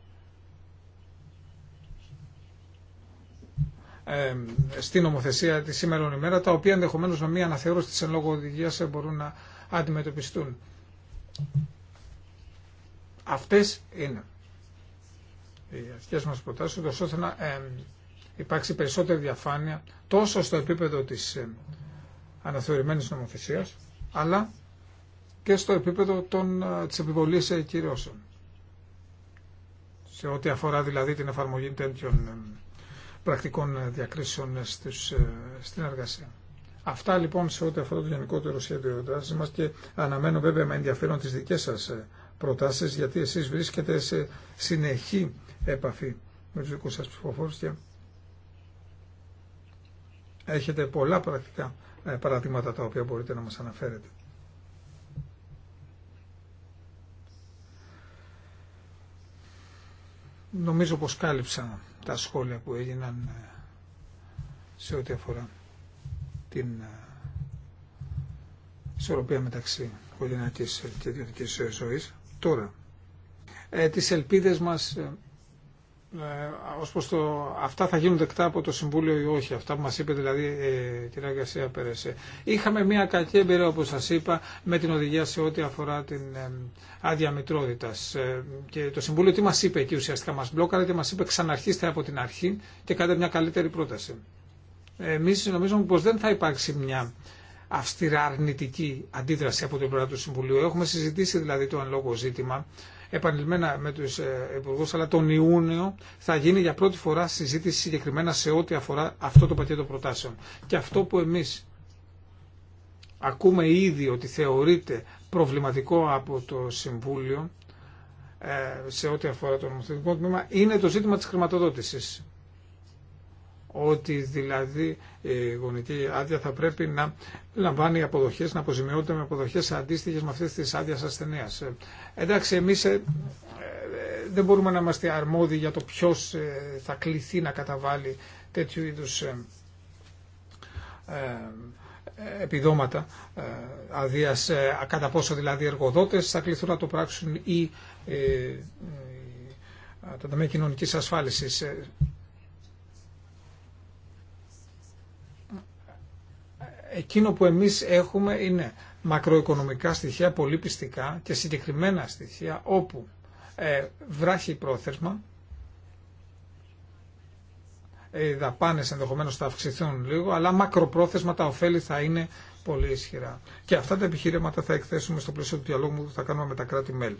στην νομοθεσία τη σήμερα ημέρα, τα οποία ενδεχομένω με μια αναθεώρηση τη εν λόγω οδηγία ε, μπορούν να αντιμετωπιστούν. Αυτέ είναι οι αρχέ μα προτάσει, ώστε να υπάρξει περισσότερη διαφάνεια τόσο στο επίπεδο τη αναθεωρημένη νομοθεσία, αλλά και στο επίπεδο των, επιβολή επιβολής ε, κυρώσεων. Σε ό,τι αφορά δηλαδή την εφαρμογή τέτοιων πρακτικών ε, διακρίσεων ε, στους, ε, στην εργασία. Αυτά λοιπόν σε ό,τι αφορά το γενικότερο σχέδιο δράση μα και αναμένω βέβαια με ενδιαφέρον τι δικέ σα προτάσει, γιατί εσεί βρίσκετε σε συνεχή επαφή με του δικού σα ψηφοφόρου και έχετε πολλά πρακτικά παραδείγματα τα οποία μπορείτε να μα αναφέρετε. Νομίζω πως κάλυψα τα σχόλια που έγιναν ε, σε ό,τι αφορά την ε, ισορροπία μεταξύ οικογενειακή και ιδιωτικής ζωής. Τώρα, ε, τις ελπίδες μας ε, ε, Ω προ το αυτά θα γίνουν δεκτά από το Συμβούλιο ή όχι, αυτά που μα είπε δηλαδή ε, κυρία Γκαρσία Περεσέ. Είχαμε μια κακή εμπειρία όπω σα είπα με την οδηγία σε ό,τι αφορά την ε, άδεια μητρότητα. ε, και το Συμβούλιο τι μα είπε εκεί ουσιαστικά μα μπλόκαρε και μα είπε ξαναρχίστε από την αρχή και κάντε μια καλύτερη πρόταση. Εμεί νομίζουμε πω δεν θα υπάρξει μια αυστηρά αρνητική αντίδραση από την πλευρά του Συμβουλίου. Έχουμε συζητήσει δηλαδή το αν λόγω ζήτημα επανειλημμένα με του ε, υπουργού, αλλά τον Ιούνιο θα γίνει για πρώτη φορά συζήτηση συγκεκριμένα σε ό,τι αφορά αυτό το πακέτο προτάσεων. Και αυτό που εμεί ακούμε ήδη ότι θεωρείται προβληματικό από το Συμβούλιο ε, σε ό,τι αφορά το νομοθετικό τμήμα είναι το ζήτημα της χρηματοδότησης ότι δηλαδή η γονική άδεια θα πρέπει να λαμβάνει αποδοχές, να αποζημιώνεται με αποδοχές αντίστοιχες με αυτές τις άδεια ασθενείας. Ε, εντάξει, εμείς ε, ε, δεν μπορούμε να είμαστε αρμόδιοι για το ποιος θα κληθεί να καταβάλει τέτοιου είδους επιδόματα αδείας, κατά πόσο δηλαδή εργοδότες θα κληθούν να το πράξουν ή τα ταμεία κοινωνική εκείνο που εμείς έχουμε είναι μακροοικονομικά στοιχεία, πολύ πιστικά και συγκεκριμένα στοιχεία όπου ε, βράχει πρόθεσμα, οι δαπάνες ενδεχομένως θα αυξηθούν λίγο, αλλά μακροπρόθεσμα τα ωφέλη θα είναι πολύ ισχυρά. Και αυτά τα επιχείρηματα θα εκθέσουμε στο πλαίσιο του διαλόγου που θα κάνουμε με τα κράτη-μέλη.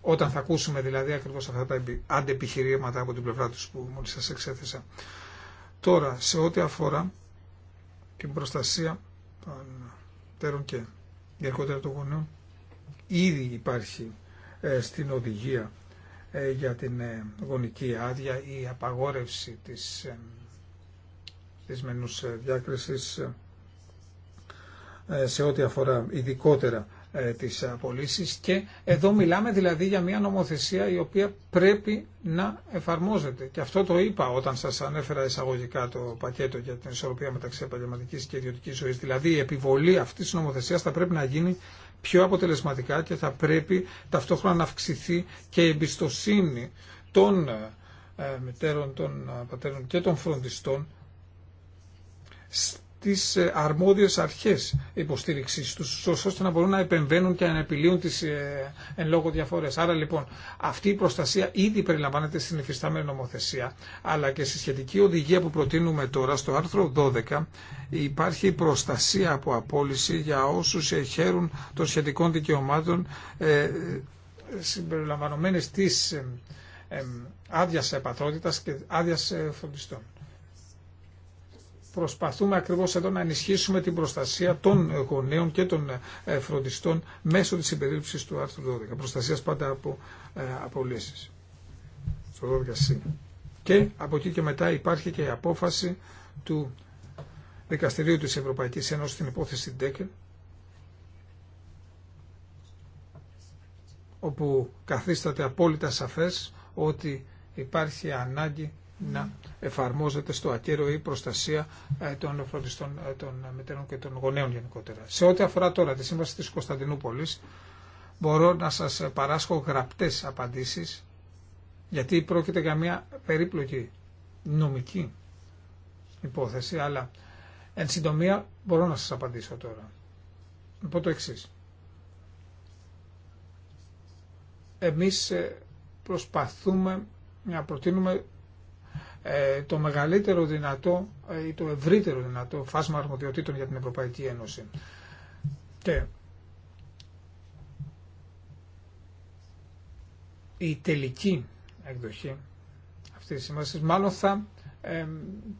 Όταν θα ακούσουμε δηλαδή ακριβώς αυτά τα αντεπιχειρήματα από την πλευρά τους που μόλις σας εξέθεσα. Τώρα, σε ό,τι αφορά την προστασία των τέρων και γενικότερα των γονέων, ήδη υπάρχει ε, στην οδηγία ε, για την ε, γονική άδεια η απαγόρευση της, της μενούς διάκρισης σε ό,τι αφορά ειδικότερα ε, τις ε, απολύσεις και εδώ μιλάμε δηλαδή για μια νομοθεσία η οποία πρέπει να εφαρμόζεται. Και αυτό το είπα όταν σας ανέφερα εισαγωγικά το πακέτο για την ισορροπία μεταξύ επαγγελματική και ιδιωτικής ζωής. Δηλαδή η επιβολή αυτής της νομοθεσίας θα πρέπει να γίνει πιο αποτελεσματικά και θα πρέπει ταυτόχρονα να αυξηθεί και η εμπιστοσύνη των ε, μητέρων, των πατέρων και των φροντιστών τι ε, αρμόδιες αρχές υποστηριξή του, ώστε να μπορούν να επεμβαίνουν και να επιλύουν τις ε, εν λόγω διαφορές. Άρα λοιπόν αυτή η προστασία ήδη περιλαμβάνεται στην υφιστάμενη νομοθεσία, αλλά και στη σχετική οδηγία που προτείνουμε τώρα στο άρθρο 12 υπάρχει προστασία από απόλυση για όσους εχαίρουν των σχετικών δικαιωμάτων ε, ε συμπεριλαμβανομένες της ε, και άδεια φροντιστών προσπαθούμε ακριβώς εδώ να ενισχύσουμε την προστασία των γονέων και των ε, φροντιστών μέσω της συμπερίληψης του άρθρου 12, προστασίας πάντα από ε, απολύσεις. Στο 12 Και από εκεί και μετά υπάρχει και η απόφαση του Δικαστηρίου της Ευρωπαϊκής Ένωσης στην υπόθεση Ντέκερ, όπου καθίσταται απόλυτα σαφές ότι υπάρχει ανάγκη να εφαρμόζεται στο ακέραιο η προστασία ε, των φροντιστών ε, των ε, μητέρων και των γονέων γενικότερα. Σε ό,τι αφορά τώρα τη σύμβαση της Κωνσταντινούπολης, μπορώ να σας παράσχω γραπτές απαντήσεις, γιατί πρόκειται για μια περίπλοκη νομική υπόθεση, αλλά εν συντομία μπορώ να σας απαντήσω τώρα. Πω το εξής. Εμείς προσπαθούμε να προτείνουμε ε, το μεγαλύτερο δυνατό ε, ή το ευρύτερο δυνατό φάσμα αρμοδιοτήτων για την Ευρωπαϊκή Ένωση. Και η τελική εκδοχή αυτής της σημασίας μάλλον θα ε,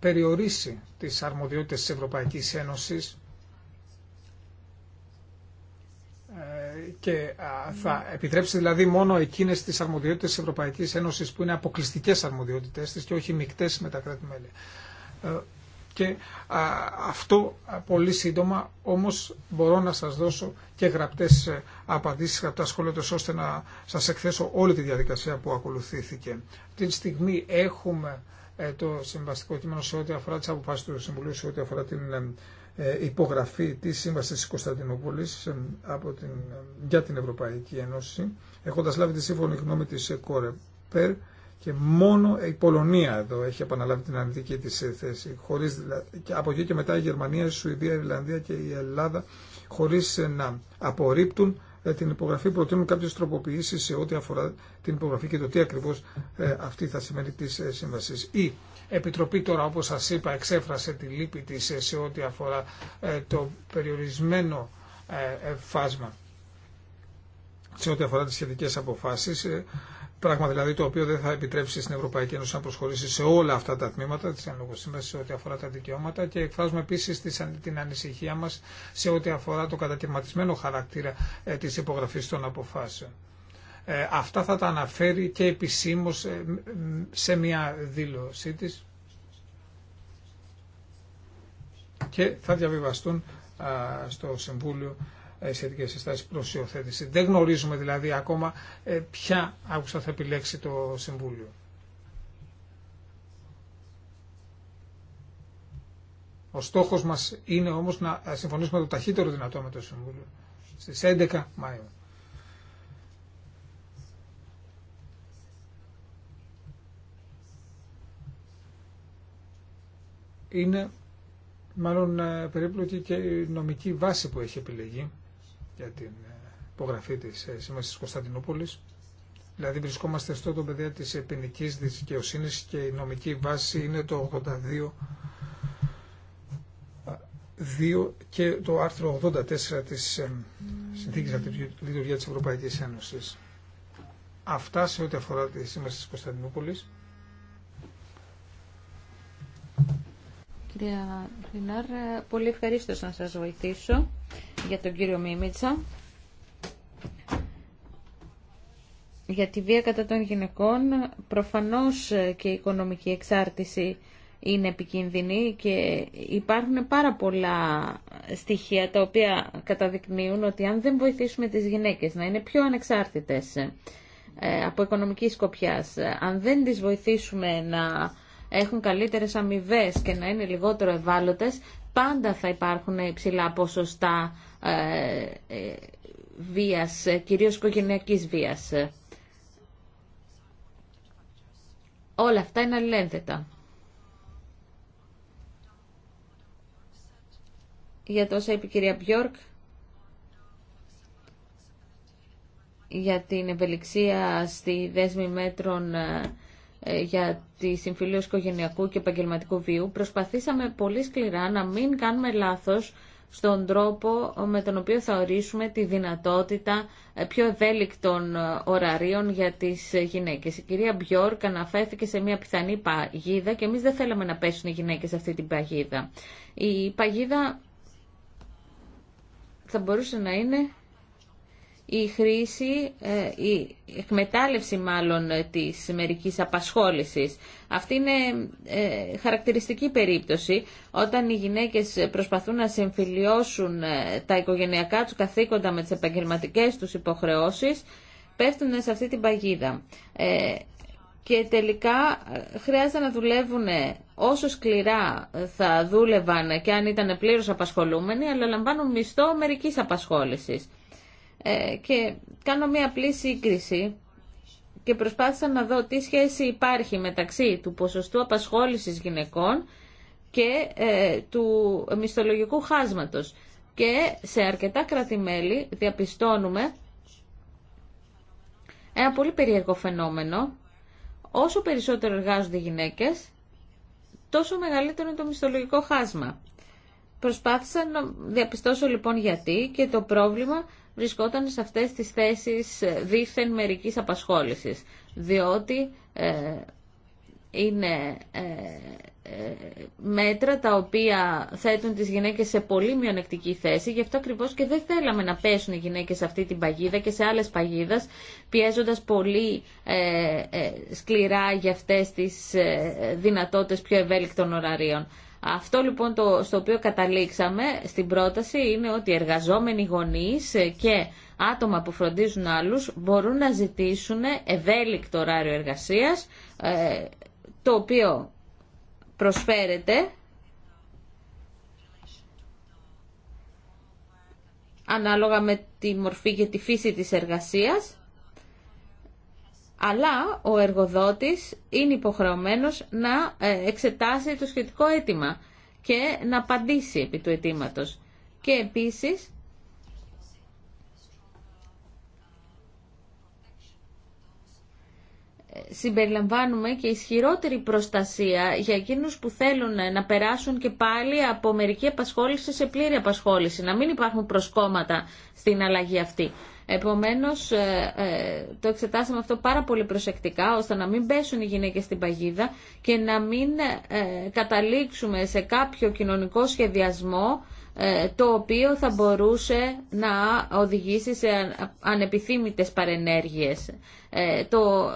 περιορίσει τις αρμοδιότητες της Ευρωπαϊκής Ένωσης και θα ναι. επιτρέψει δηλαδή μόνο εκείνες τις αρμοδιότητες τη Ευρωπαϊκής Ένωσης που είναι αποκλειστικές αρμοδιότητες τη και όχι μεικτέ με τα κράτη-μέλη. Ε, και αυτό πολύ σύντομα, όμω μπορώ να σα δώσω και γραπτές ε, απαντήσεις, γραπτά σχόλια ώστε να σας εκθέσω όλη τη διαδικασία που ακολουθήθηκε. Την στιγμή έχουμε ε, το συμβαστικό κείμενο σε ό,τι αφορά τι αποφάσει του Συμβουλίου, σε ό,τι αφορά την ε, υπογραφή της Σύμβασης της Κωνσταντινούπολης ε, από την, ε, για την Ευρωπαϊκή Ένωση, έχοντας λάβει τη σύμφωνη γνώμη της Κορεπέρ και μόνο η Πολωνία εδώ έχει επαναλάβει την αρνητική της θέση. Χωρίς, και από εκεί και μετά η Γερμανία, η Σουηδία, η Ιρλανδία και η Ελλάδα χωρίς να απορρίπτουν την υπογραφή προτείνουν κάποιες τροποποιήσεις σε ό,τι αφορά την υπογραφή και το τι ακριβώς αυτή θα σημαίνει της σύμβασης. Η Επιτροπή τώρα, όπως σας είπα, εξέφρασε τη λύπη της σε ό,τι αφορά ε, το περιορισμένο ε, ε, φάσμα, σε ό,τι αφορά τις σχετικές αποφάσεις. Πράγμα δηλαδή το οποίο δεν θα επιτρέψει στην Ευρωπαϊκή Ένωση να προσχωρήσει σε όλα αυτά τα τμήματα τη Ανλογοσύμβαση σε ό,τι αφορά τα δικαιώματα και εκφράζουμε επίση την ανησυχία μα σε ό,τι αφορά το κατακαιρματισμένο χαρακτήρα τη υπογραφή των αποφάσεων. Ε, αυτά θα τα αναφέρει και επισήμως ε, σε μια δήλωσή της και θα διαβιβαστούν στο Συμβούλιο ε, σχετικέ συστάσει προ Δεν γνωρίζουμε δηλαδή ακόμα ποια άκουσα θα επιλέξει το Συμβούλιο. Ο στόχος μας είναι όμως να συμφωνήσουμε το ταχύτερο δυνατό με το Συμβούλιο στις 11 Μαΐου. είναι μάλλον ε, περίπλοκη και η νομική βάση που έχει επιλεγεί για την ε, υπογραφή τη ε, Σύμβαση τη Κωνσταντινούπολης. Δηλαδή βρισκόμαστε στο το πεδίο της ποινική δικαιοσύνη και η νομική βάση είναι το 82 και το άρθρο 84 της Συνθήκης για τη Λειτουργία της Ευρωπαϊκής Ένωσης. Αυτά σε ό,τι αφορά τη Σύμβαση της Κωνσταντινούπολης. Κυρία πολύ ευχαρίστω να σας βοηθήσω για τον κύριο Μίμητσα. Για τη βία κατά των γυναικών, προφανώς και η οικονομική εξάρτηση είναι επικίνδυνη και υπάρχουν πάρα πολλά στοιχεία τα οποία καταδεικνύουν ότι αν δεν βοηθήσουμε τις γυναίκες να είναι πιο ανεξάρτητες ε, από οικονομική σκοπιάς, αν δεν τις βοηθήσουμε να έχουν καλύτερες αμοιβέ και να είναι λιγότερο ευάλωτε πάντα θα υπάρχουν υψηλά ποσοστά ε, ε, βίας, ε, κυρίως οικογενειακής βίας. Όλα αυτά είναι αλληλένθετα. Για τόσα είπε η κυρία Μπιόρκ, για την ευελιξία στη δέσμη μέτρων ε, για τη συμφιλίωση οικογενειακού και επαγγελματικού βίου, προσπαθήσαμε πολύ σκληρά να μην κάνουμε λάθος στον τρόπο με τον οποίο θα ορίσουμε τη δυνατότητα ε, πιο ευέλικτων ε, ωραρίων για τις γυναίκες. Η κυρία Μπιόρκ αναφέθηκε σε μια πιθανή παγίδα και εμείς δεν θέλαμε να πέσουν οι γυναίκες σε αυτή την παγίδα. Η παγίδα θα μπορούσε να είναι η χρήση, ε, η εκμετάλλευση μάλλον της μερικής απασχόλησης. Αυτή είναι ε, χαρακτηριστική περίπτωση όταν οι γυναίκες προσπαθούν να συμφιλιώσουν ε, τα οικογενειακά τους καθήκοντα με τις επαγγελματικές τους υποχρεώσεις, πέφτουν σε αυτή την παγίδα. Και τελικά χρειάζεται να δουλεύουν όσο σκληρά θα δούλευαν και αν ήταν πλήρως απασχολούμενοι, αλλά λαμβάνουν μισθό μερικής απασχόλησης. Ε, και κάνω μία απλή σύγκριση και προσπάθησα να δω τι σχέση υπάρχει μεταξύ του ποσοστού απασχόλησης γυναικών και ε, του μισθολογικού χάσματος. Και σε αρκετά κρατημέλη διαπιστώνουμε ένα πολύ περίεργο φαινόμενο. Όσο περισσότερο εργάζονται οι γυναίκες, τόσο μεγαλύτερο είναι το μισθολογικό χάσμα. Προσπάθησα να διαπιστώσω λοιπόν γιατί και το πρόβλημα βρισκόταν σε αυτές τις θέσεις δίθεν μερικής απασχόλησης, διότι ε, είναι ε, ε, μέτρα τα οποία θέτουν τις γυναίκες σε πολύ μειονεκτική θέση, γι' αυτό ακριβώς και δεν θέλαμε να πέσουν οι γυναίκες σε αυτή την παγίδα και σε άλλες παγίδες, πιέζοντας πολύ ε, σκληρά για αυτές τις δυνατότητες πιο ευέλικτων ωραρίων. Αυτό λοιπόν το, στο οποίο καταλήξαμε στην πρόταση είναι ότι εργαζόμενοι γονείς και άτομα που φροντίζουν άλλους μπορούν να ζητήσουν ευέλικτο ωράριο εργασίας ε, το οποίο προσφέρεται ανάλογα με τη μορφή και τη φύση της εργασίας αλλά ο εργοδότης είναι υποχρεωμένος να ε, εξετάσει το σχετικό αίτημα και να απαντήσει επί του αιτήματο. Και επίσης συμπεριλαμβάνουμε και ισχυρότερη προστασία για εκείνους που θέλουν να περάσουν και πάλι από μερική απασχόληση σε πλήρη απασχόληση, να μην υπάρχουν προσκόμματα στην αλλαγή αυτή. Επομένως, ε, ε, το εξετάσαμε αυτό πάρα πολύ προσεκτικά, ώστε να μην πέσουν οι γυναίκες στην παγίδα και να μην ε, καταλήξουμε σε κάποιο κοινωνικό σχεδιασμό το οποίο θα μπορούσε να οδηγήσει σε ανεπιθύμητες παρενέργειες. Το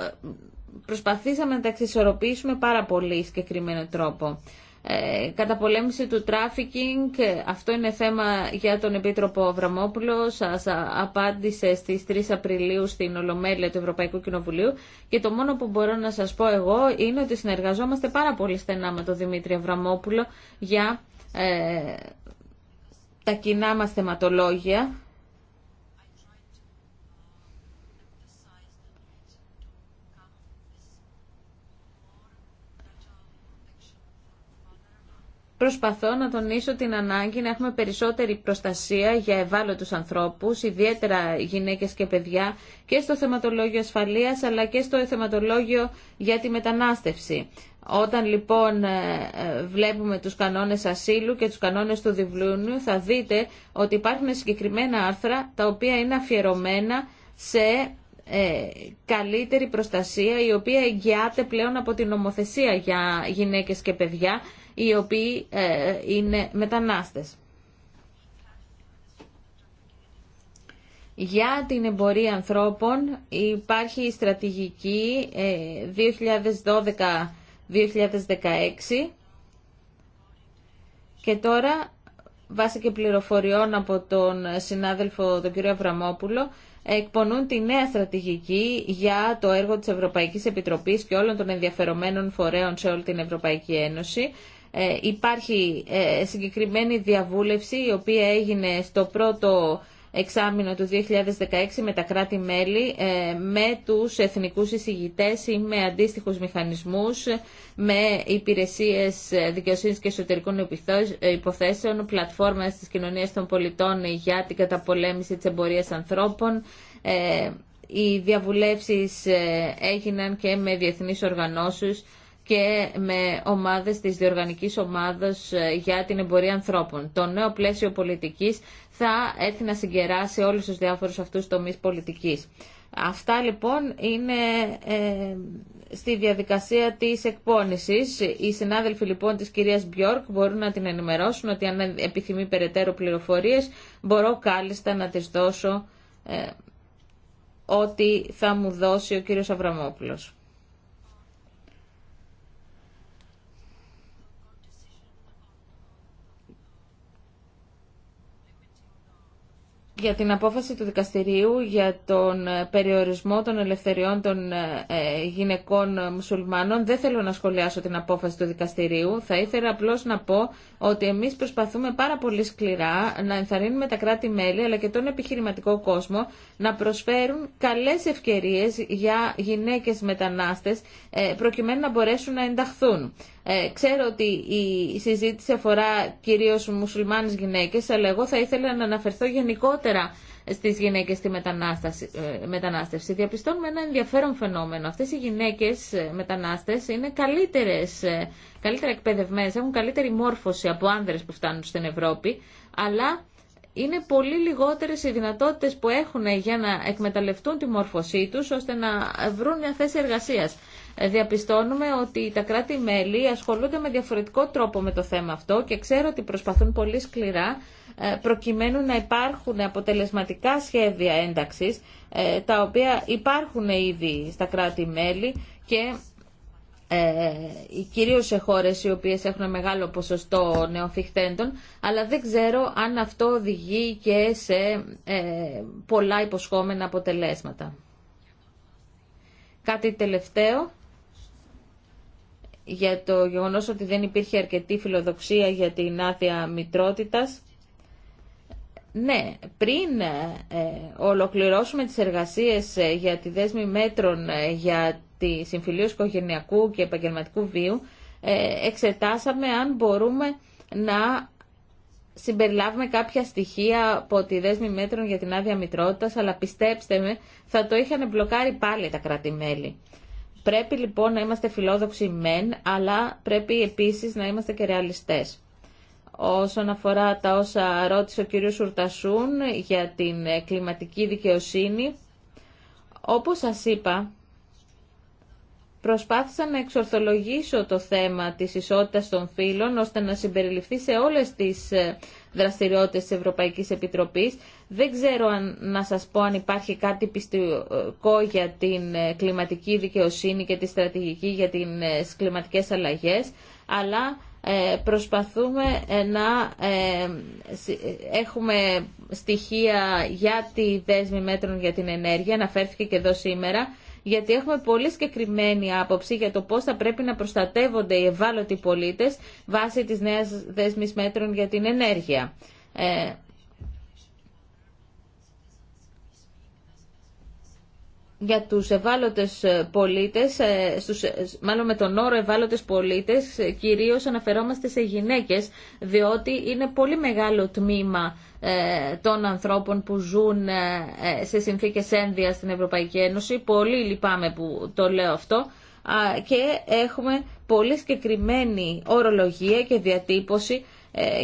προσπαθήσαμε να τα εξισορροπήσουμε πάρα πολύ συγκεκριμένο τρόπο. Ε, καταπολέμηση του τράφικινγκ, αυτό είναι θέμα για τον Επίτροπο Βραμόπουλο, Σας απάντησε στις 3 Απριλίου στην Ολομέλεια του Ευρωπαϊκού Κοινοβουλίου και το μόνο που μπορώ να σας πω εγώ είναι ότι συνεργαζόμαστε πάρα πολύ στενά με τον Δημήτρη Βραμόπουλο για ε, τα κοινά μα θεματολόγια Προσπαθώ να τονίσω την ανάγκη να έχουμε περισσότερη προστασία για ευάλωτους ανθρώπους, ιδιαίτερα γυναίκες και παιδιά, και στο θεματολόγιο ασφαλείας αλλά και στο θεματολόγιο για τη μετανάστευση. Όταν λοιπόν ε, ε, βλέπουμε τους κανόνες ασύλου και τους κανόνες του διβλούνιου θα δείτε ότι υπάρχουν συγκεκριμένα άρθρα τα οποία είναι αφιερωμένα σε ε, καλύτερη προστασία η οποία εγγυάται πλέον από την νομοθεσία για γυναίκες και παιδιά οι οποίοι ε, είναι μετανάστες. Για την εμπορία ανθρώπων υπάρχει η στρατηγική 2012-2016 ε, και τώρα βάσει και πληροφοριών από τον συνάδελφο τον κύριο Αβραμόπουλο εκπονούν τη νέα στρατηγική για το έργο της Ευρωπαϊκής Επιτροπής και όλων των ενδιαφερομένων φορέων σε όλη την Ευρωπαϊκή Ένωση ε, υπάρχει ε, συγκεκριμένη διαβούλευση η οποία έγινε στο πρώτο εξάμεινο του 2016 με τα κράτη-μέλη, ε, με τους εθνικούς εισηγητές ή με αντίστοιχους μηχανισμούς, με υπηρεσίες δικαιοσύνης και εσωτερικών υποθέσεων, πλατφόρμες της κοινωνίας των πολιτών για την καταπολέμηση της εμπορίας ανθρώπων. Οι διαβουλεύσεις έγιναν και με διεθνείς οργανώσεις και με ομάδες της διοργανικής ομάδας ε, για την εμπορία ανθρώπων. Το νέο πλαίσιο πολιτικής θα έρθει να συγκεράσει όλους τους διάφορους αυτούς τομείς πολιτικής. Αυτά λοιπόν είναι ε, στη διαδικασία της εκπόνησης. Οι συνάδελφοι λοιπόν της κυρίας Μπιόρκ μπορούν να την ενημερώσουν ότι αν επιθυμεί περαιτέρω πληροφορίες μπορώ κάλλιστα να της δώσω ε, ό,τι θα μου δώσει ο κύριος Αβραμόπουλος. για την απόφαση του δικαστηρίου για τον ε, περιορισμό των ελευθεριών των ε, ε, γυναικών μουσουλμάνων. Δεν θέλω να σχολιάσω την απόφαση του δικαστηρίου. Θα ήθελα απλώς να πω ότι εμείς προσπαθούμε πάρα πολύ σκληρά να ενθαρρύνουμε τα κράτη-μέλη αλλά και τον επιχειρηματικό κόσμο να προσφέρουν καλές ευκαιρίες για γυναίκες μετανάστες προκειμένου να μπορέσουν να ενταχθούν. Ε, ξέρω ότι η συζήτηση αφορά κυρίως μουσουλμάνες γυναίκες, αλλά εγώ θα ήθελα να αναφερθώ γενικότερα στις γυναίκες στη ε, μετανάστευση. Διαπιστώνουμε ένα ενδιαφέρον φαινόμενο. Αυτές οι γυναίκες ε, μετανάστες είναι καλύτερες, ε, καλύτερα εκπαιδευμένες, έχουν καλύτερη μόρφωση από άνδρες που φτάνουν στην Ευρώπη, αλλά είναι πολύ λιγότερες οι δυνατότητες που έχουν για να εκμεταλλευτούν τη μόρφωσή τους ώστε να βρουν μια θέση εργασίας. Ε, διαπιστώνουμε ότι τα κράτη-μέλη ασχολούνται με διαφορετικό τρόπο με το θέμα αυτό και ξέρω ότι προσπαθούν πολύ σκληρά ε, προκειμένου να υπάρχουν αποτελεσματικά σχέδια ένταξης ε, τα οποία υπάρχουν ήδη στα κράτη-μέλη και ε, κυρίως σε χώρες οι οποίες έχουν μεγάλο ποσοστό νεοφυχτέντων, αλλά δεν ξέρω αν αυτό οδηγεί και σε πολλά υποσχόμενα αποτελέσματα. Κάτι τελευταίο για το γεγονός ότι δεν υπήρχε αρκετή φιλοδοξία για την άδεια μητρότητας. Ναι, πριν ε, ολοκληρώσουμε τις εργασίες ε, για τη δέσμη μέτρων ε, για τη συμφιλίωση οικογενειακού και επαγγελματικού βίου, εξετάσαμε αν μπορούμε να συμπεριλάβουμε κάποια στοιχεία από τη δέσμη μέτρων για την άδεια μητρότητας, αλλά πιστέψτε με, θα το είχαν μπλοκάρει πάλι τα κράτη-μέλη. Πρέπει λοιπόν να είμαστε φιλόδοξοι μεν, αλλά πρέπει επίσης να είμαστε και ρεαλιστές. Όσον αφορά τα όσα ρώτησε ο κύριος Ουρτασούν για την ε, κλιματική δικαιοσύνη, όπως σας είπα, προσπάθησα να εξορθολογήσω το θέμα της ισότητας των φύλων ώστε να συμπεριληφθεί σε όλες τις ε, δραστηριότητες τη Ευρωπαϊκής Επιτροπής. Δεν ξέρω αν, να σας πω αν υπάρχει κάτι πιστικό για την ε, κλιματική δικαιοσύνη και τη στρατηγική για ε, τις κλιματικές αλλαγές, αλλά ε, προσπαθούμε να έχουμε στοιχεία για τη δέσμη μέτρων για την ενέργεια, αναφέρθηκε και εδώ σήμερα, γιατί έχουμε πολύ συγκεκριμένη άποψη για το πώς θα πρέπει να προστατεύονται οι ευάλωτοι πολίτες βάσει της νέας δέσμης μέτρων για την ενέργεια. Ε, για τους ευάλωτες ε, πολίτες, ε, στους, ε, μάλλον με τον όρο ευάλωτες πολίτες, κυρίως αναφερόμαστε σε γυναίκες, διότι είναι πολύ μεγάλο τμήμα των ανθρώπων που ζουν σε συνθήκες ένδια στην Ευρωπαϊκή Ένωση. Πολύ λυπάμαι που το λέω αυτό και έχουμε πολύ συγκεκριμένη ορολογία και διατύπωση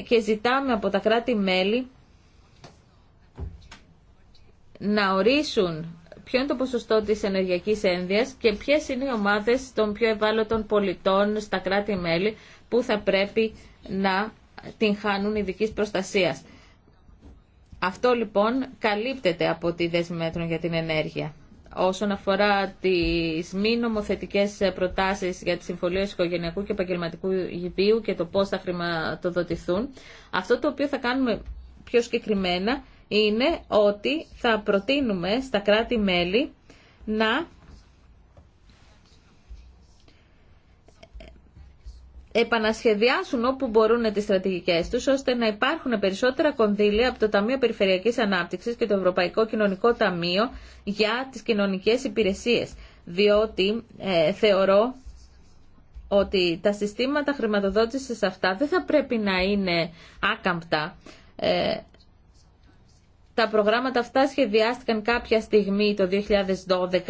και ζητάμε από τα κράτη-μέλη να ορίσουν ποιο είναι το ποσοστό τη ενεργειακή ένδυα και ποιες είναι οι ομάδες των πιο ευάλωτων πολιτών στα κράτη-μέλη που θα πρέπει να την χάνουν ειδική προστασίας. Αυτό λοιπόν καλύπτεται από τη δέσμη μέτρων για την ενέργεια. Όσον αφορά τις μη νομοθετικέ προτάσεις για τις συμφωνίες οικογενειακού και επαγγελματικού βίου και το πώ θα χρηματοδοτηθούν, αυτό το οποίο θα κάνουμε πιο συγκεκριμένα είναι ότι θα προτείνουμε στα κράτη-μέλη να επανασχεδιάσουν όπου μπορούν τις στρατηγικές τους, ώστε να υπάρχουν περισσότερα κονδύλια από το Ταμείο Περιφερειακής Ανάπτυξης και το Ευρωπαϊκό Κοινωνικό Ταμείο για τις κοινωνικές υπηρεσίες. Διότι ε, θεωρώ ότι τα συστήματα χρηματοδότησης αυτά δεν θα πρέπει να είναι άκαμπτα. Ε, τα προγράμματα αυτά σχεδιάστηκαν κάποια στιγμή το 2012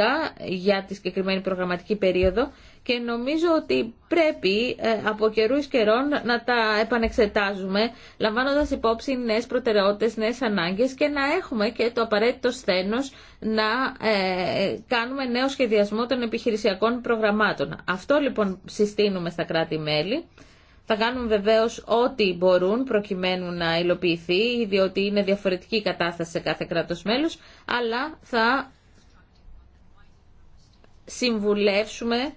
για τη συγκεκριμένη προγραμματική περίοδο και νομίζω ότι πρέπει ε, από καιρού καιρών να τα επανεξετάζουμε, λαμβάνοντας υπόψη νέες προτεραιότητες, νέες ανάγκες και να έχουμε και το απαραίτητο σθένος να ε, κάνουμε νέο σχεδιασμό των επιχειρησιακών προγραμμάτων. Αυτό λοιπόν συστήνουμε στα κράτη-μέλη θα κάνουν βεβαίως ό,τι μπορούν προκειμένου να υλοποιηθεί, διότι είναι διαφορετική η κατάσταση σε κάθε κράτος μέλος, αλλά θα συμβουλεύσουμε, ε,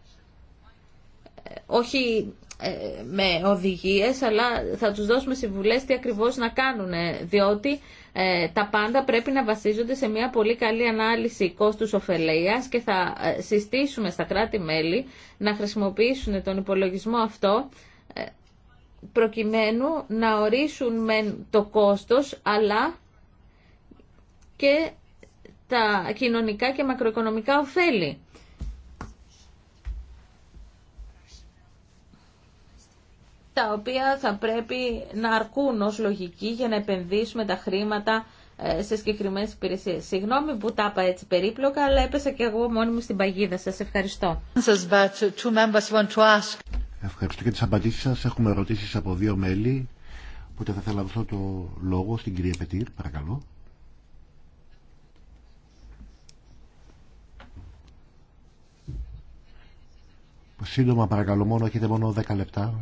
όχι ε, με οδηγίες, αλλά θα τους δώσουμε συμβουλές τι ακριβώς να κάνουν, διότι ε, τα πάντα πρέπει να βασίζονται σε μια πολύ καλή ανάλυση κόστους ωφελείας και θα συστήσουμε στα κράτη-μέλη να χρησιμοποιήσουν τον υπολογισμό αυτό προκειμένου να ορίσουν το κόστος, αλλά και τα κοινωνικά και μακροοικονομικά ωφέλη. τα οποία θα πρέπει να αρκούν ως λογική για να επενδύσουμε τα χρήματα ε, σε συγκεκριμένε υπηρεσίε. Συγγνώμη που τα είπα έτσι περίπλοκα, αλλά έπεσα και εγώ μόνη μου στην παγίδα. Σας ευχαριστώ. Ευχαριστώ και τις απαντήσεις σας. Έχουμε ερωτήσεις από δύο μέλη. Οπότε θα ήθελα να δώσω το λόγο στην κυρία Πετήρ, παρακαλώ. Σύντομα παρακαλώ, μόνο έχετε μόνο 10 λεπτά.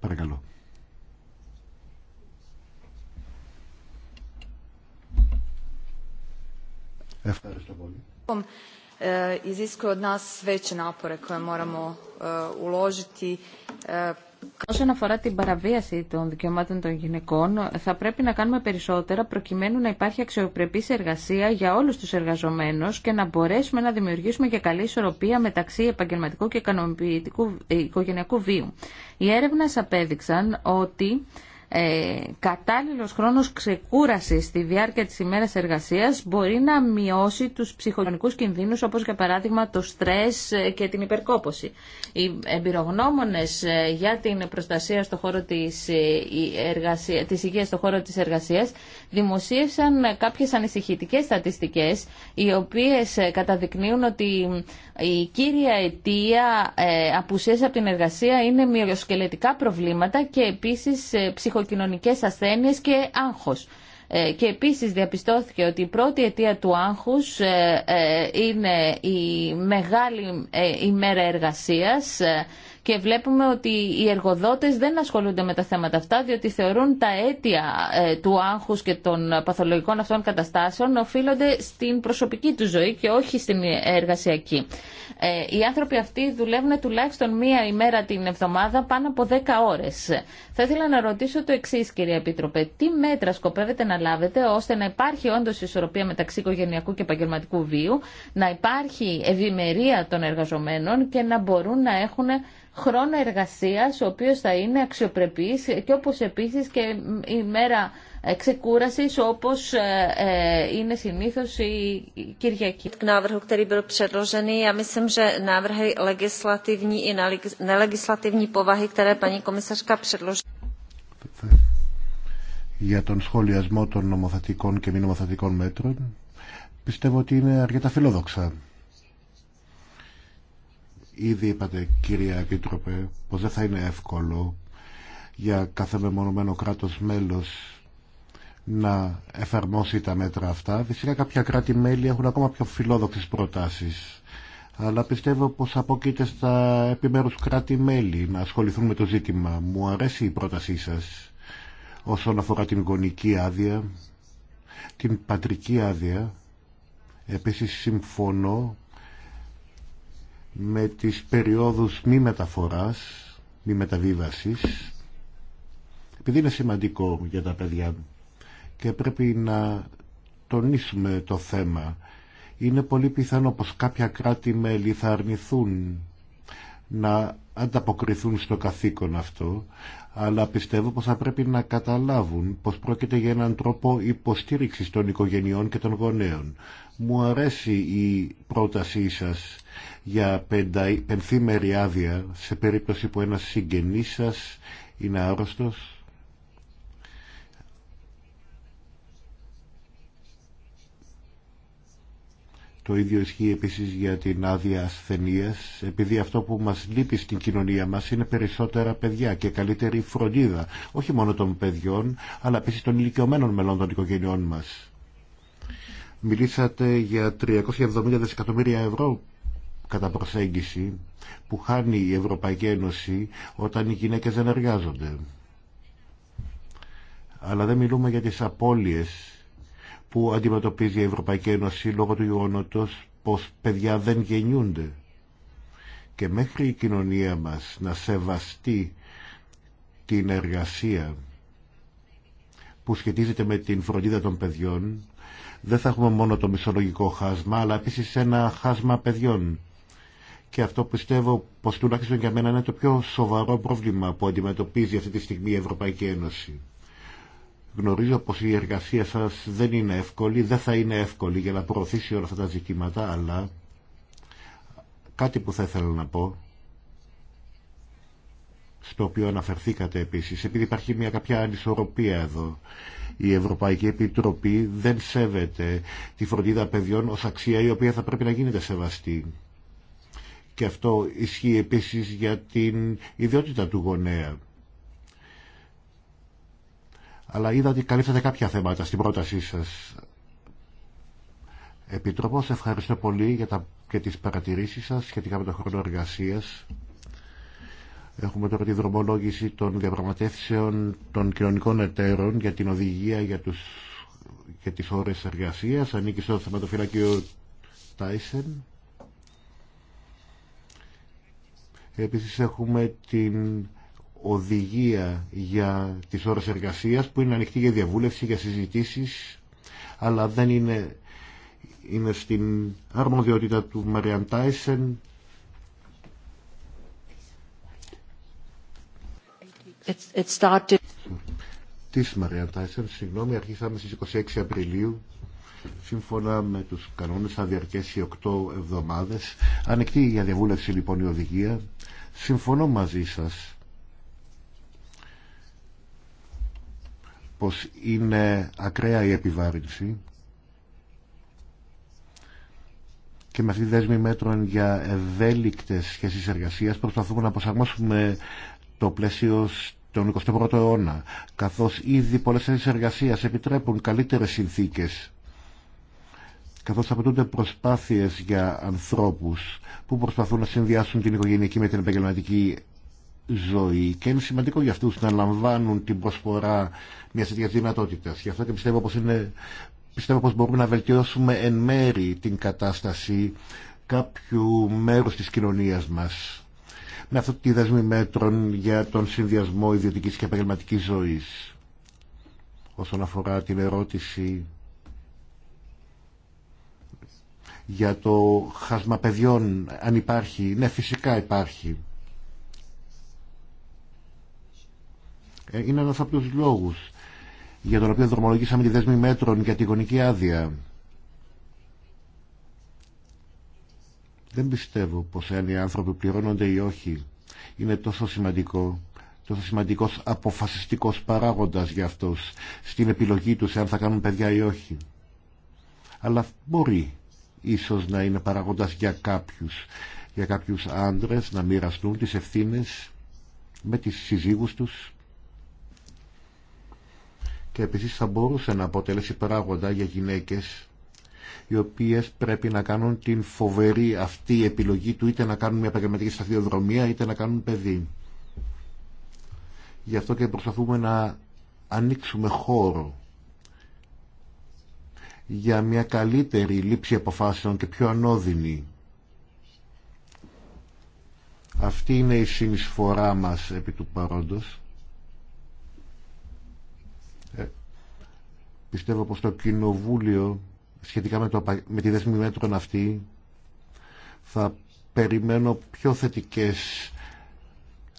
Παρακαλώ. Ευχαριστώ πολύ. E, iziskuje od nas veće napore koje moramo e, uložiti. E, Όσον αφορά την παραβίαση των δικαιωμάτων των γυναικών, θα πρέπει να κάνουμε περισσότερα προκειμένου να υπάρχει αξιοπρεπή εργασία για όλου του εργαζομένου και να μπορέσουμε να δημιουργήσουμε και καλή ισορροπία μεταξύ επαγγελματικού και ε, οικογενειακού βίου. Οι έρευνε απέδειξαν ότι ε, κατάλληλος χρόνος ξεκούρασης στη διάρκεια της ημέρας εργασίας μπορεί να μειώσει τους ψυχογονικούς κινδύνους όπως για παράδειγμα το στρες ε, και την υπερκόπωση. Οι εμπειρογνώμονες ε, για την προστασία στο χώρο της, ε, υγείας στο χώρο της εργασίας δημοσίευσαν κάποιες ανησυχητικές στατιστικές οι οποίες καταδεικνύουν ότι η κύρια αιτία απουσίας από την εργασία είναι μυοσκελετικά προβλήματα και επίσης ψυχοκοινωνικές ασθένειες και άγχος. Ε, και επίσης διαπιστώθηκε ότι η πρώτη αιτία του άγχους ε, ε, είναι η μεγάλη ημέρα εργασίας, και βλέπουμε ότι οι εργοδότες δεν ασχολούνται με τα θέματα αυτά διότι θεωρούν τα αίτια ε, του άγχους και των παθολογικών αυτών καταστάσεων οφείλονται στην προσωπική του ζωή και όχι στην εργασιακή. Ε, οι άνθρωποι αυτοί δουλεύουν τουλάχιστον μία ημέρα την εβδομάδα πάνω από 10 ώρες. Θα ήθελα να ρωτήσω το εξή, κυρία Επίτροπε. Τι μέτρα σκοπεύετε να λάβετε ώστε να υπάρχει όντω ισορροπία μεταξύ οικογενειακού και επαγγελματικού βίου, να υπάρχει ευημερία των εργαζομένων και να μπορούν να έχουν χρόνο εργασίας, ο οποίος θα είναι αξιοπρεπής και όπως επίσης και η μέρα ξεκούρασης όπως ε, ε, είναι συνήθως η Κυριακή. Για τον σχολιασμό των νομοθετικών και μη νομοθετικών μέτρων, πιστεύω ότι είναι αρκετά φιλόδοξα. Ήδη είπατε κυρία Επίτροπε πως δεν θα είναι εύκολο για κάθε μεμονωμένο κράτος μέλος να εφαρμόσει τα μέτρα αυτά. Φυσικά κάποια κράτη-μέλη έχουν ακόμα πιο φιλόδοξες προτάσεις. Αλλά πιστεύω πως αποκείται στα επιμέρους κράτη-μέλη να ασχοληθούν με το ζήτημα. Μου αρέσει η πρότασή σας όσον αφορά την γονική άδεια, την πατρική άδεια. Επίσης συμφωνώ με τις περιόδους μη μεταφοράς, μη μεταβίβασης, επειδή είναι σημαντικό για τα παιδιά και πρέπει να τονίσουμε το θέμα. Είναι πολύ πιθανό πως κάποια κράτη-μέλη θα αρνηθούν να ανταποκριθούν στο καθήκον αυτό, αλλά πιστεύω πως θα πρέπει να καταλάβουν πως πρόκειται για έναν τρόπο υποστήριξης των οικογενειών και των γονέων. Μου αρέσει η πρότασή σας για πενθήμερη άδεια σε περίπτωση που ένας συγγενής σας είναι άρρωστος Το ίδιο ισχύει επίσης για την άδεια ασθενείας, επειδή αυτό που μας λείπει στην κοινωνία μας είναι περισσότερα παιδιά και καλύτερη φροντίδα, όχι μόνο των παιδιών, αλλά επίσης των ηλικιωμένων μελών των οικογενειών μας. Μιλήσατε για 370 δισεκατομμύρια ευρώ κατά προσέγγιση που χάνει η Ευρωπαϊκή Ένωση όταν οι γυναίκες δεν εργάζονται. Αλλά δεν μιλούμε για τις απώλειες που αντιμετωπίζει η Ευρωπαϊκή Ένωση λόγω του γεγονότο πως παιδιά δεν γεννιούνται. Και μέχρι η κοινωνία μας να σεβαστεί την εργασία που σχετίζεται με την φροντίδα των παιδιών, δεν θα έχουμε μόνο το μισολογικό χάσμα, αλλά επίσης ένα χάσμα παιδιών. Και αυτό πιστεύω πως τουλάχιστον για μένα είναι το πιο σοβαρό πρόβλημα που αντιμετωπίζει αυτή τη στιγμή η Ευρωπαϊκή Ένωση. Γνωρίζω πως η εργασία σας δεν είναι εύκολη, δεν θα είναι εύκολη για να προωθήσει όλα αυτά τα ζητήματα, αλλά κάτι που θα ήθελα να πω, στο οποίο αναφερθήκατε επίσης, επειδή υπάρχει μια κάποια ανισορροπία εδώ. Η Ευρωπαϊκή Επιτροπή δεν σέβεται τη φροντίδα παιδιών ως αξία η οποία θα πρέπει να γίνεται σεβαστή. Και αυτό ισχύει επίσης για την ιδιότητα του γονέα αλλά είδα ότι καλύψατε κάποια θέματα στην πρότασή σας. Επιτρόπος, ευχαριστώ πολύ για τα, και τις παρατηρήσεις σας σχετικά με το χρόνο εργασίας. Έχουμε τώρα τη δρομολόγηση των διαπραγματεύσεων των κοινωνικών εταίρων για την οδηγία για, τους, για τις ώρες εργασίας. Ανήκει στο θεματοφυλακείο Τάισεν. Επίσης έχουμε την οδηγία για τις ώρες εργασίας που είναι ανοιχτή για διαβούλευση, για συζητήσεις αλλά δεν είναι, είναι στην αρμοδιότητα του Μαριαν Τάισεν It Της Μαριάν Τάισεν, συγγνώμη, αρχίσαμε στις 26 Απριλίου σύμφωνα με τους κανόνες θα διαρκέσει 8 εβδομάδες ανοιχτή για διαβούλευση λοιπόν η οδηγία συμφωνώ μαζί σας πως είναι ακραία η επιβάρυνση και με αυτή τη δέσμη μέτρων για ευέλικτες σχέσεις εργασίας προσπαθούμε να προσαρμόσουμε το πλαίσιο στον 21ο αιώνα καθώς ήδη πολλές θέσεις εργασίας επιτρέπουν καλύτερες συνθήκες καθώς απαιτούνται προσπάθειες για ανθρώπους που προσπαθούν να συνδυάσουν την οικογενειακή με την επαγγελματική ζωή και είναι σημαντικό για αυτούς να λαμβάνουν την προσφορά μια τέτοια δυνατότητα. Γι' αυτό και πιστεύω πως, είναι, πιστεύω πως μπορούμε να βελτιώσουμε εν μέρη την κατάσταση κάποιου μέρους της κοινωνίας μας με αυτή τη δεσμή μέτρων για τον συνδυασμό ιδιωτικής και επαγγελματική ζωής όσον αφορά την ερώτηση για το χάσμα παιδιών αν υπάρχει ναι φυσικά υπάρχει Ε, είναι ένας από τους λόγους για τον οποίο δρομολογήσαμε τη δέσμη μέτρων για τη γονική άδεια. Δεν πιστεύω πως αν οι άνθρωποι πληρώνονται ή όχι είναι τόσο σημαντικό τόσο σημαντικός αποφασιστικός παράγοντας για αυτούς στην επιλογή τους αν θα κάνουν παιδιά ή όχι. Αλλά μπορεί ίσως να είναι παράγοντας για κάποιους, για κάποιους άντρες να μοιραστούν τις ευθύνες με τις συζύγους τους και επίσης θα μπορούσε να αποτελέσει παράγοντα για γυναίκες οι οποίες πρέπει να κάνουν την φοβερή αυτή επιλογή του είτε να κάνουν μια επαγγελματική σταθειοδρομία είτε να κάνουν παιδί. Γι' αυτό και προσπαθούμε να ανοίξουμε χώρο για μια καλύτερη λήψη αποφάσεων και πιο ανώδυνη. Αυτή είναι η συνεισφορά μας επί του παρόντος. Ε, πιστεύω πως το Κοινοβούλιο σχετικά με, το, με τη δέσμη μέτρων αυτή θα περιμένω πιο θετικές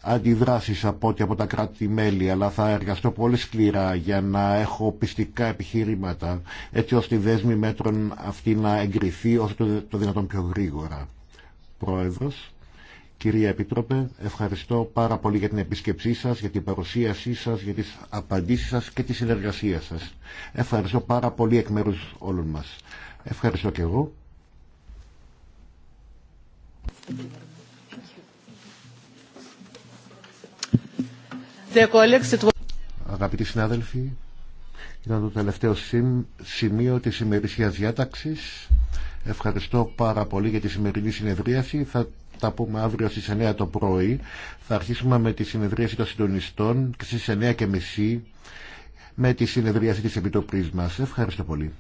αντιδράσεις από ό,τι από τα κράτη-μέλη, αλλά θα εργαστώ πολύ σκληρά για να έχω πιστικά επιχειρήματα, έτσι ώστε η δέσμη μέτρων αυτή να εγκριθεί όσο το δυνατόν πιο γρήγορα. Πρόεδρος. Κυρία Επίτροπε, ευχαριστώ πάρα πολύ για την επίσκεψή σας, για την παρουσίασή σας, για τις απαντήσεις σας και τη συνεργασία σας. Ευχαριστώ πάρα πολύ εκ μέρους όλων μας. Ευχαριστώ και εγώ. Αγαπητοί συνάδελφοι, ήταν το τελευταίο σημείο της ημερήσιας διάταξης. Ευχαριστώ πάρα πολύ για τη σημερινή συνεδρίαση. Θα τα πούμε αύριο στις 9 το πρωί. Θα αρχίσουμε με τη συνεδρίαση των συντονιστών και στις 9.30 με τη συνεδρίαση της Επιτροπής μας. Ευχαριστώ πολύ.